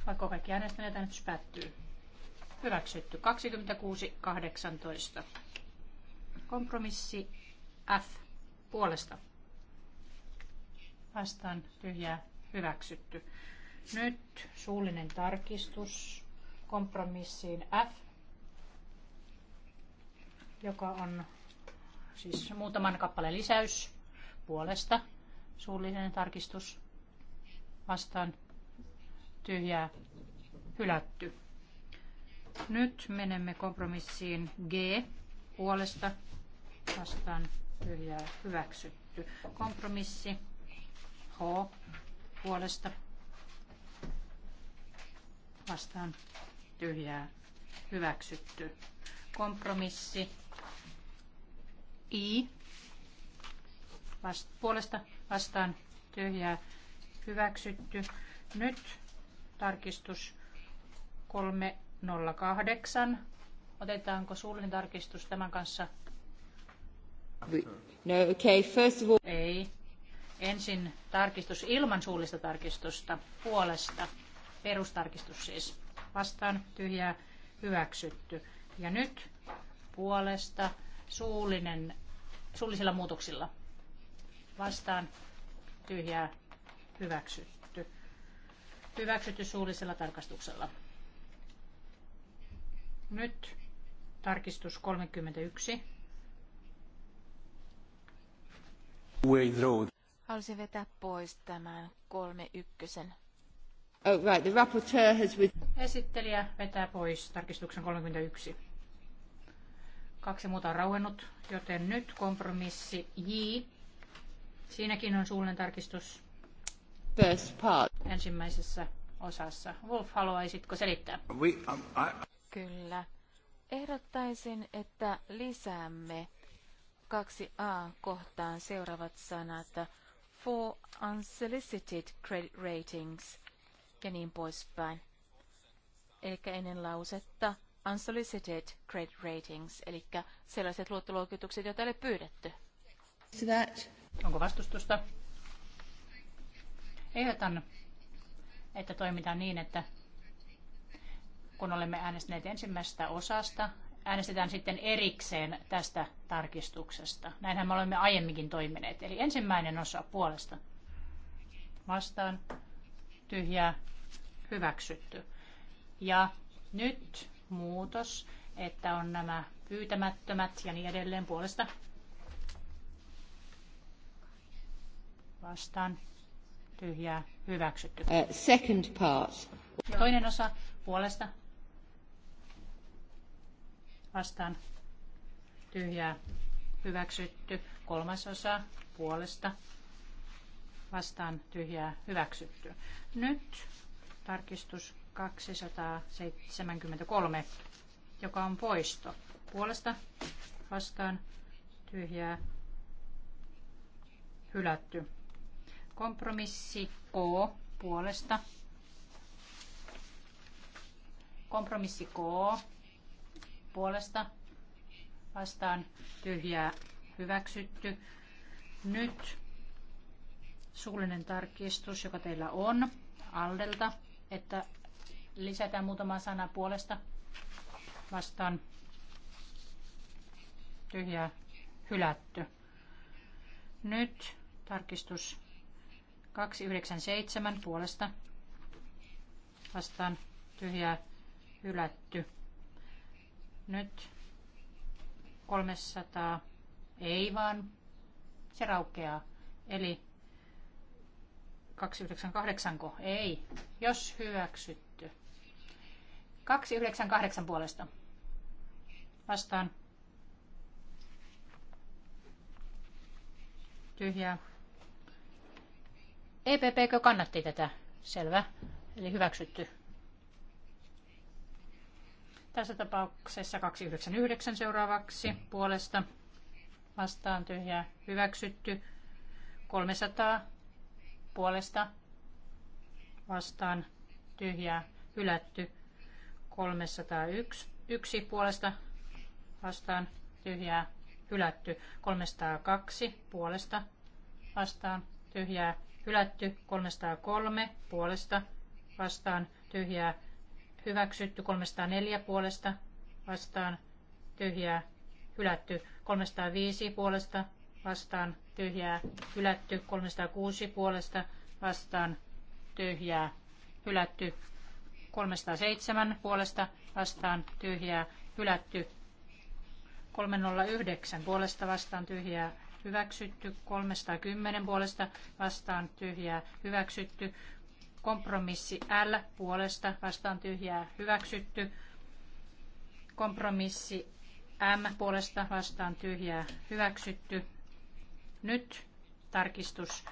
Vaikka kaikki äänestäneet, äänestys päättyy. Hyväksytty. 26.18. Kompromissi F puolesta. Vastaan tyhjää hyväksytty. Nyt suullinen tarkistus kompromissiin F joka on siis muutaman kappaleen lisäys puolesta. Suullinen tarkistus vastaan tyhjää hylätty. Nyt menemme kompromissiin G puolesta vastaan tyhjää hyväksytty. Kompromissi H puolesta vastaan tyhjää hyväksytty. Kompromissi I vast, puolesta vastaan tyhjää hyväksytty. Nyt tarkistus 308. Otetaanko suullinen tarkistus tämän kanssa? No, okay, first of all... Ei. Ensin tarkistus ilman suullista tarkistusta puolesta. Perustarkistus siis. Vastaan tyhjää hyväksytty. Ja nyt puolesta suullinen, suullisilla muutoksilla. Vastaan tyhjää hyväksytty. Hyväksytty suullisella tarkastuksella. Nyt tarkistus 31. Wayne Haluaisin vetää pois tämän 31. Oh, right. The rapporteur has with... Esittelijä vetää pois tarkistuksen 31. Kaksi muuta on rauennut, joten nyt kompromissi J. Siinäkin on suullinen tarkistus. First part. Ensimmäisessä osassa. Wolf, haluaisitko selittää? We, um, I... Kyllä. Ehdottaisin, että lisäämme 2a kohtaan seuraavat sanat for unsolicited credit ratings ja niin poispäin. Eli ennen lausetta unsolicited credit ratings, eli sellaiset luottoluokitukset, joita ei ole pyydetty. That. Onko vastustusta? Ehdotan, että toimitaan niin, että kun olemme äänestäneet ensimmäisestä osasta, äänestetään sitten erikseen tästä tarkistuksesta. Näinhän me olemme aiemminkin toimineet. Eli ensimmäinen osa puolesta. Vastaan. Tyhjää. Hyväksytty. Ja nyt muutos, että on nämä pyytämättömät ja niin edelleen puolesta. Vastaan. Tyhjää. Hyväksytty. Uh, second part. Toinen osa puolesta. Vastaan. Tyhjää. Hyväksytty. Kolmas osa puolesta. Vastaan. Tyhjää. Hyväksytty. Nyt tarkistus 273, joka on poisto. Puolesta vastaan tyhjää hylätty. Kompromissi K puolesta. Kompromissi K puolesta vastaan tyhjää hyväksytty. Nyt suullinen tarkistus, joka teillä on Aldelta, että lisätään muutama sana puolesta vastaan tyhjä hylätty. Nyt tarkistus 297 puolesta vastaan tyhjä hylätty. Nyt 300 ei vaan se raukeaa. Eli 298 ei, jos hyväksyt 298 puolesta. Vastaan. Tyhjää. EPPkö kannatti tätä? Selvä. Eli hyväksytty. Tässä tapauksessa 299 seuraavaksi puolesta vastaan tyhjää hyväksytty. 300 puolesta vastaan tyhjää hylätty. 301 yksi puolesta vastaan tyhjää hylätty. 302 puolesta vastaan tyhjää hylätty. 303 puolesta vastaan tyhjää hyväksytty. 304 puolesta vastaan tyhjää hylätty. 305 puolesta vastaan tyhjää hylätty. 306 puolesta vastaan tyhjää hylätty. 307 puolesta vastaan tyhjää hylätty. 309 puolesta vastaan tyhjää hyväksytty. 310 puolesta vastaan tyhjää hyväksytty. Kompromissi L puolesta vastaan tyhjää hyväksytty. Kompromissi M puolesta vastaan tyhjää hyväksytty. Nyt tarkistus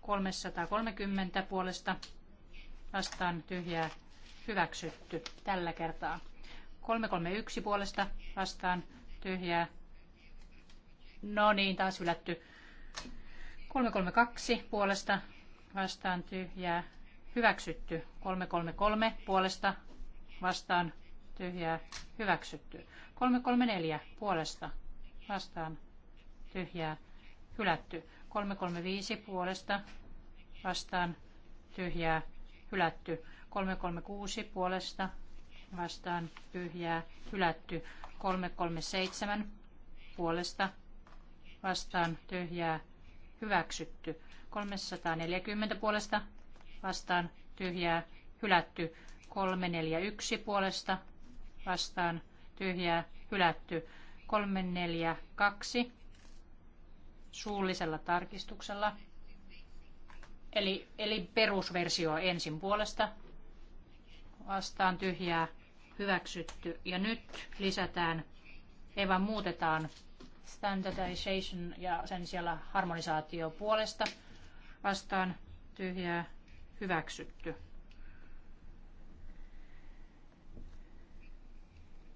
330 puolesta vastaan tyhjää hyväksytty tällä kertaa. 331 puolesta vastaan tyhjää. No niin, taas hylätty. 332 puolesta vastaan tyhjää. Hyväksytty. 333 puolesta vastaan tyhjää. Hyväksytty. 334 puolesta vastaan tyhjää. Hylätty. 335 puolesta vastaan tyhjää. Hylätty. 336 puolesta vastaan tyhjää hylätty. 337 puolesta vastaan tyhjää hyväksytty. 340 puolesta vastaan tyhjää hylätty. 341 puolesta vastaan tyhjää hylätty. 342 suullisella tarkistuksella. Eli, eli perusversio ensin puolesta vastaan tyhjää hyväksytty. Ja nyt lisätään, ei vaan muutetaan standardization ja sen siellä harmonisaatio puolesta vastaan tyhjää hyväksytty.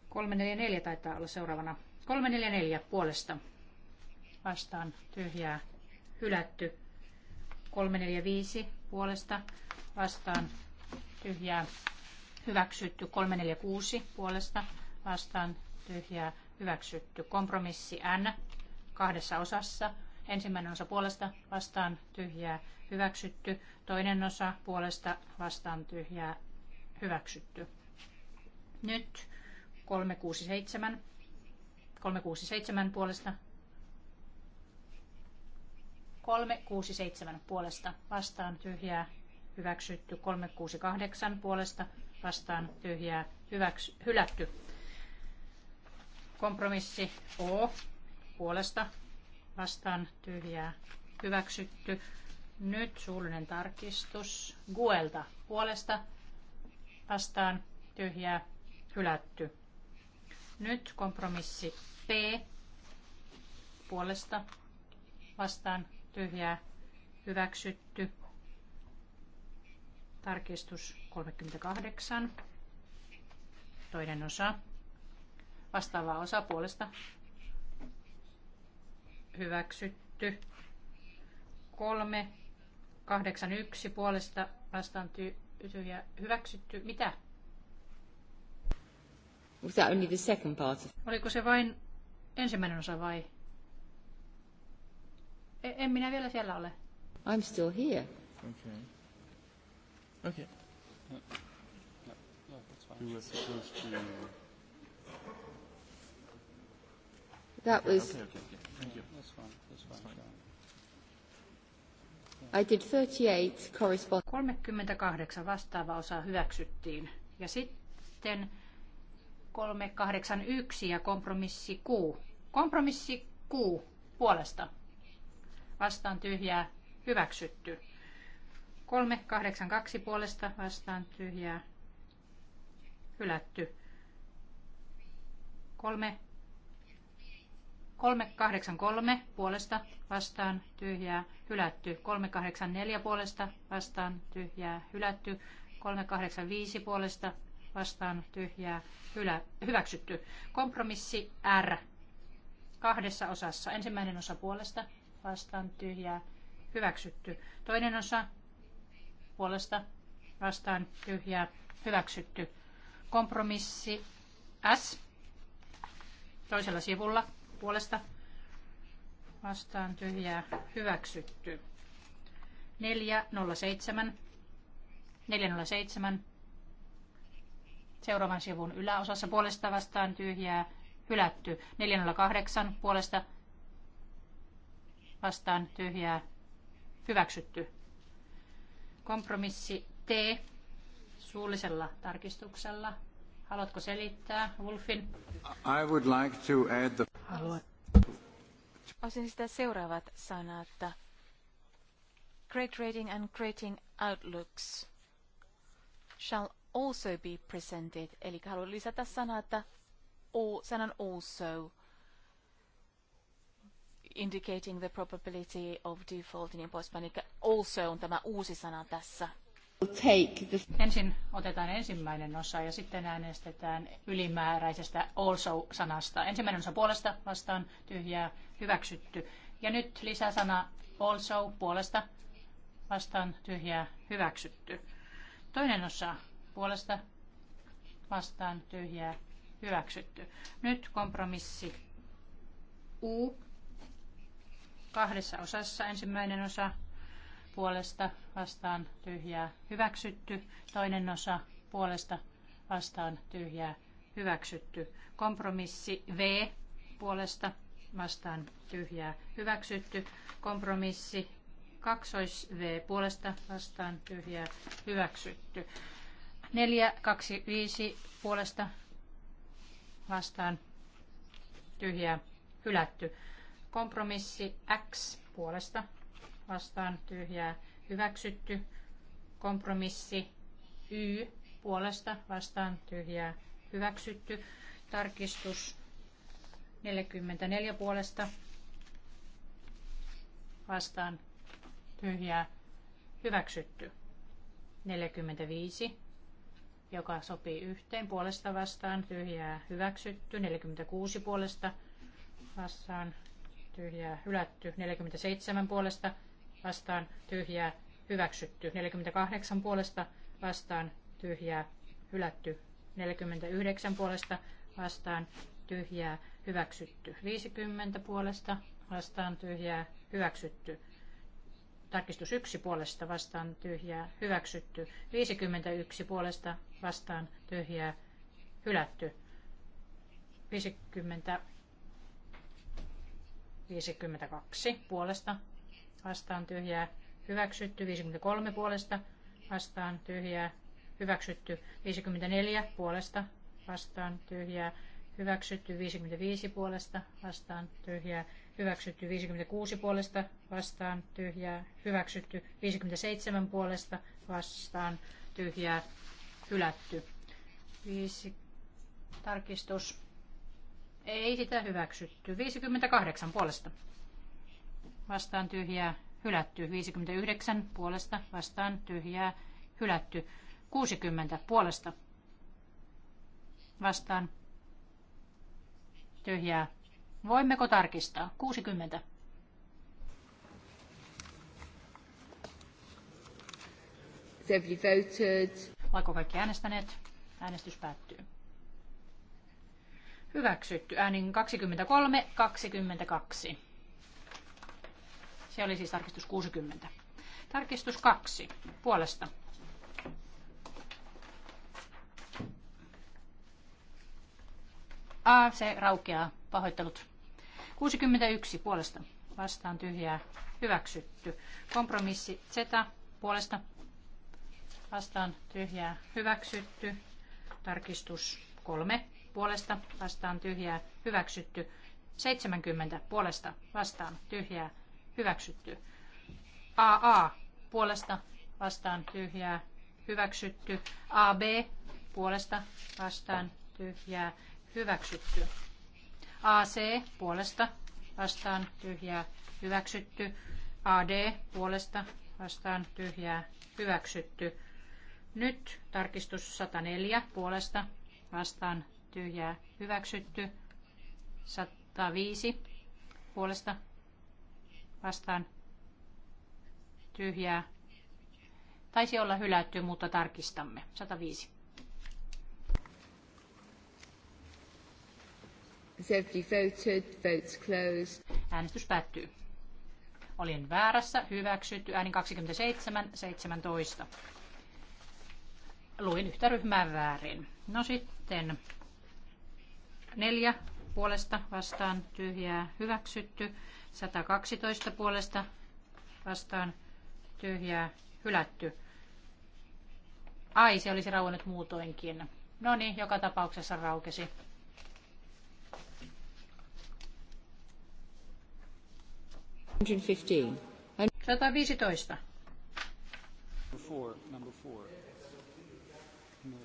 344 taitaa olla seuraavana. 344 puolesta vastaan tyhjää hylätty. 345 puolesta vastaan tyhjää hyväksytty 346 puolesta vastaan tyhjää hyväksytty kompromissi N kahdessa osassa. Ensimmäinen osa puolesta vastaan tyhjää hyväksytty, toinen osa puolesta vastaan tyhjää hyväksytty. Nyt 367, 367 puolesta 367 puolesta vastaan tyhjää hyväksytty, 368 puolesta vastaan tyhjää hyväksy, hylätty. Kompromissi O puolesta vastaan tyhjää hyväksytty. Nyt suullinen tarkistus Guelta puolesta vastaan tyhjää hylätty. Nyt kompromissi P puolesta vastaan tyhjää hyväksytty. Tarkistus 38. Toinen osa. Vastaava osa puolesta. Hyväksytty. 3. 81 puolesta vastaan tyhjä hyväksytty. Mitä? Was that only the second part? Oliko se vain ensimmäinen osa vai? E-, en minä vielä siellä ole. I'm still here. Okay. Okay. Yeah. Yeah. Yeah, that's fine. We were supposed to. That was. Okay, okay, okay. Thank you. That's fine. That's fine. That's fine. I did 38 correspond. 38 vastaava osa hyväksyttiin. Ja sitten 381 ja kompromissi Q. Kompromissi Q puolesta. Vastaan tyhjää hyväksytty. 2 puolesta vastaan tyhjää hylätty. 3 3 puolesta vastaan tyhjää hylätty. 4 puolesta vastaan tyhjää hylätty. 5 puolesta vastaan tyhjää hylä, hyväksytty. Kompromissi R kahdessa osassa. Ensimmäinen osa puolesta vastaan tyhjää hyväksytty. Toinen osa puolesta vastaan tyhjää hyväksytty. Kompromissi S toisella sivulla puolesta vastaan tyhjää hyväksytty. 407 407 seuraavan sivun yläosassa puolesta vastaan tyhjää hylätty. 408 puolesta vastaan tyhjää hyväksytty. Kompromissi T suullisella tarkistuksella. Haluatko selittää, Wolfin? I would like to add the... Haluan. Osin sitä seuraavat sanat. Great rating and creating outlooks shall also be presented. Eli haluan lisätä sanaa, että o, sanan also indicating the probability of default in poispäin. Eli also on tämä uusi sana tässä. Ensin otetaan ensimmäinen osa ja sitten äänestetään ylimääräisestä also-sanasta. Ensimmäinen osa puolesta vastaan tyhjää hyväksytty. Ja nyt lisäsana also puolesta vastaan tyhjää hyväksytty. Toinen osa puolesta vastaan tyhjää hyväksytty. Nyt kompromissi U kahdessa osassa. Ensimmäinen osa puolesta vastaan tyhjää hyväksytty. Toinen osa puolesta vastaan tyhjää hyväksytty. Kompromissi V puolesta vastaan tyhjää hyväksytty. Kompromissi kaksois V puolesta vastaan tyhjää hyväksytty. 5 puolesta vastaan tyhjää hylätty. Kompromissi X puolesta vastaan tyhjää hyväksytty. Kompromissi Y puolesta vastaan tyhjää hyväksytty. Tarkistus 44 puolesta vastaan tyhjää hyväksytty. 45, joka sopii yhteen puolesta vastaan tyhjää hyväksytty. 46 puolesta vastaan tyhjää hylätty. 47 puolesta vastaan tyhjää hyväksytty. 48 puolesta vastaan tyhjää hylätty. 49 puolesta vastaan tyhjää hyväksytty. 50 puolesta vastaan tyhjää hyväksytty. Tarkistus 1 puolesta vastaan tyhjää hyväksytty. 51 puolesta vastaan tyhjää hylätty. 50 52 puolesta vastaan tyhjää hyväksytty. 53 puolesta vastaan tyhjää hyväksytty. 54 puolesta vastaan tyhjää hyväksytty. 55 puolesta vastaan tyhjää hyväksytty. 56 puolesta vastaan tyhjää hyväksytty. 57 puolesta vastaan tyhjää hylätty. Viisi tarkistus ei sitä hyväksytty. 58 puolesta. Vastaan tyhjää, hylätty. 59 puolesta, vastaan tyhjää, hylätty. 60 puolesta. Vastaan tyhjää. Voimmeko tarkistaa? 60. Have you voted? Oliko kaikki äänestäneet? Äänestys päättyy. Hyväksytty. Äänin 23, 22. Se oli siis tarkistus 60. Tarkistus 2. Puolesta. A, se raukeaa. Pahoittelut. 61 puolesta. Vastaan tyhjää. Hyväksytty. Kompromissi Z puolesta. Vastaan tyhjää. Hyväksytty. Tarkistus 3 puolesta vastaan tyhjää hyväksytty. 70 puolesta vastaan tyhjää hyväksytty. AA puolesta vastaan tyhjää hyväksytty. AB puolesta vastaan tyhjää hyväksytty. AC puolesta vastaan tyhjää hyväksytty. AD puolesta vastaan tyhjää hyväksytty. Nyt tarkistus 104 puolesta vastaan tyhjää hyväksytty. 105 puolesta vastaan tyhjää. Taisi olla hylätty, mutta tarkistamme. 105. Voted, votes closed. Äänestys päättyy. Olin väärässä, hyväksytty, ääni 27, 17. Luin yhtä ryhmää väärin. No sitten 104 puolesta vastaan tyhjää hyväksytty. 112 puolesta vastaan tyhjää hylätty. Ai, se olisi rauennut muutoinkin. No niin, joka tapauksessa raukesi. Sata viisitoista. Number four, number four. No,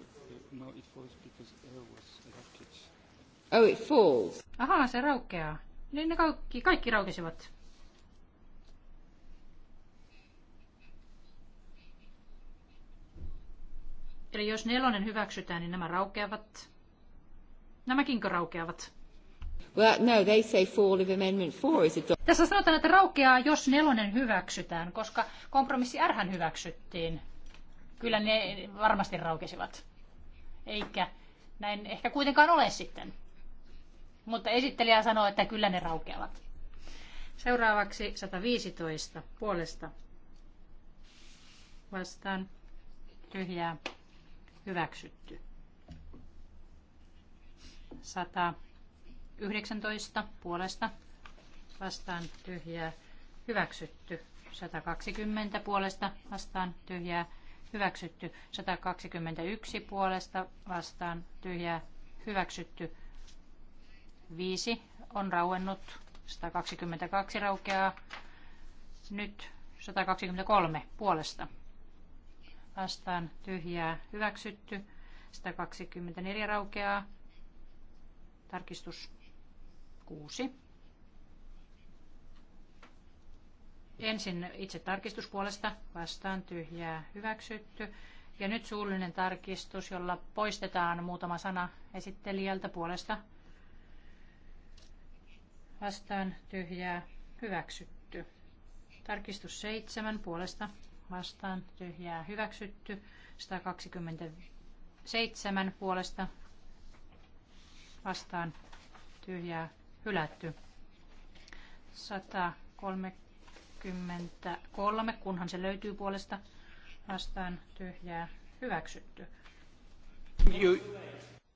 no, it was because air was Oh, it falls. Ahaa, se raukeaa. Niin ne kaikki, kaikki raukesivat. Eli jos nelonen hyväksytään, niin nämä raukeavat. Nämäkinkö raukeavat? Well, no, they say fall if amendment four is adopted. Tässä sanotaan, että raukeaa, jos nelonen hyväksytään, koska kompromissi R hyväksyttiin. Kyllä ne varmasti raukesivat. Eikä näin ehkä kuitenkaan ole sitten. Mutta esittelijä sanoo, että kyllä ne raukeavat. Seuraavaksi 115 puolesta. Vastaan. Tyhjää. Hyväksytty. 119 puolesta. Vastaan. Tyhjää. Hyväksytty. 120 puolesta. Vastaan. Tyhjää. Hyväksytty. 121 puolesta. Vastaan. Tyhjää. Hyväksytty. 5 on rauennut, 122 raukeaa, nyt 123 puolesta. Vastaan tyhjää hyväksytty, 124 raukeaa, tarkistus 6. Ensin itse tarkistuspuolesta vastaan tyhjää hyväksytty. Ja nyt suullinen tarkistus, jolla poistetaan muutama sana esittelijältä puolesta vastaan tyhjää hyväksytty. Tarkistus 7 puolesta vastaan tyhjää hyväksytty. 127 puolesta vastaan tyhjää hylätty. 133, kunhan se löytyy puolesta vastaan tyhjää hyväksytty.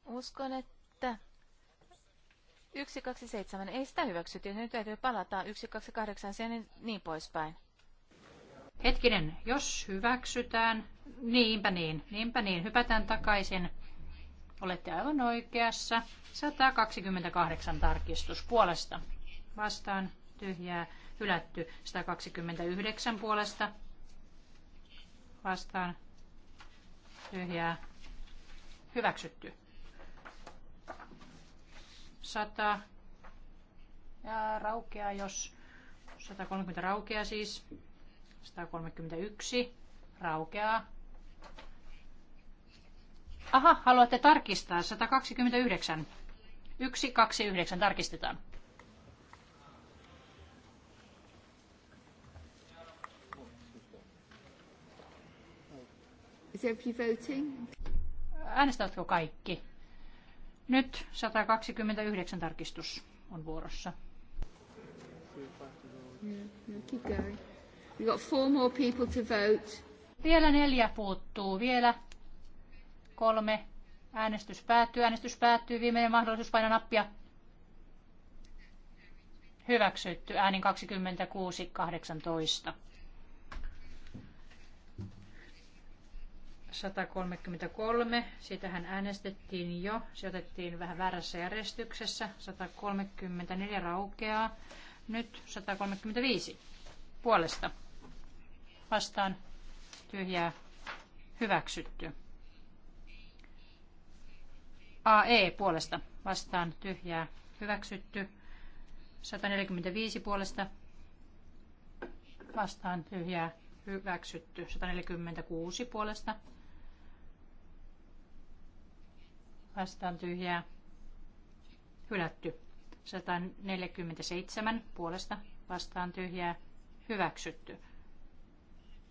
Uskon, että 127 ei sitä hyväksytty, nyt täytyy palata 128 ja niin, niin poispäin. Hetkinen, jos hyväksytään, niinpä niin, niinpä niin, hypätään takaisin. Olette aivan oikeassa. 128 tarkistus puolesta. Vastaan tyhjää, hylätty. 129 puolesta. Vastaan tyhjää, hyväksytty. 100 ja raukeaa, jos 130 raukeaa siis. 131 raukeaa. Aha, haluatte tarkistaa 129. 129 tarkistetaan. Is everybody Äänestävätkö kaikki? Nyt 129 tarkistus on vuorossa. got four more people to vote. Vielä neljä puuttuu. Vielä kolme. Äänestys päättyy. Äänestys päättyy. Viimeinen mahdollisuus painaa nappia. Hyväksytty. Äänin 26.18. 133, hän äänestettiin jo, se otettiin vähän väärässä järjestyksessä. 134 raukeaa, nyt 135 puolesta. Vastaan tyhjää hyväksytty. AE puolesta vastaan tyhjää hyväksytty. 145 puolesta vastaan tyhjää hyväksytty. 146 puolesta vastaan tyhjää hylätty. 147 puolesta vastaan tyhjää hyväksytty.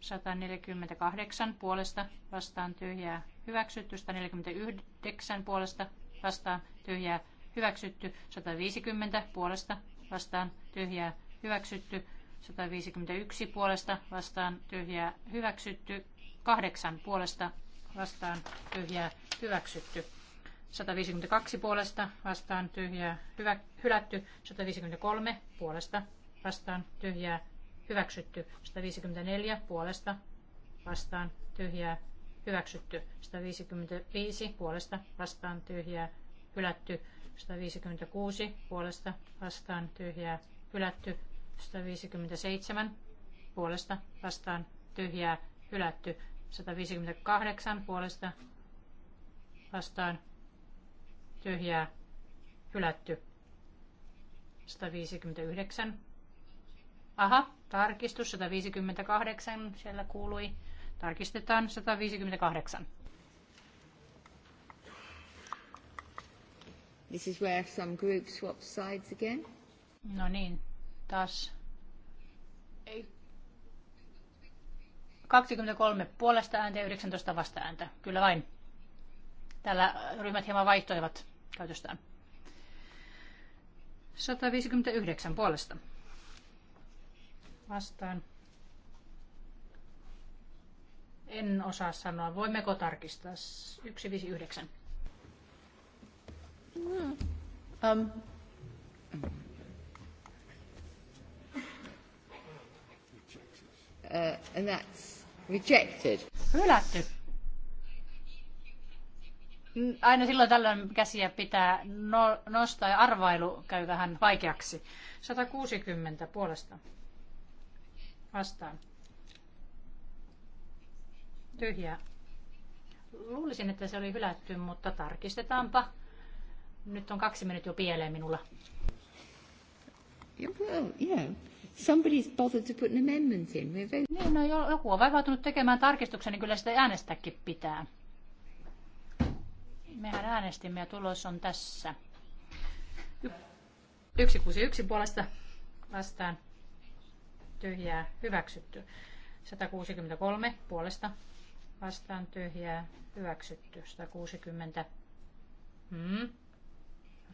148 puolesta vastaan tyhjää hyväksytty. 149 puolesta vastaan tyhjää hyväksytty. 150 puolesta vastaan tyhjää hyväksytty. 151 puolesta vastaan tyhjää hyväksytty. 8 puolesta vastaan tyhjää hyväksytty. 152 puolesta vastaan tyhjää hyvä, hylätty, 153 puolesta vastaan tyhjää hyväksytty, 154 puolesta vastaan tyhjää hyväksytty, 155 puolesta vastaan tyhjää hylätty, 156 puolesta vastaan tyhjää hylätty, 157 puolesta vastaan tyhjää hylätty, 158 puolesta vastaan tyhjää, hylätty. 159. Aha, tarkistus 158, siellä kuului. Tarkistetaan 158. This is where some group swap sides again. No niin, taas. Ei. 23 puolesta ääntä ja 19 vasta ääntä. Kyllä vain. Täällä ryhmät hieman vaihtoivat käytöstään. 159 puolesta. Vastaan. En osaa sanoa. Voimmeko tarkistaa? 159. Mm. Um. Uh, and that's rejected. Hylätty aina silloin tällöin käsiä pitää no, nostaa ja arvailu käy vähän vaikeaksi. 160 puolesta. Vastaan. tyhjä. Luulisin, että se oli hylätty, mutta tarkistetaanpa. Nyt on kaksi minuuttia jo pieleen minulla. Somebody's bothered to put an amendment in. Niin, no, joku on vaivautunut tekemään tarkistuksen, niin kyllä sitä äänestäkin pitää. Mehän äänestimme ja tulos on tässä. 161 puolesta vastaan tyhjää hyväksytty. 163 puolesta vastaan tyhjää hyväksytty. 160 hmm.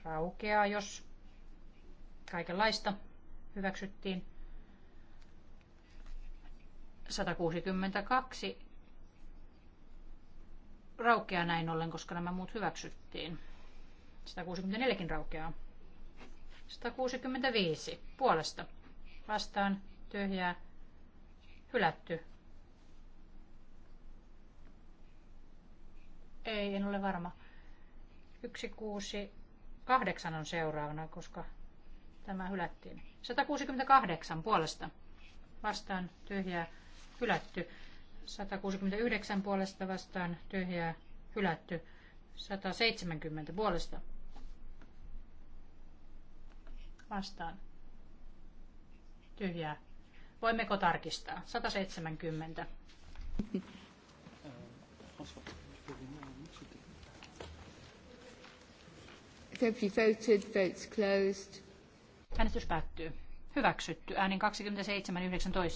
raukeaa, jos kaikenlaista hyväksyttiin. 162 raukea näin ollen, koska nämä muut hyväksyttiin. 164kin raukeaa. 165 puolesta. Vastaan tyhjää. Hylätty. Ei, en ole varma. 168 on seuraavana, koska tämä hylättiin. 168 puolesta. Vastaan tyhjää. Hylätty. 169 puolesta vastaan tyhjää hylätty. 170 puolesta vastaan tyhjää. Voimmeko tarkistaa? 170. you voted? Votes closed. Äänestys päättyy. Hyväksytty. Äänin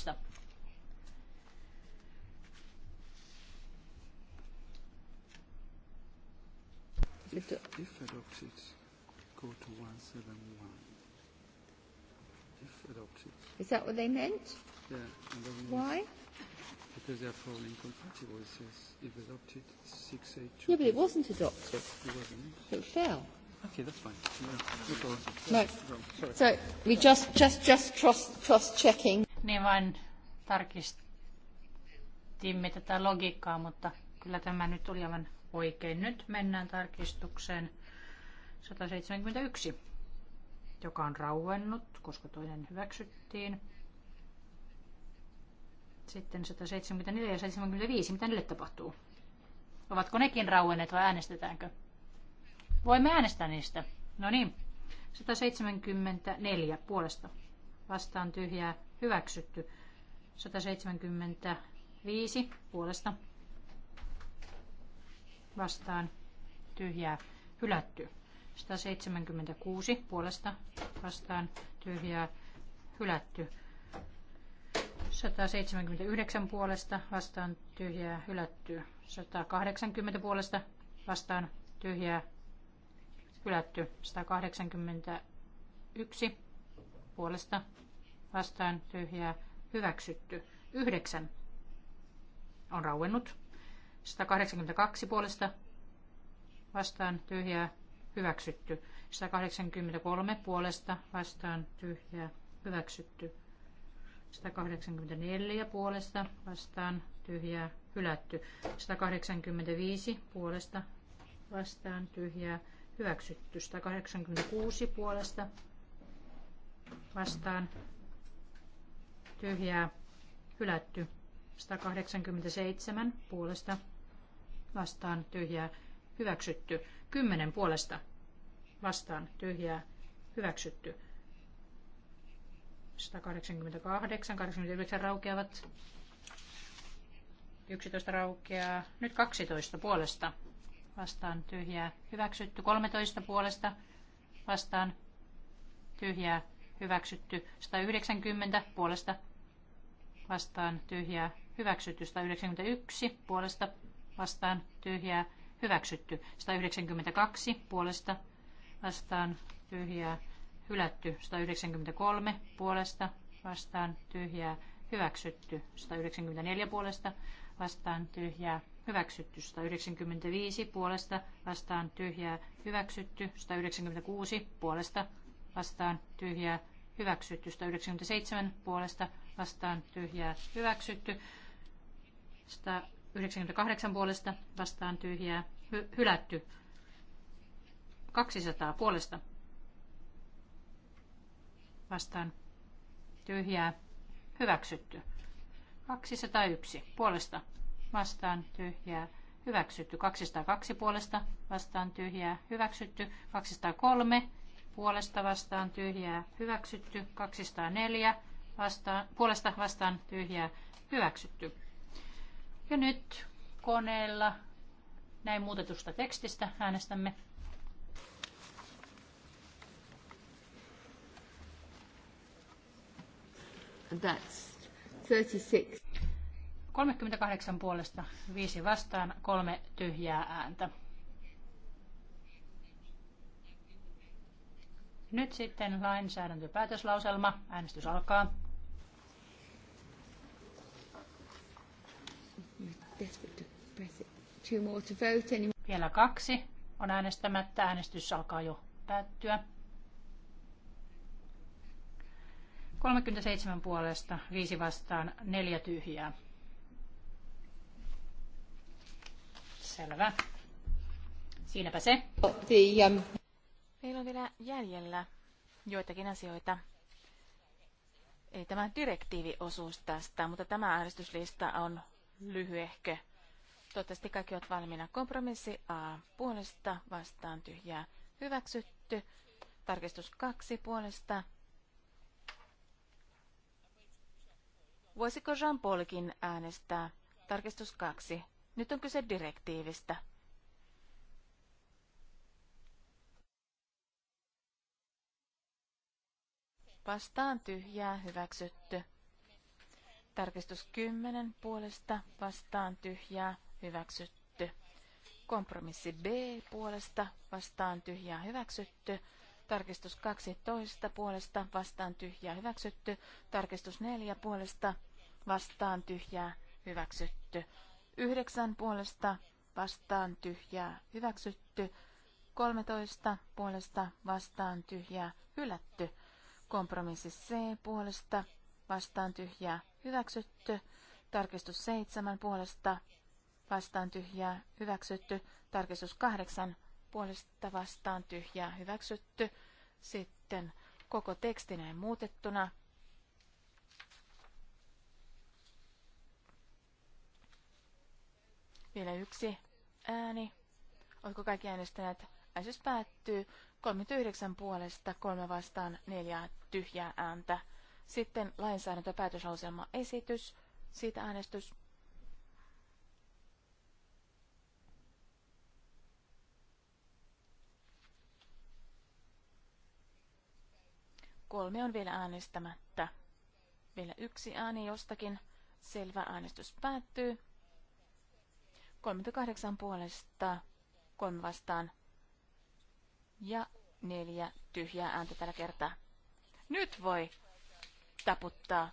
27.19. the... If adopted, go to 171. If adopted. Is that what they meant? Yeah. And then Why? Because they are falling compatible. It says if adopted, 682. Yeah, but it wasn't adopted. It wasn't. It fell. Okay, that's fine. No, no problem. So we just, just, just cross, cross checking. Niin vain tarkistimme tätä logiikkaa, mutta kyllä tämä nyt oli aivan Oikein nyt mennään tarkistukseen 171, joka on rauennut, koska toinen hyväksyttiin. Sitten 174 ja 75, mitä niille tapahtuu? Ovatko nekin rauenneet vai äänestetäänkö? Voimme äänestää niistä. No niin, 174 puolesta. Vastaan tyhjää, hyväksytty. 175 puolesta vastaan tyhjää hylätty. 176 puolesta vastaan tyhjää hylätty. 179 puolesta vastaan tyhjää hylätty. 180 puolesta vastaan tyhjää hylätty. 181 puolesta vastaan tyhjää hyväksytty. 9 on rauennut. 182 puolesta vastaan tyhjää hyväksytty. 183 puolesta vastaan tyhjää hyväksytty. 184 puolesta vastaan tyhjää hylätty. 185 puolesta vastaan tyhjää hyväksytty. 186 puolesta vastaan tyhjää hylätty. 187 puolesta vastaan tyhjää hyväksytty. kymmenen puolesta vastaan tyhjää hyväksytty. 188, 89 raukeavat. 11 raukeaa. Nyt 12 puolesta vastaan tyhjää hyväksytty. 13 puolesta vastaan tyhjää hyväksytty. 190 puolesta vastaan tyhjää hyväksytty. 191 puolesta vastaan tyhjää hyväksytty. 192 puolesta vastaan tyhjää hylätty. 193 puolesta vastaan tyhjää hyväksytty. 194 puolesta vastaan tyhjää hyväksytty. 195 puolesta vastaan tyhjää hyväksytty. 196 puolesta vastaan tyhjää hyväksytty. 197 puolesta vastaan tyhjää hyväksytty. 98 puolesta vastaan tyhjää hylätty. 200 puolesta vastaan tyhjää hyväksytty. 201 puolesta vastaan tyhjää hyväksytty. 202 puolesta vastaan tyhjää hyväksytty. 203 puolesta vastaan tyhjää hyväksytty. 204 vastaan, puolesta vastaan tyhjää hyväksytty. Ja nyt koneella näin muutetusta tekstistä äänestämme. That's 36. 38 puolesta, 5 vastaan, 3 tyhjää ääntä. Nyt sitten lainsäädäntöpäätöslauselma. Äänestys alkaa. Two more to vote. Any... Vielä kaksi on äänestämättä. Äänestys alkaa jo päättyä. 37 puolesta, 5 vastaan, 4 tyhjää. Selvä. Siinäpä se. Meillä on vielä jäljellä joitakin asioita. Ei tämä direktiiviosuus tästä, mutta tämä äänestyslista on lyhyehkö. Toivottavasti kaikki ovat valmiina. Kompromissi A puolesta vastaan tyhjää hyväksytty. Tarkistus 2 puolesta. Voisiko Jean-Paulkin äänestää? Tarkistus 2. Nyt on kyse direktiivistä. Vastaan tyhjää hyväksytty. Tarkistus 10 puolesta vastaan tyhjää hyväksytty. Kompromissi B puolesta vastaan tyhjää hyväksytty. Tarkistus 12 puolesta vastaan tyhjää hyväksytty. Tarkistus 4 puolesta vastaan tyhjää hyväksytty. 9 puolesta vastaan tyhjää hyväksytty. 13 puolesta vastaan tyhjää hylätty. Kompromissi C puolesta vastaan tyhjää hyväksytty. Tarkistus 7 puolesta vastaan tyhjää hyväksytty. Tarkistus 8 puolesta vastaan tyhjää hyväksytty. Sitten koko teksti näin muutettuna. Vielä yksi ääni. Oletko kaikki äänestäneet? Äänestys päättyy 39 puolesta, kolme vastaan, neljää tyhjää ääntä. Sitten lainsäädäntöpäätöslauselma esitys, siitä äänestys Kolme on vielä äänestämättä. Vielä yksi ääni jostakin. Selvä äänestys päättyy. 38 puolesta, kolme vastaan ja neljä tyhjää ääntä tällä kertaa. Nyt voi taputtaa.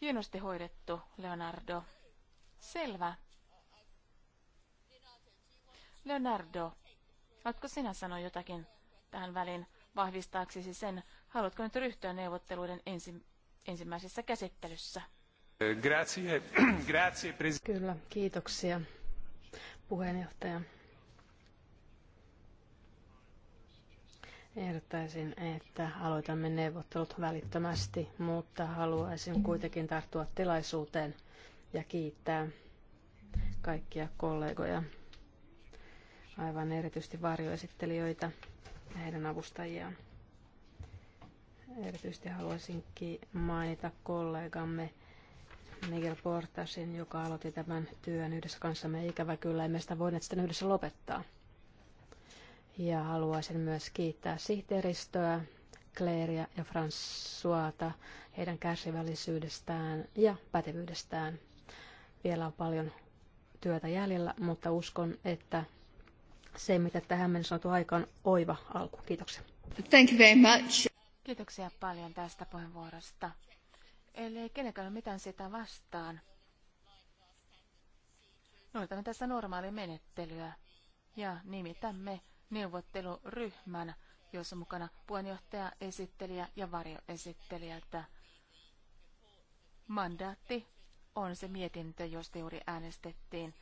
Hienosti hoidettu, Leonardo. Selvä. Leonardo, oletko sinä sanoa jotakin tähän väliin vahvistaaksesi sen, Haluatko nyt ryhtyä neuvotteluiden ensi, ensimmäisessä käsittelyssä? Grazie. Grazie, Kyllä, kiitoksia puheenjohtaja. Ehdottaisin, että aloitamme neuvottelut välittömästi, mutta haluaisin kuitenkin tarttua tilaisuuteen ja kiittää kaikkia kollegoja, aivan erityisesti varjoesittelijöitä ja heidän avustajiaan. Erityisesti haluaisinkin mainita kollegamme Miguel Portasin, joka aloitti tämän työn yhdessä kanssamme. Ikävä kyllä, emme sitä voineet sitten yhdessä lopettaa. Ja haluaisin myös kiittää sihteeristöä, Clairea ja Françoata heidän kärsivällisyydestään ja pätevyydestään. Vielä on paljon työtä jäljellä, mutta uskon, että se, mitä tähän mennessä on saatu aikaan, oiva alku. Kiitoksia. Thank you very much. Kiitoksia paljon tästä puheenvuorosta. Eli kenenkään ole mitään sitä vastaan. Noitamme tässä normaali menettelyä ja nimitämme neuvotteluryhmän, jossa mukana puheenjohtaja, esittelijä ja että Mandaatti on se mietintö, josta juuri äänestettiin.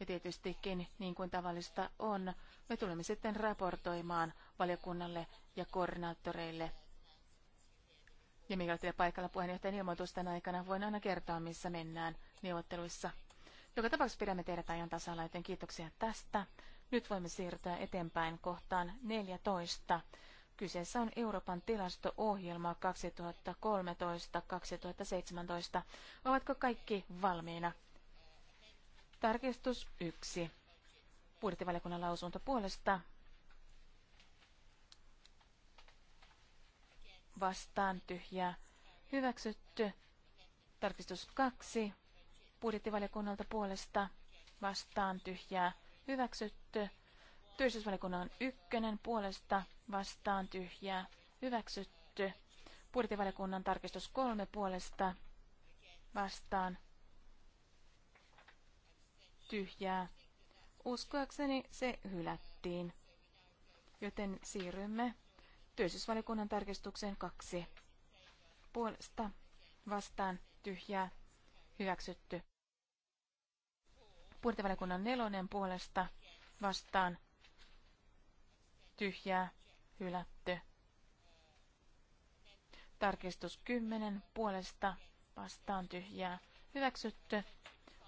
Ja tietystikin, niin kuin tavallista on, me tulemme sitten raportoimaan valiokunnalle ja koordinaattoreille ja mikä olette paikalla puheenjohtajan ilmoitusten aikana, voin aina kertoa, missä mennään neuvotteluissa. Joka tapauksessa pidämme teidät ajan tasalla, joten kiitoksia tästä. Nyt voimme siirtyä eteenpäin kohtaan 14. Kyseessä on Euroopan tilasto-ohjelma 2013-2017. Ovatko kaikki valmiina? Tarkistus 1. Budjettivaliokunnan lausunto puolesta vastaan tyhjää hyväksytty. Tarkistus kaksi. budjettivaliokunnalta puolesta vastaan tyhjää hyväksytty. Työllisyysvaliokunnan ykkönen puolesta vastaan tyhjää hyväksytty. Budjettivaliokunnan tarkistus kolme puolesta vastaan tyhjää. Uskoakseni se hylättiin. Joten siirrymme Työllisyysvaliokunnan tarkistukseen kaksi. Puolesta vastaan tyhjää hyväksytty. Puolivaliokunnan nelonen puolesta vastaan tyhjää hylätty. Tarkistus 10 puolesta vastaan tyhjää hyväksytty.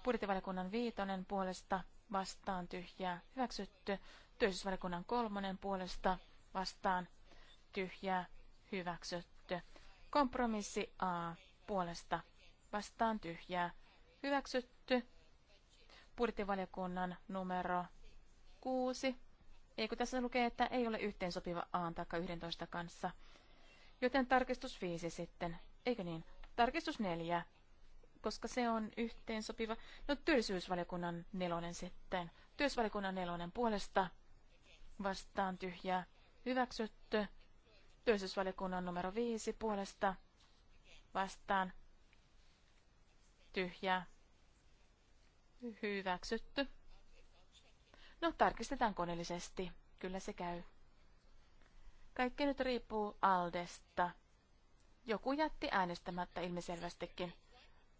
Budjettivaliokunnan viitonen puolesta vastaan tyhjää hyväksytty. Työllisyysvaliokunnan kolmonen puolesta vastaan tyhjää, hyväksytty. Kompromissi A puolesta vastaan tyhjää, hyväksytty. Budjettivaliokunnan numero 6. Ei kun tässä lukee, että ei ole yhteensopiva A taikka 11 kanssa. Joten tarkistus 5 sitten, eikö niin? Tarkistus 4, koska se on yhteensopiva. No työllisyysvaliokunnan nelonen sitten. Työllisyysvaliokunnan nelonen puolesta vastaan tyhjää, hyväksytty. Työllisyysvaliokunnan numero 5 puolesta vastaan tyhjää hyväksytty. No, tarkistetaan koneellisesti. Kyllä se käy. Kaikki nyt riippuu Aldesta. Joku jätti äänestämättä ilmiselvästikin.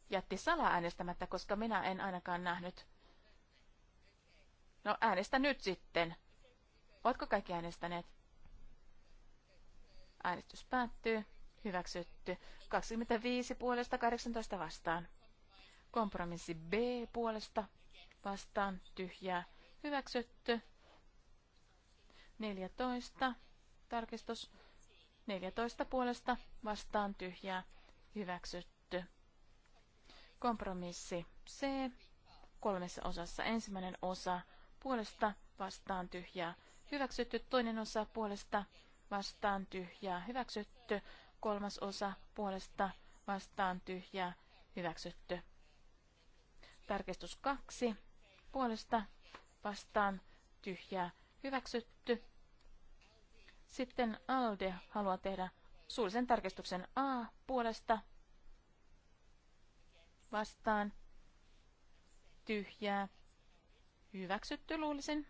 Jätti sala äänestämättä, koska minä en ainakaan nähnyt. No äänestä nyt sitten. Oletko kaikki äänestäneet? Äänestys päättyy. Hyväksytty. 25 puolesta 18 vastaan. Kompromissi B puolesta vastaan tyhjää. Hyväksytty. 14. Tarkistus. 14 puolesta vastaan tyhjää. Hyväksytty. Kompromissi C kolmessa osassa. Ensimmäinen osa puolesta vastaan tyhjää. Hyväksytty toinen osa puolesta vastaan tyhjää hyväksytty. Kolmas osa puolesta vastaan tyhjää hyväksytty. Tarkistus kaksi puolesta vastaan tyhjää hyväksytty. Sitten Alde haluaa tehdä suullisen tarkistuksen A puolesta vastaan tyhjää hyväksytty luulisin.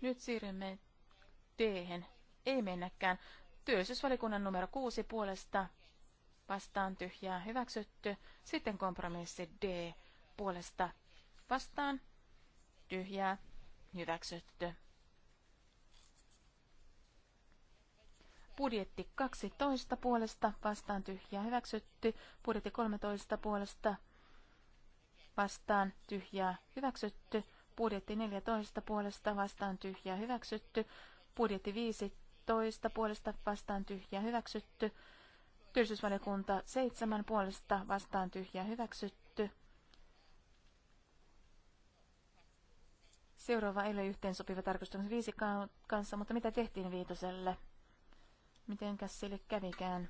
Nyt siirrymme d Ei mennäkään. Työllisyysvalikunnan numero 6 puolesta vastaan tyhjää hyväksytty. Sitten kompromissi D puolesta vastaan tyhjää hyväksytty. Budjetti 12 puolesta vastaan tyhjää hyväksytty. Budjetti 13 puolesta vastaan tyhjää hyväksytty. Budjetti 14 puolesta vastaan tyhjää hyväksytty. Budjetti 15 puolesta vastaan tyhjää hyväksytty. Työllisyysvaliokunta 7 puolesta vastaan tyhjää hyväksytty. Seuraava ei ole yhteensopiva tarkastus viisi kanssa, mutta mitä tehtiin viitoselle? Mitenkäs sille kävikään?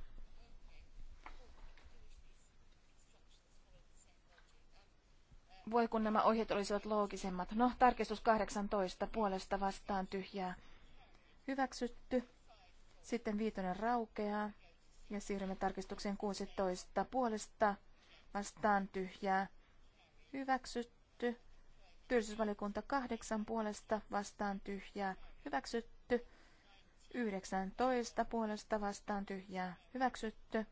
Voi kun nämä ohjeet olisivat loogisemmat. No, tarkistus 18 puolesta vastaan tyhjää. Hyväksytty. Sitten viitonen raukeaa. Ja siirrymme tarkistukseen 16 puolesta vastaan tyhjää. Hyväksytty. Työllisyysvaliokunta 8 puolesta vastaan tyhjää. Hyväksytty. 19 puolesta vastaan tyhjää. Hyväksytty.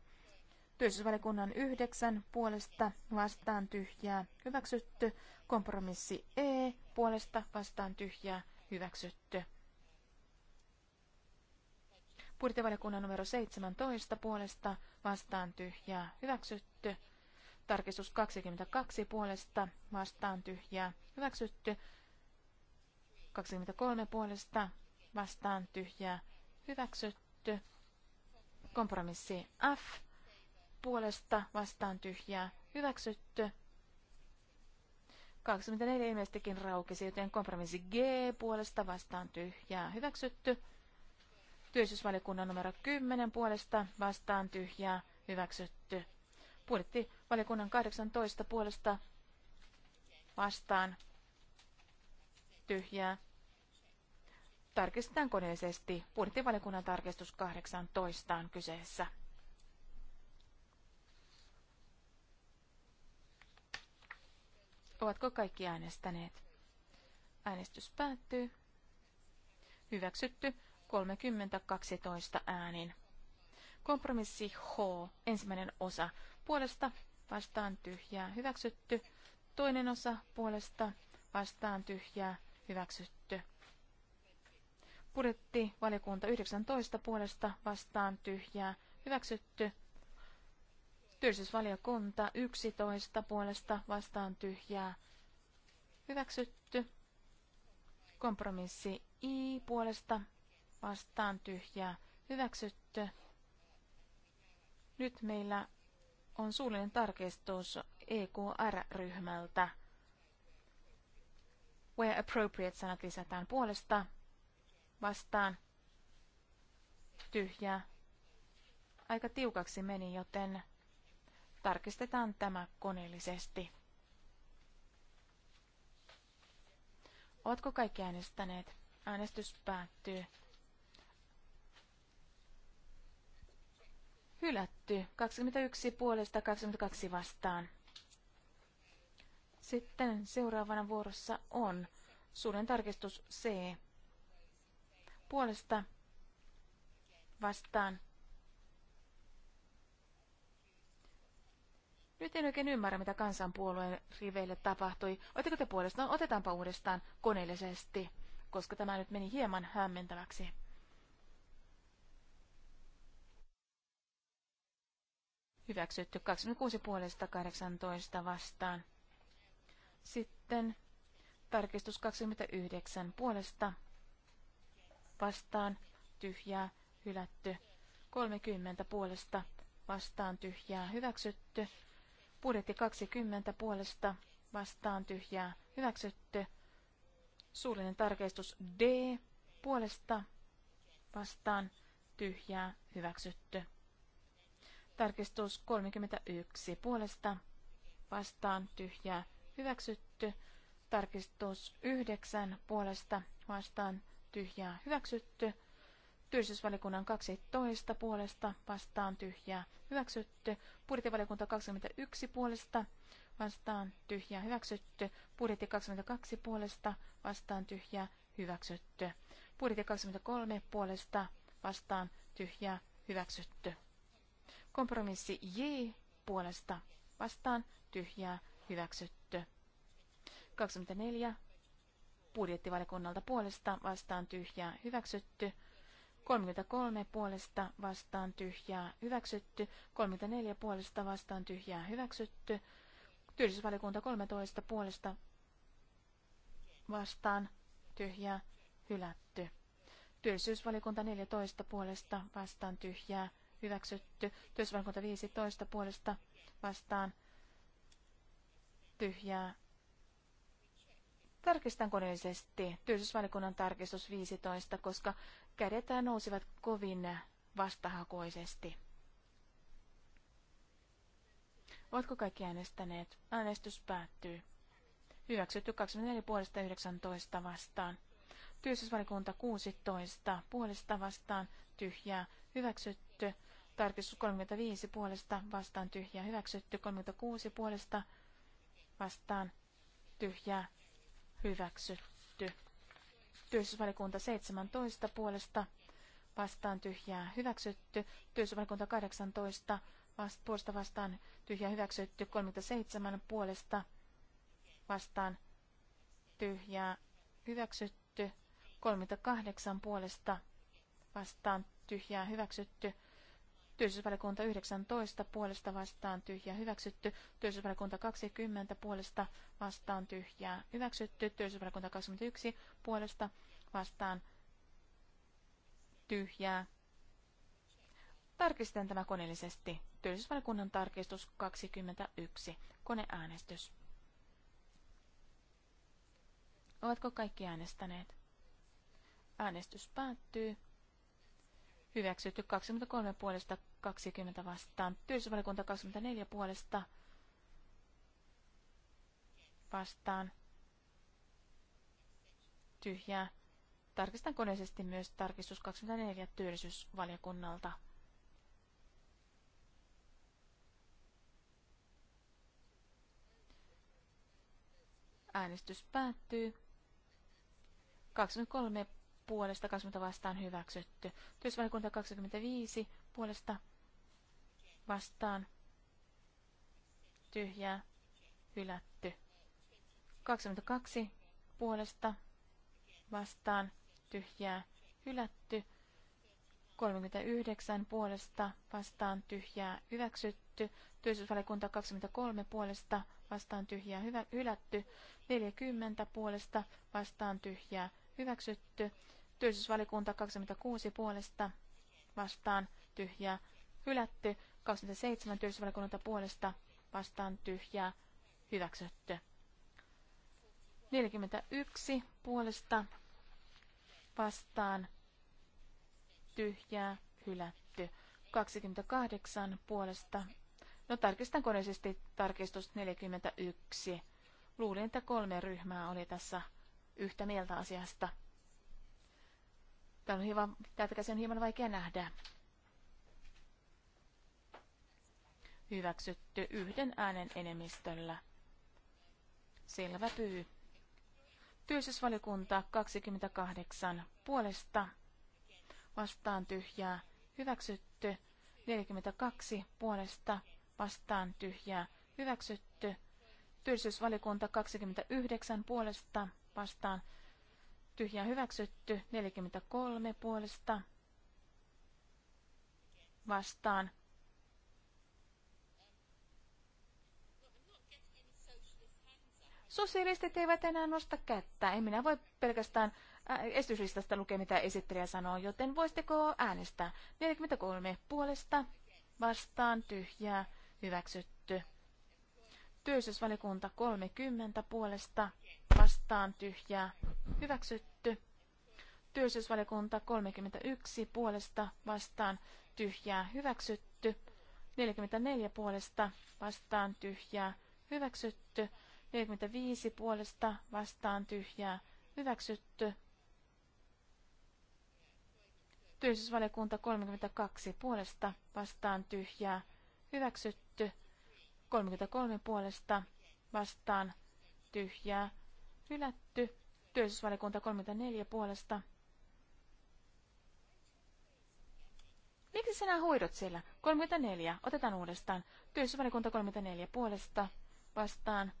Työllisyysvaliokunnan yhdeksän puolesta vastaan tyhjää hyväksytty. Kompromissi E puolesta vastaan tyhjää hyväksytty. Budjettivaliokunnan numero 17 puolesta vastaan tyhjää hyväksytty. Tarkistus 22 puolesta vastaan tyhjää hyväksytty. 23 puolesta vastaan tyhjää hyväksytty. Kompromissi F puolesta vastaan tyhjää hyväksytty. 24 ilmeisestikin raukesi, joten kompromissi G puolesta vastaan tyhjää hyväksytty. Työllisyysvaliokunnan numero 10 puolesta vastaan tyhjää hyväksytty. Budjettivaliokunnan 18 puolesta vastaan tyhjää. Tarkistetaan koneellisesti. Budjettivaliokunnan tarkistus 18 on kyseessä. Ovatko kaikki äänestäneet? Äänestys päättyy. Hyväksytty 3012 äänin. Kompromissi H, ensimmäinen osa. Puolesta vastaan tyhjää, hyväksytty. Toinen osa puolesta vastaan tyhjää, hyväksytty. Budjetti valiokunta 19 puolesta vastaan tyhjää, hyväksytty. Työllisyysvaliokunta 11 puolesta vastaan tyhjää hyväksytty. Kompromissi I puolesta vastaan tyhjää hyväksytty. Nyt meillä on suullinen tarkistus EQR-ryhmältä. Where appropriate sanat lisätään puolesta vastaan tyhjää. Aika tiukaksi meni, joten Tarkistetaan tämä koneellisesti. Ootko kaikki äänestäneet? Äänestys päättyy. Hylätty. 21 puolesta 22 vastaan. Sitten seuraavana vuorossa on suuren tarkistus C. Puolesta vastaan Nyt en oikein ymmärrä, mitä kansanpuolueen riveille tapahtui. Oletteko te puolestaan? No, otetaanpa uudestaan koneellisesti, koska tämä nyt meni hieman hämmentäväksi. Hyväksytty 26 puolesta 18 vastaan. Sitten tarkistus 29 puolesta vastaan tyhjää hylätty. 30 puolesta vastaan tyhjää hyväksytty. Budjetti 20 puolesta vastaan tyhjää hyväksytty. Suullinen tarkistus D puolesta vastaan tyhjää hyväksytty. Tarkistus 31 puolesta vastaan tyhjää hyväksytty. Tarkistus 9 puolesta vastaan tyhjää hyväksytty. Työllisyysvaliokunnan 12 puolesta vastaan tyhjää hyväksytty. Budjettivaliokunta 21 puolesta vastaan tyhjää hyväksytty. Budjetti 22 puolesta vastaan tyhjää hyväksytty. Budjetti 23 puolesta vastaan tyhjää hyväksytty. Kompromissi J puolesta vastaan tyhjää hyväksytty. 24 budjettivaliokunnalta puolesta vastaan tyhjää hyväksytty. 33 puolesta vastaan tyhjää hyväksytty, 34 puolesta vastaan tyhjää hyväksytty, työllisyysvaliokunta 13 puolesta vastaan tyhjää hylätty. Työllisyysvaliokunta 14 puolesta vastaan tyhjää hyväksytty, työllisyysvaliokunta 15 puolesta vastaan tyhjää Tarkistan koneellisesti työllisyysvalikunnan tarkistus 15, koska kädet nousivat kovin vastahakoisesti. Oletko kaikki äänestäneet? Äänestys päättyy. Hyväksytty 24 puolesta 19 vastaan. Työllisyysvalikunta 16 puolesta vastaan tyhjää hyväksytty. Tarkistus 35 puolesta vastaan tyhjää hyväksytty. 36 puolesta vastaan tyhjää hyväksytty. Työllisyysvalikunta 17 puolesta vastaan tyhjää hyväksytty. Työllisyysvalikunta 18 vast, puolesta vastaan tyhjää hyväksytty. 37 puolesta vastaan tyhjää hyväksytty. 38 puolesta vastaan tyhjää hyväksytty. Työllisyysvaliokunta 19 puolesta vastaan tyhjää hyväksytty. Työllisyysvaliokunta 20 puolesta vastaan tyhjää hyväksytty. Työllisyysvaliokunta 21 puolesta vastaan tyhjää. Tarkistetaan tämä koneellisesti. Työllisyysvaliokunnan tarkistus 21. Koneäänestys. Ovatko kaikki äänestäneet? Äänestys päättyy. Hyväksytty 23 puolesta 20 vastaan. Työllisyysvaliokunta 24 puolesta vastaan. Tyhjää. Tarkistan koneisesti myös tarkistus 24 työllisyysvaliokunnalta. Äänestys päättyy. 23 puolesta 20 vastaan hyväksytty. Työsvaliokunta 25 puolesta vastaan tyhjää hylätty. 22 puolesta vastaan tyhjää hylätty. 39 puolesta vastaan tyhjää hyväksytty. Työllisyysvalikunta 23 puolesta vastaan tyhjää hylätty. 40 puolesta vastaan tyhjää hyväksytty. Työllisyysvalikunta 26 puolesta vastaan tyhjää hylätty. 27 työllisyysvalikunta puolesta vastaan tyhjää hyväksytty. 41 puolesta vastaan tyhjää hylätty. 28 puolesta. No tarkistan koneisesti tarkistus 41. Luulin, että kolme ryhmää oli tässä yhtä mieltä asiasta. Tämä on hieman, täältä käsin on hieman vaikea nähdä. Hyväksytty yhden äänen enemmistöllä. Selvä pyy. Työllisyysvaliokunta 28 puolesta. Vastaan tyhjää. Hyväksytty 42 puolesta. Vastaan tyhjää. Hyväksytty. Työllisyysvaliokunta 29 puolesta. Vastaan tyhjä hyväksytty 43 puolesta vastaan. Sosialistit eivät enää nosta kättä. En minä voi pelkästään äh, esityslistasta lukea, mitä esittelijä sanoo, joten voisitteko äänestää 43 puolesta vastaan tyhjää hyväksytty. Työllisyysvalikunta 30 puolesta vastaan tyhjää Hyväksytty. Työllisyysvaliokunta 31 puolesta vastaan tyhjää hyväksytty. 44 puolesta vastaan tyhjää hyväksytty. 45 puolesta vastaan tyhjää hyväksytty. Työllisyysvaliokunta 32 puolesta vastaan tyhjää hyväksytty. 33 puolesta vastaan tyhjää hylätty työllisyysvaliokunta 34 puolesta. Miksi sinä huidot siellä? 34. Otetaan uudestaan. Työllisyysvaliokunta 34 puolesta vastaan.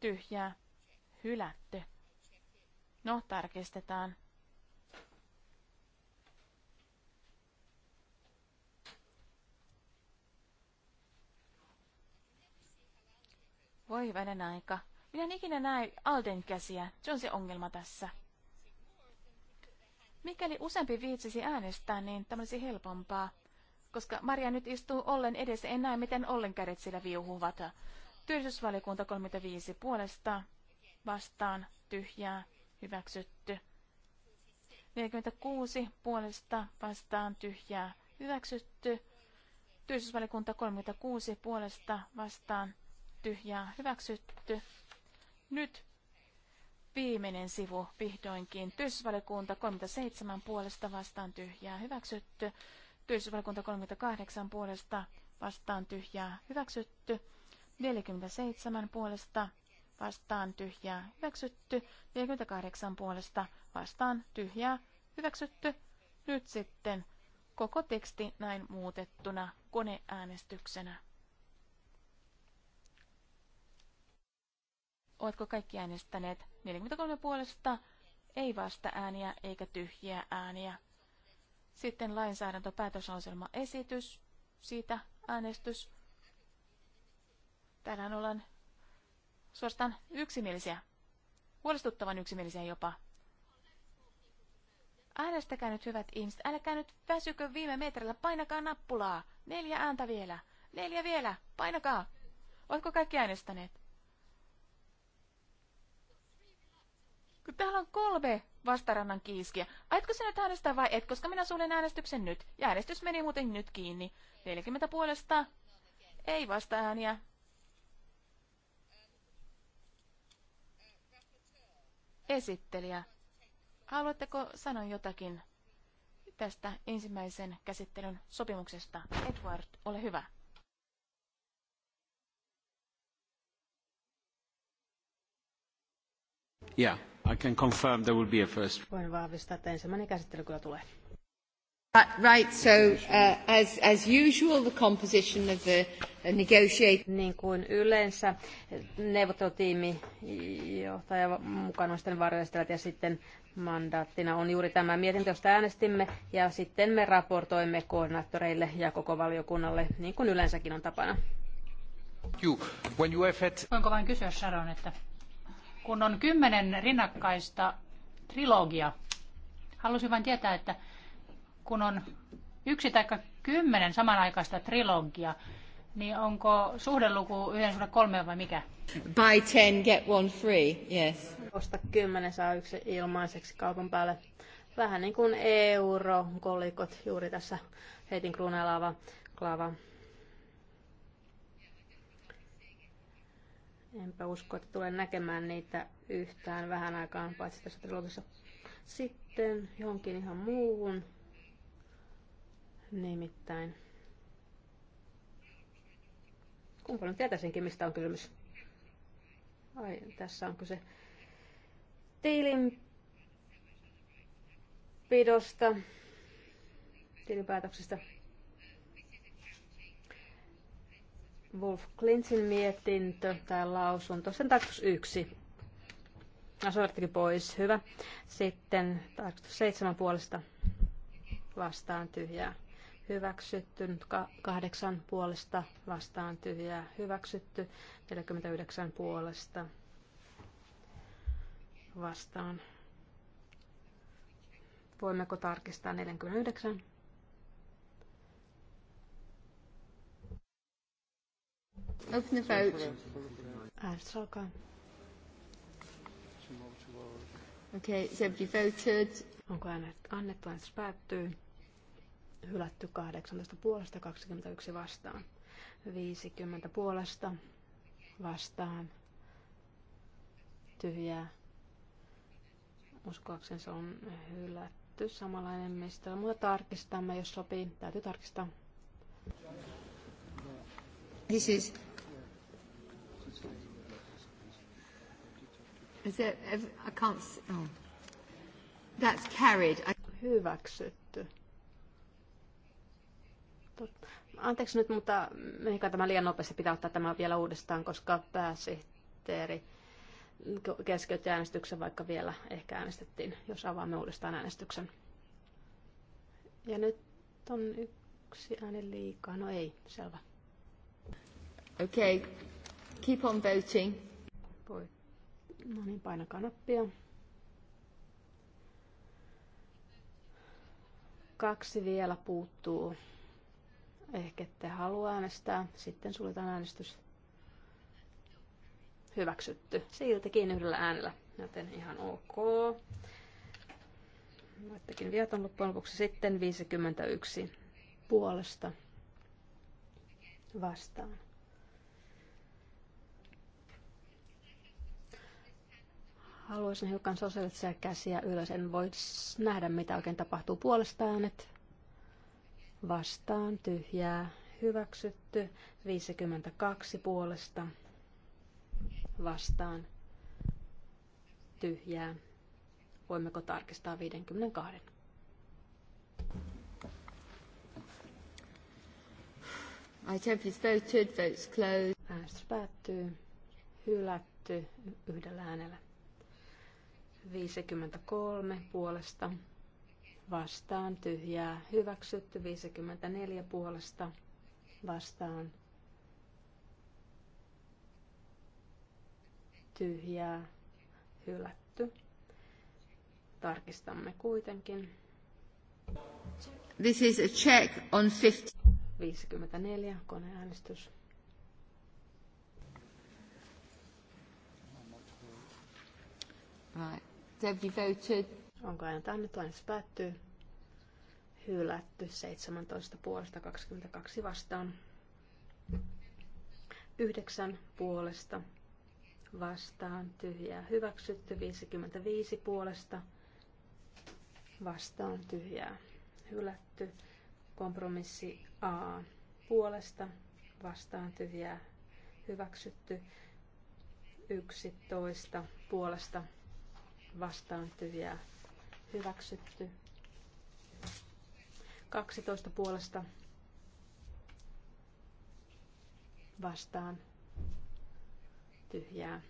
Tyhjää. Hylätty. No, tarkistetaan. Voi hyvänen aika. Minä en ikinä näe Alden käsiä. Se on se ongelma tässä. Mikäli useampi viitsisi äänestää, niin tämä olisi helpompaa. Koska Maria nyt istuu ollen edessä, en näe miten ollen kädet sillä viuhuvat. Työllisyysvaliokunta 35 puolesta vastaan tyhjää hyväksytty. 46 puolesta vastaan tyhjää hyväksytty. Työllisyysvaliokunta 36 puolesta vastaan tyhjää hyväksytty. Nyt viimeinen sivu vihdoinkin. Työllisyysvaliokunta 37 puolesta vastaan tyhjää hyväksytty. Työllisyysvaliokunta 38 puolesta vastaan tyhjää hyväksytty. 47 puolesta vastaan tyhjää hyväksytty. 48 puolesta vastaan tyhjää hyväksytty. Nyt sitten koko teksti näin muutettuna koneäänestyksenä. Oletko kaikki äänestäneet? 43 puolesta ei vasta ääniä eikä tyhjiä ääniä. Sitten lainsäädäntöpäätöslauselma esitys, siitä äänestys. Täällähän ollaan suorastaan yksimielisiä, huolestuttavan yksimielisiä jopa. Äänestäkää nyt hyvät ihmiset, älkää nyt väsykö viime metrillä, painakaa nappulaa. Neljä ääntä vielä, neljä vielä, painakaa. Oletko kaikki äänestäneet? kun täällä on kolme vastarannan kiiskiä. Aitko sinä nyt äänestää vai et, koska minä suljen äänestyksen nyt. Ja äänestys meni muuten nyt kiinni. 40 puolesta. Ei vasta ääniä. Esittelijä, haluatteko sanoa jotakin tästä ensimmäisen käsittelyn sopimuksesta? Edward, ole hyvä. Yeah. I can confirm there will be a first. Voin vahvistaa, että ensimmäinen käsittely kyllä tulee. Uh, right, so uh, as, as usual, the composition of the negotiate... Niin kuin yleensä, neuvottelutiimi johtaja mukana on sitten varjoistelijat ja sitten mandaattina on juuri tämä mietintö, josta äänestimme, ja sitten me raportoimme koordinaattoreille ja koko valiokunnalle, niin kuin yleensäkin on tapana. You, when you have had... Voinko vain kysyä Sharon, että kun on kymmenen rinnakkaista trilogia, halusin vain tietää, että kun on yksi tai kymmenen samanaikaista trilogia, niin onko suhdeluku yhden suhde kolmea vai mikä? Buy ten, get one free, yes. Osta kymmenen saa yksi ilmaiseksi kaupan päälle. Vähän niin kuin eurokolikot juuri tässä heitin kruunelaava klaava. Enpä usko, että tulen näkemään niitä yhtään vähän aikaan, paitsi tässä trilogissa. Sitten johonkin ihan muuhun. Nimittäin. Kumpa nyt tietäisinkin, mistä on kysymys. Ai, tässä on kyse tilinpidosta, tilinpäätöksestä. Wolf Klinsin mietintö tai lausunto. Sen tarkoitus yksi. Asortikin pois. Hyvä. Sitten tarkoitus seitsemän puolesta vastaan tyhjää. Hyväksytty. Nyt kahdeksan puolesta vastaan tyhjää. Hyväksytty. 49 puolesta vastaan. Voimmeko tarkistaa 49? Open the vote. Äänestys alkaa. Okay, so everybody voted. Onko äänet annettu? Äänestys päättyy. Hylätty 18 puolesta, 21 vastaan. 50 puolesta vastaan. Tyhjää. Uskoakseni se on hylätty samanlainen mistä, mutta tarkistamme, jos sopii. Täytyy tarkistaa. This is Is I can't see. Oh. That's carried. Hyväksytty. Anteeksi nyt, mutta menikö tämä liian nopeasti? Pitää ottaa tämä vielä uudestaan, koska pääsihteeri keskeytti äänestyksen, vaikka vielä ehkä äänestettiin, jos avaamme uudestaan äänestyksen. Ja nyt on yksi ääni liikaa. No ei, selvä. Okei, okay. Keep on voting. Voi. No niin, painakaa nappia. Kaksi vielä puuttuu. Ehkä ette halua äänestää. Sitten suljetaan äänestys. Hyväksytty. Siltäkin yhdellä äänellä, joten ihan ok. Voittekin viaton loppujen lopuksi sitten 51 puolesta vastaan Haluaisin hiukan sosiaalisia käsiä ylös. En voi nähdä, mitä oikein tapahtuu puolestaan. Et Vastaan tyhjää. Hyväksytty. 52 puolesta. Vastaan tyhjää. Voimmeko tarkistaa 52? Item is voted, votes closed. Äänestys päättyy. Hylätty yhdellä äänellä. 53 puolesta vastaan tyhjää hyväksytty 54 puolesta vastaan tyhjää hylätty. Tarkistamme kuitenkin. This is a check on 50. 54 koneäänestys. Right. Have uh, you Onko ääntä annettu? Äänestys päättyy. Hylätty 17 puolesta 22 vastaan. 9 puolesta vastaan tyhjää hyväksytty. 55 puolesta vastaan tyhjää hylätty. Kompromissi A puolesta vastaan tyhjää hyväksytty. 11 puolesta vastaan tyhjää hyväksytty. 12 puolesta vastaan tyhjää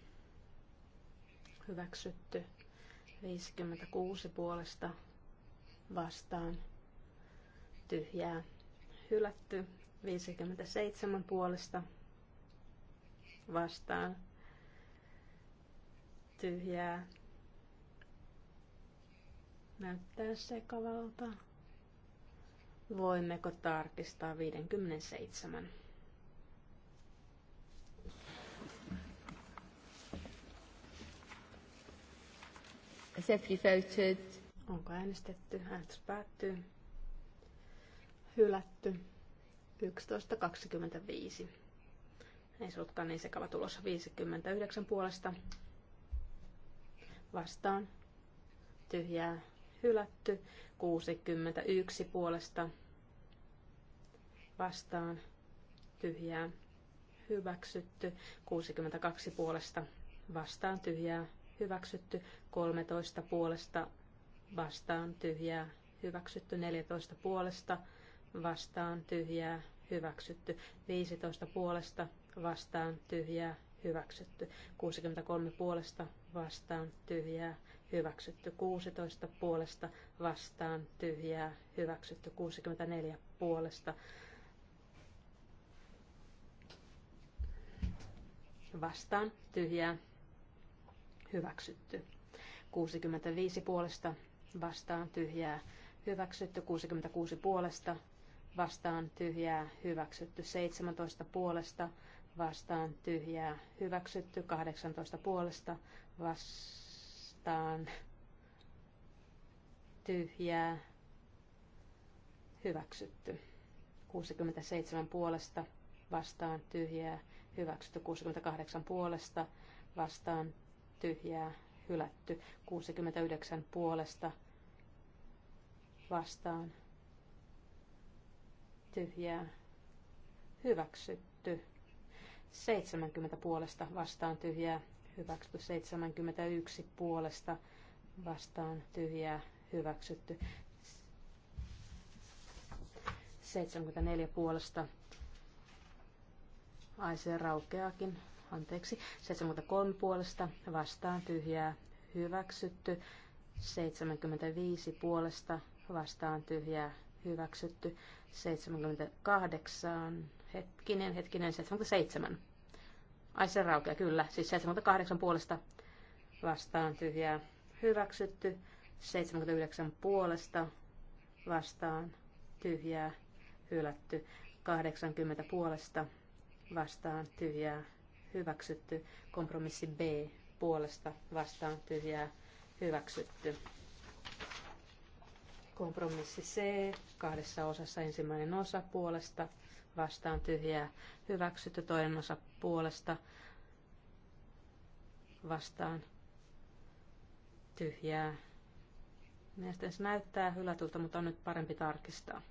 hyväksytty. 56 puolesta vastaan tyhjää hylätty. 57 puolesta vastaan tyhjää näyttää sekavalta. Voimmeko tarkistaa 57? Has everybody Onko äänestetty? Äänestys päättyy. Hylätty. 11.25. Ei se niin sekava tulossa 59 puolesta. Vastaan. Tyhjää hylätty. 61 puolesta vastaan tyhjää hyväksytty. 62 puolesta vastaan tyhjää hyväksytty. 13 puolesta vastaan tyhjää hyväksytty. 14 puolesta vastaan tyhjää hyväksytty. 15 puolesta vastaan tyhjää hyväksytty. 63 puolesta vastaan tyhjää hyväksytty 16 puolesta vastaan tyhjää, hyväksytty 64 puolesta vastaan tyhjää, hyväksytty 65 puolesta vastaan tyhjää, hyväksytty 66 puolesta vastaan tyhjää, hyväksytty 17 puolesta vastaan tyhjää, hyväksytty 18 puolesta vastaan vastaan tyhjää hyväksytty. 67 puolesta vastaan tyhjää hyväksytty. 68 puolesta vastaan tyhjää hylätty. 69 puolesta vastaan tyhjää hyväksytty. 70 puolesta vastaan tyhjää hyväksytty 71 puolesta vastaan tyhjää hyväksytty 74 puolesta ai se raukeakin anteeksi 73 puolesta vastaan tyhjää hyväksytty 75 puolesta vastaan tyhjää hyväksytty 78 hetkinen hetkinen 77 Ai se raukea, kyllä. Siis 78 puolesta vastaan tyhjää hyväksytty. 79 puolesta vastaan tyhjää hylätty. 80 puolesta vastaan tyhjää hyväksytty. Kompromissi B puolesta vastaan tyhjää hyväksytty. Kompromissi C kahdessa osassa ensimmäinen osa puolesta vastaan tyhjää hyväksytty, toinen osa puolesta vastaan tyhjää. Mielestäni se näyttää hylätulta, mutta on nyt parempi tarkistaa.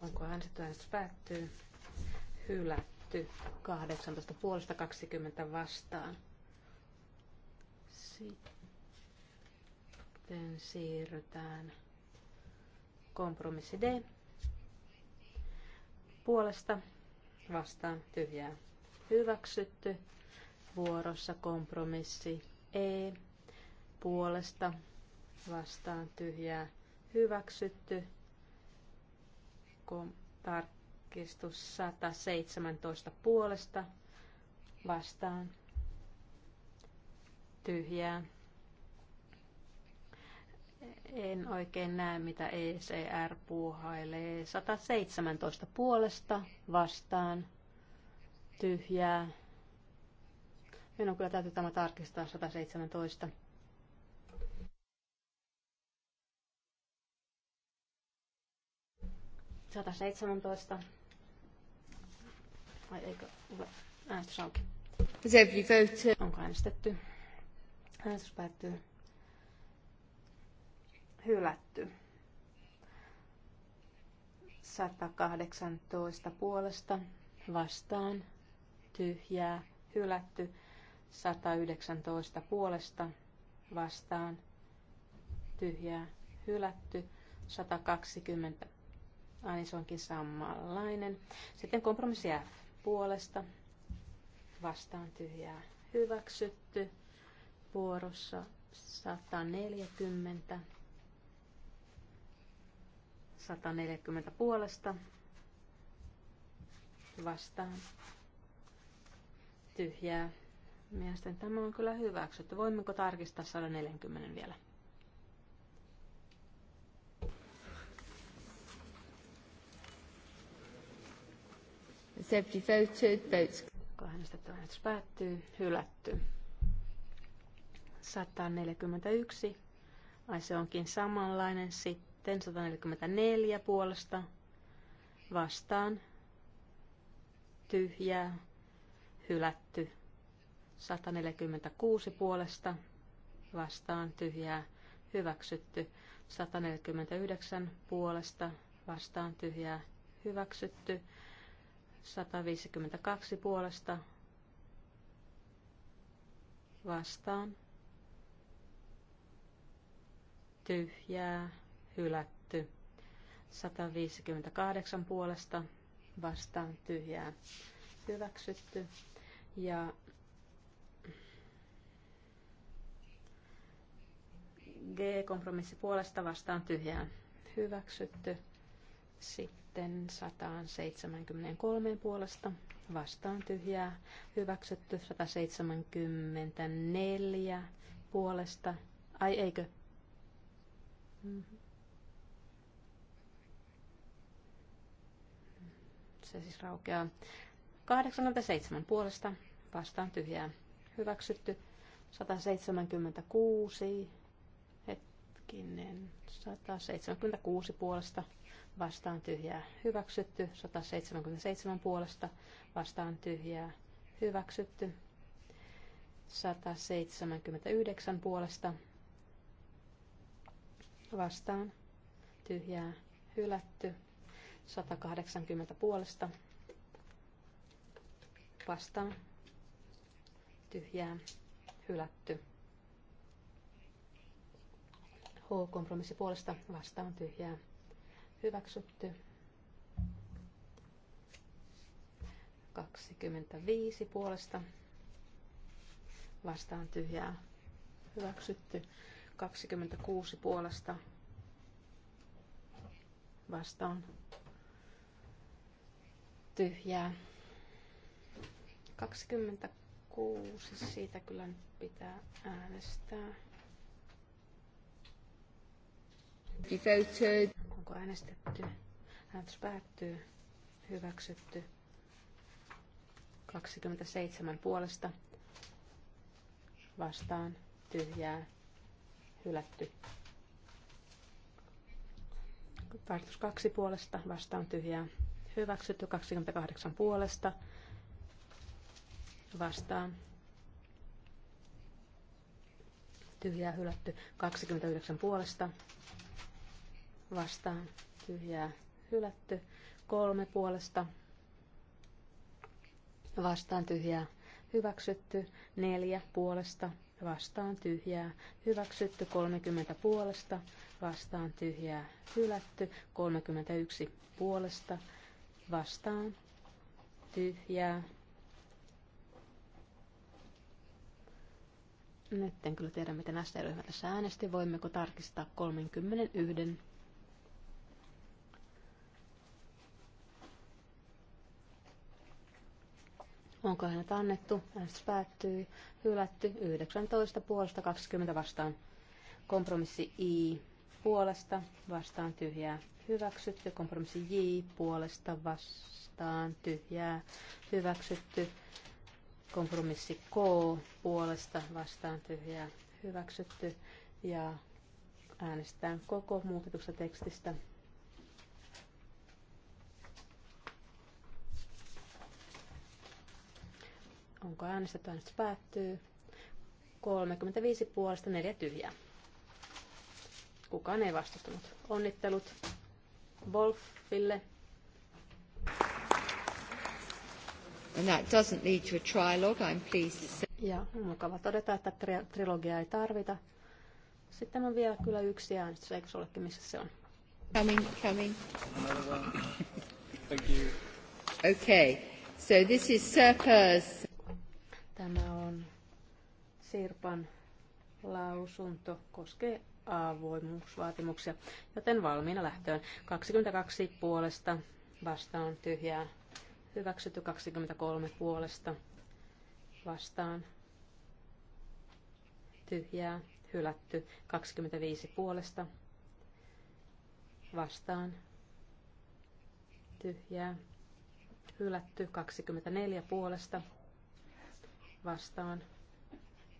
Onko äänestys, äänestys päättyy? Hylätty. 18 puolesta 20 vastaan. Sitten sitten siirrytään kompromissi D puolesta vastaan tyhjää hyväksytty. Vuorossa kompromissi E puolesta vastaan tyhjää hyväksytty. Kom- tarkistus 117 puolesta vastaan tyhjää en oikein näe, mitä ECR puuhailee. 117 puolesta vastaan tyhjää. Minun kyllä täytyy tämä tarkistaa 117. Sata seitsemäntoista. Vai eikö ole äänestys auki? Onko äänestetty? Äänestys päättyy hylätty. 118 puolesta vastaan tyhjää hylätty. 119 puolesta vastaan tyhjää hylätty. 120 aina se onkin samanlainen. Sitten kompromissi F puolesta vastaan tyhjää hyväksytty. Vuorossa 140 140 puolesta vastaan tyhjää. Mielestäni tämä on kyllä hyväksytty. Voimmeko tarkistaa 140 vielä? Safety voted, votes. Kahdennestettu äänestys päättyy, hylätty. 141. Ai se onkin samanlainen sitten. Sitten 144 puolesta vastaan tyhjää, hylätty. 146 puolesta vastaan tyhjää, hyväksytty. 149 puolesta vastaan tyhjää, hyväksytty. 152 puolesta vastaan tyhjää, hylätty. 158 puolesta vastaan tyhjää hyväksytty. Ja G-kompromissi puolesta vastaan tyhjää hyväksytty. Sitten 173 puolesta vastaan tyhjää hyväksytty. 174 puolesta. Ai eikö? Mm-hmm. se siis raukeaa. 87 puolesta vastaan tyhjää hyväksytty. 176 hetkinen. 176 puolesta vastaan tyhjää hyväksytty. 177 puolesta vastaan tyhjää hyväksytty. 179 puolesta vastaan tyhjää hylätty. 180 puolesta vastaan tyhjää hylätty. H-kompromissi puolesta vastaan tyhjää hyväksytty. 25 puolesta vastaan tyhjää hyväksytty. 26 puolesta vastaan tyhjää. 26, siitä kyllä nyt pitää äänestää. Voted. Onko äänestetty? Äänestys päättyy. Hyväksytty. 27 puolesta. Vastaan. Tyhjää. Hylätty. Päätös kaksi puolesta. Vastaan tyhjää. Hyväksytty 28 puolesta. Vastaan. Tyhjää hylätty 29 puolesta. Vastaan. Tyhjää hylätty kolme puolesta. Vastaan tyhjää hyväksytty neljä puolesta vastaan tyhjää, hyväksytty 30 puolesta, vastaan tyhjää, hylätty 31 puolesta, vastaan tyhjää. Nyt en kyllä tiedä, miten sd ryhmä tässä äänesti. Voimmeko tarkistaa 31? Onko hänet annettu? Äänestys päättyy. Hylätty. 19 puolesta 20 vastaan. Kompromissi I puolesta vastaan tyhjää hyväksytty. Kompromissi J puolesta vastaan tyhjää hyväksytty. Kompromissi K puolesta vastaan tyhjää hyväksytty. Ja äänestetään koko muutetusta tekstistä. Onko äänestetty? Äänestys päättyy. 35 puolesta, 4 tyhjää. Kukaan ei vastustanut. Onnittelut. Wolfille. And that doesn't lead to a trilogue, I'm pleased to say. Ja on mukava todeta, että tri- trilogia ei tarvita. Sitten on vielä kyllä yksi äänestys, eikö se missä se on? Coming, coming. Thank you. Okay, so this is Serpa's. Tämä on Sirpan lausunto, koskee avoimuusvaatimuksia, joten valmiina lähtöön. 22 puolesta vastaan tyhjää, hyväksytty 23 puolesta vastaan tyhjää, hylätty 25 puolesta vastaan tyhjää, hylätty 24 puolesta vastaan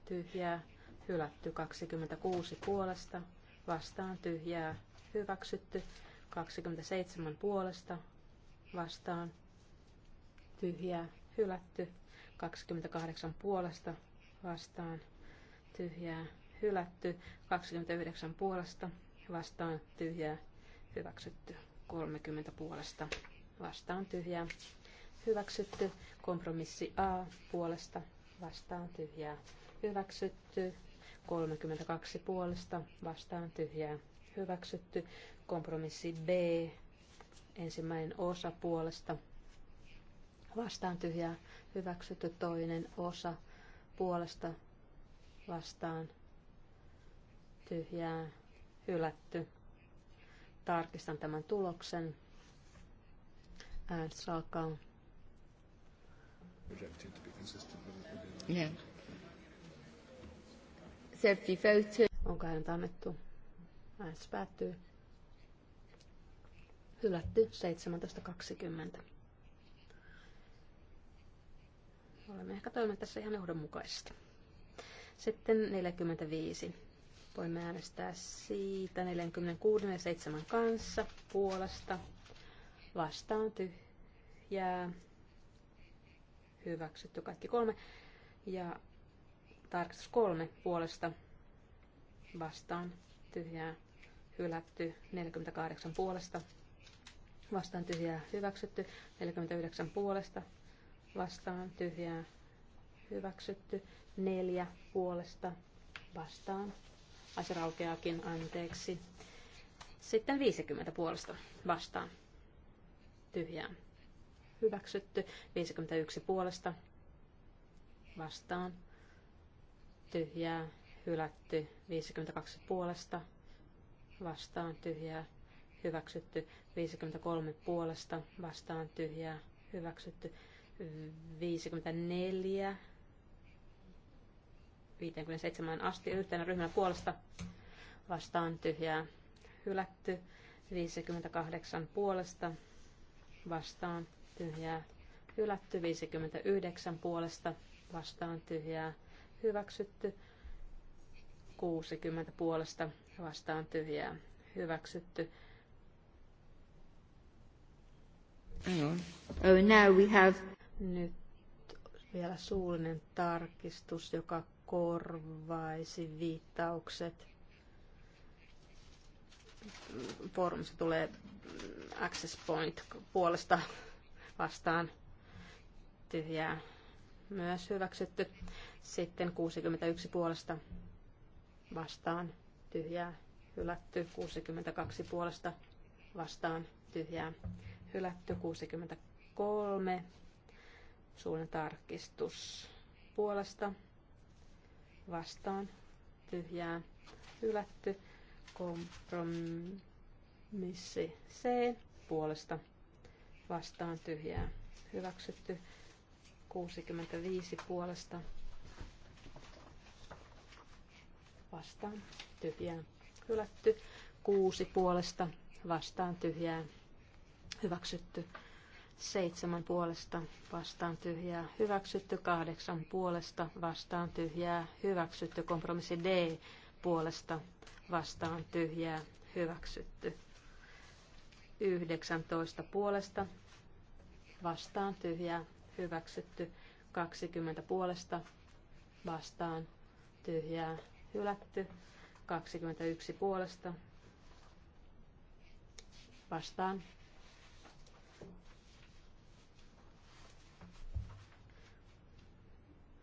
tyhjää, hylätty 26 puolesta, vastaan tyhjää, hyväksytty 27 puolesta, vastaan tyhjää, hylätty 28 puolesta, vastaan tyhjää, hylätty 29 puolesta, vastaan tyhjää, hyväksytty 30 puolesta, vastaan tyhjää, hyväksytty kompromissi A puolesta, vastaan tyhjää, hyväksytty 32 puolesta vastaan tyhjää hyväksytty. Kompromissi B, ensimmäinen osa puolesta vastaan tyhjää hyväksytty. Toinen osa puolesta vastaan tyhjää hylätty. Tarkistan tämän tuloksen. Äänestys alkaa. Yeah. 70 voted. Onko äänet annettu? Äänestys päättyy. Hylätty 17.20. Olemme ehkä toimineet tässä ihan johdonmukaisesti. Sitten 45. Voimme äänestää siitä 46 ja 7 kanssa puolesta. Vastaan tyhjää. Hyväksytty kaikki kolme. Ja Tarkistus kolme puolesta vastaan tyhjää hylätty 48 puolesta. Vastaan tyhjää hyväksytty 49 puolesta. Vastaan tyhjää hyväksytty 4 puolesta. Vastaan. Asia raukeakin, anteeksi. Sitten 50 puolesta vastaan. Tyhjää. Hyväksytty. 51 puolesta vastaan tyhjää, hylätty 52 puolesta, vastaan tyhjää, hyväksytty 53 puolesta, vastaan tyhjää, hyväksytty 54, 57 asti yhtenä ryhmänä puolesta, vastaan tyhjää, hylätty 58 puolesta, vastaan tyhjää, hylätty 59 puolesta, vastaan tyhjää, hyväksytty. 60 puolesta vastaan tyhjää hyväksytty. Oh, now we have... Nyt vielä suullinen tarkistus, joka korvaisi viittaukset. Forumissa tulee access point puolesta vastaan tyhjää myös hyväksytty. Sitten 61 puolesta vastaan tyhjää hylätty. 62 puolesta vastaan tyhjää hylätty. 63 suunnan tarkistus puolesta vastaan tyhjää hylätty. Kompromissi C puolesta vastaan tyhjää hyväksytty. 65 puolesta vastaan tyhjää hylätty. Kuusi puolesta vastaan tyhjää hyväksytty. Seitsemän puolesta vastaan tyhjää hyväksytty. Kahdeksan puolesta vastaan tyhjää hyväksytty. Kompromissi D puolesta vastaan tyhjää hyväksytty. 19 puolesta vastaan tyhjää hyväksytty. 20 puolesta vastaan tyhjää hylätty. 21 puolesta vastaan.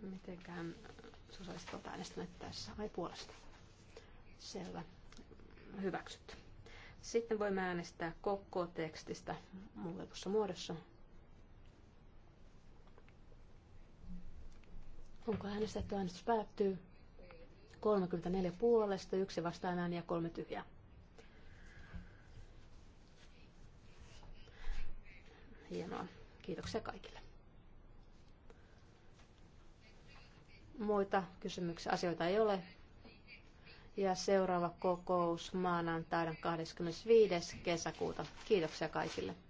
Mitenkään sosiaaliset ovat äänestäneet tässä vai puolesta? Selvä. Hyväksytty. Sitten voimme äänestää koko tekstistä muutetussa muodossa. Onko äänestetty? Äänestys päättyy. 34 puolesta, yksi vastaan ääni ja kolme tyhjää. Hienoa. Kiitoksia kaikille. Muita kysymyksiä, asioita ei ole. Ja seuraava kokous maanantaina 25. kesäkuuta. Kiitoksia kaikille.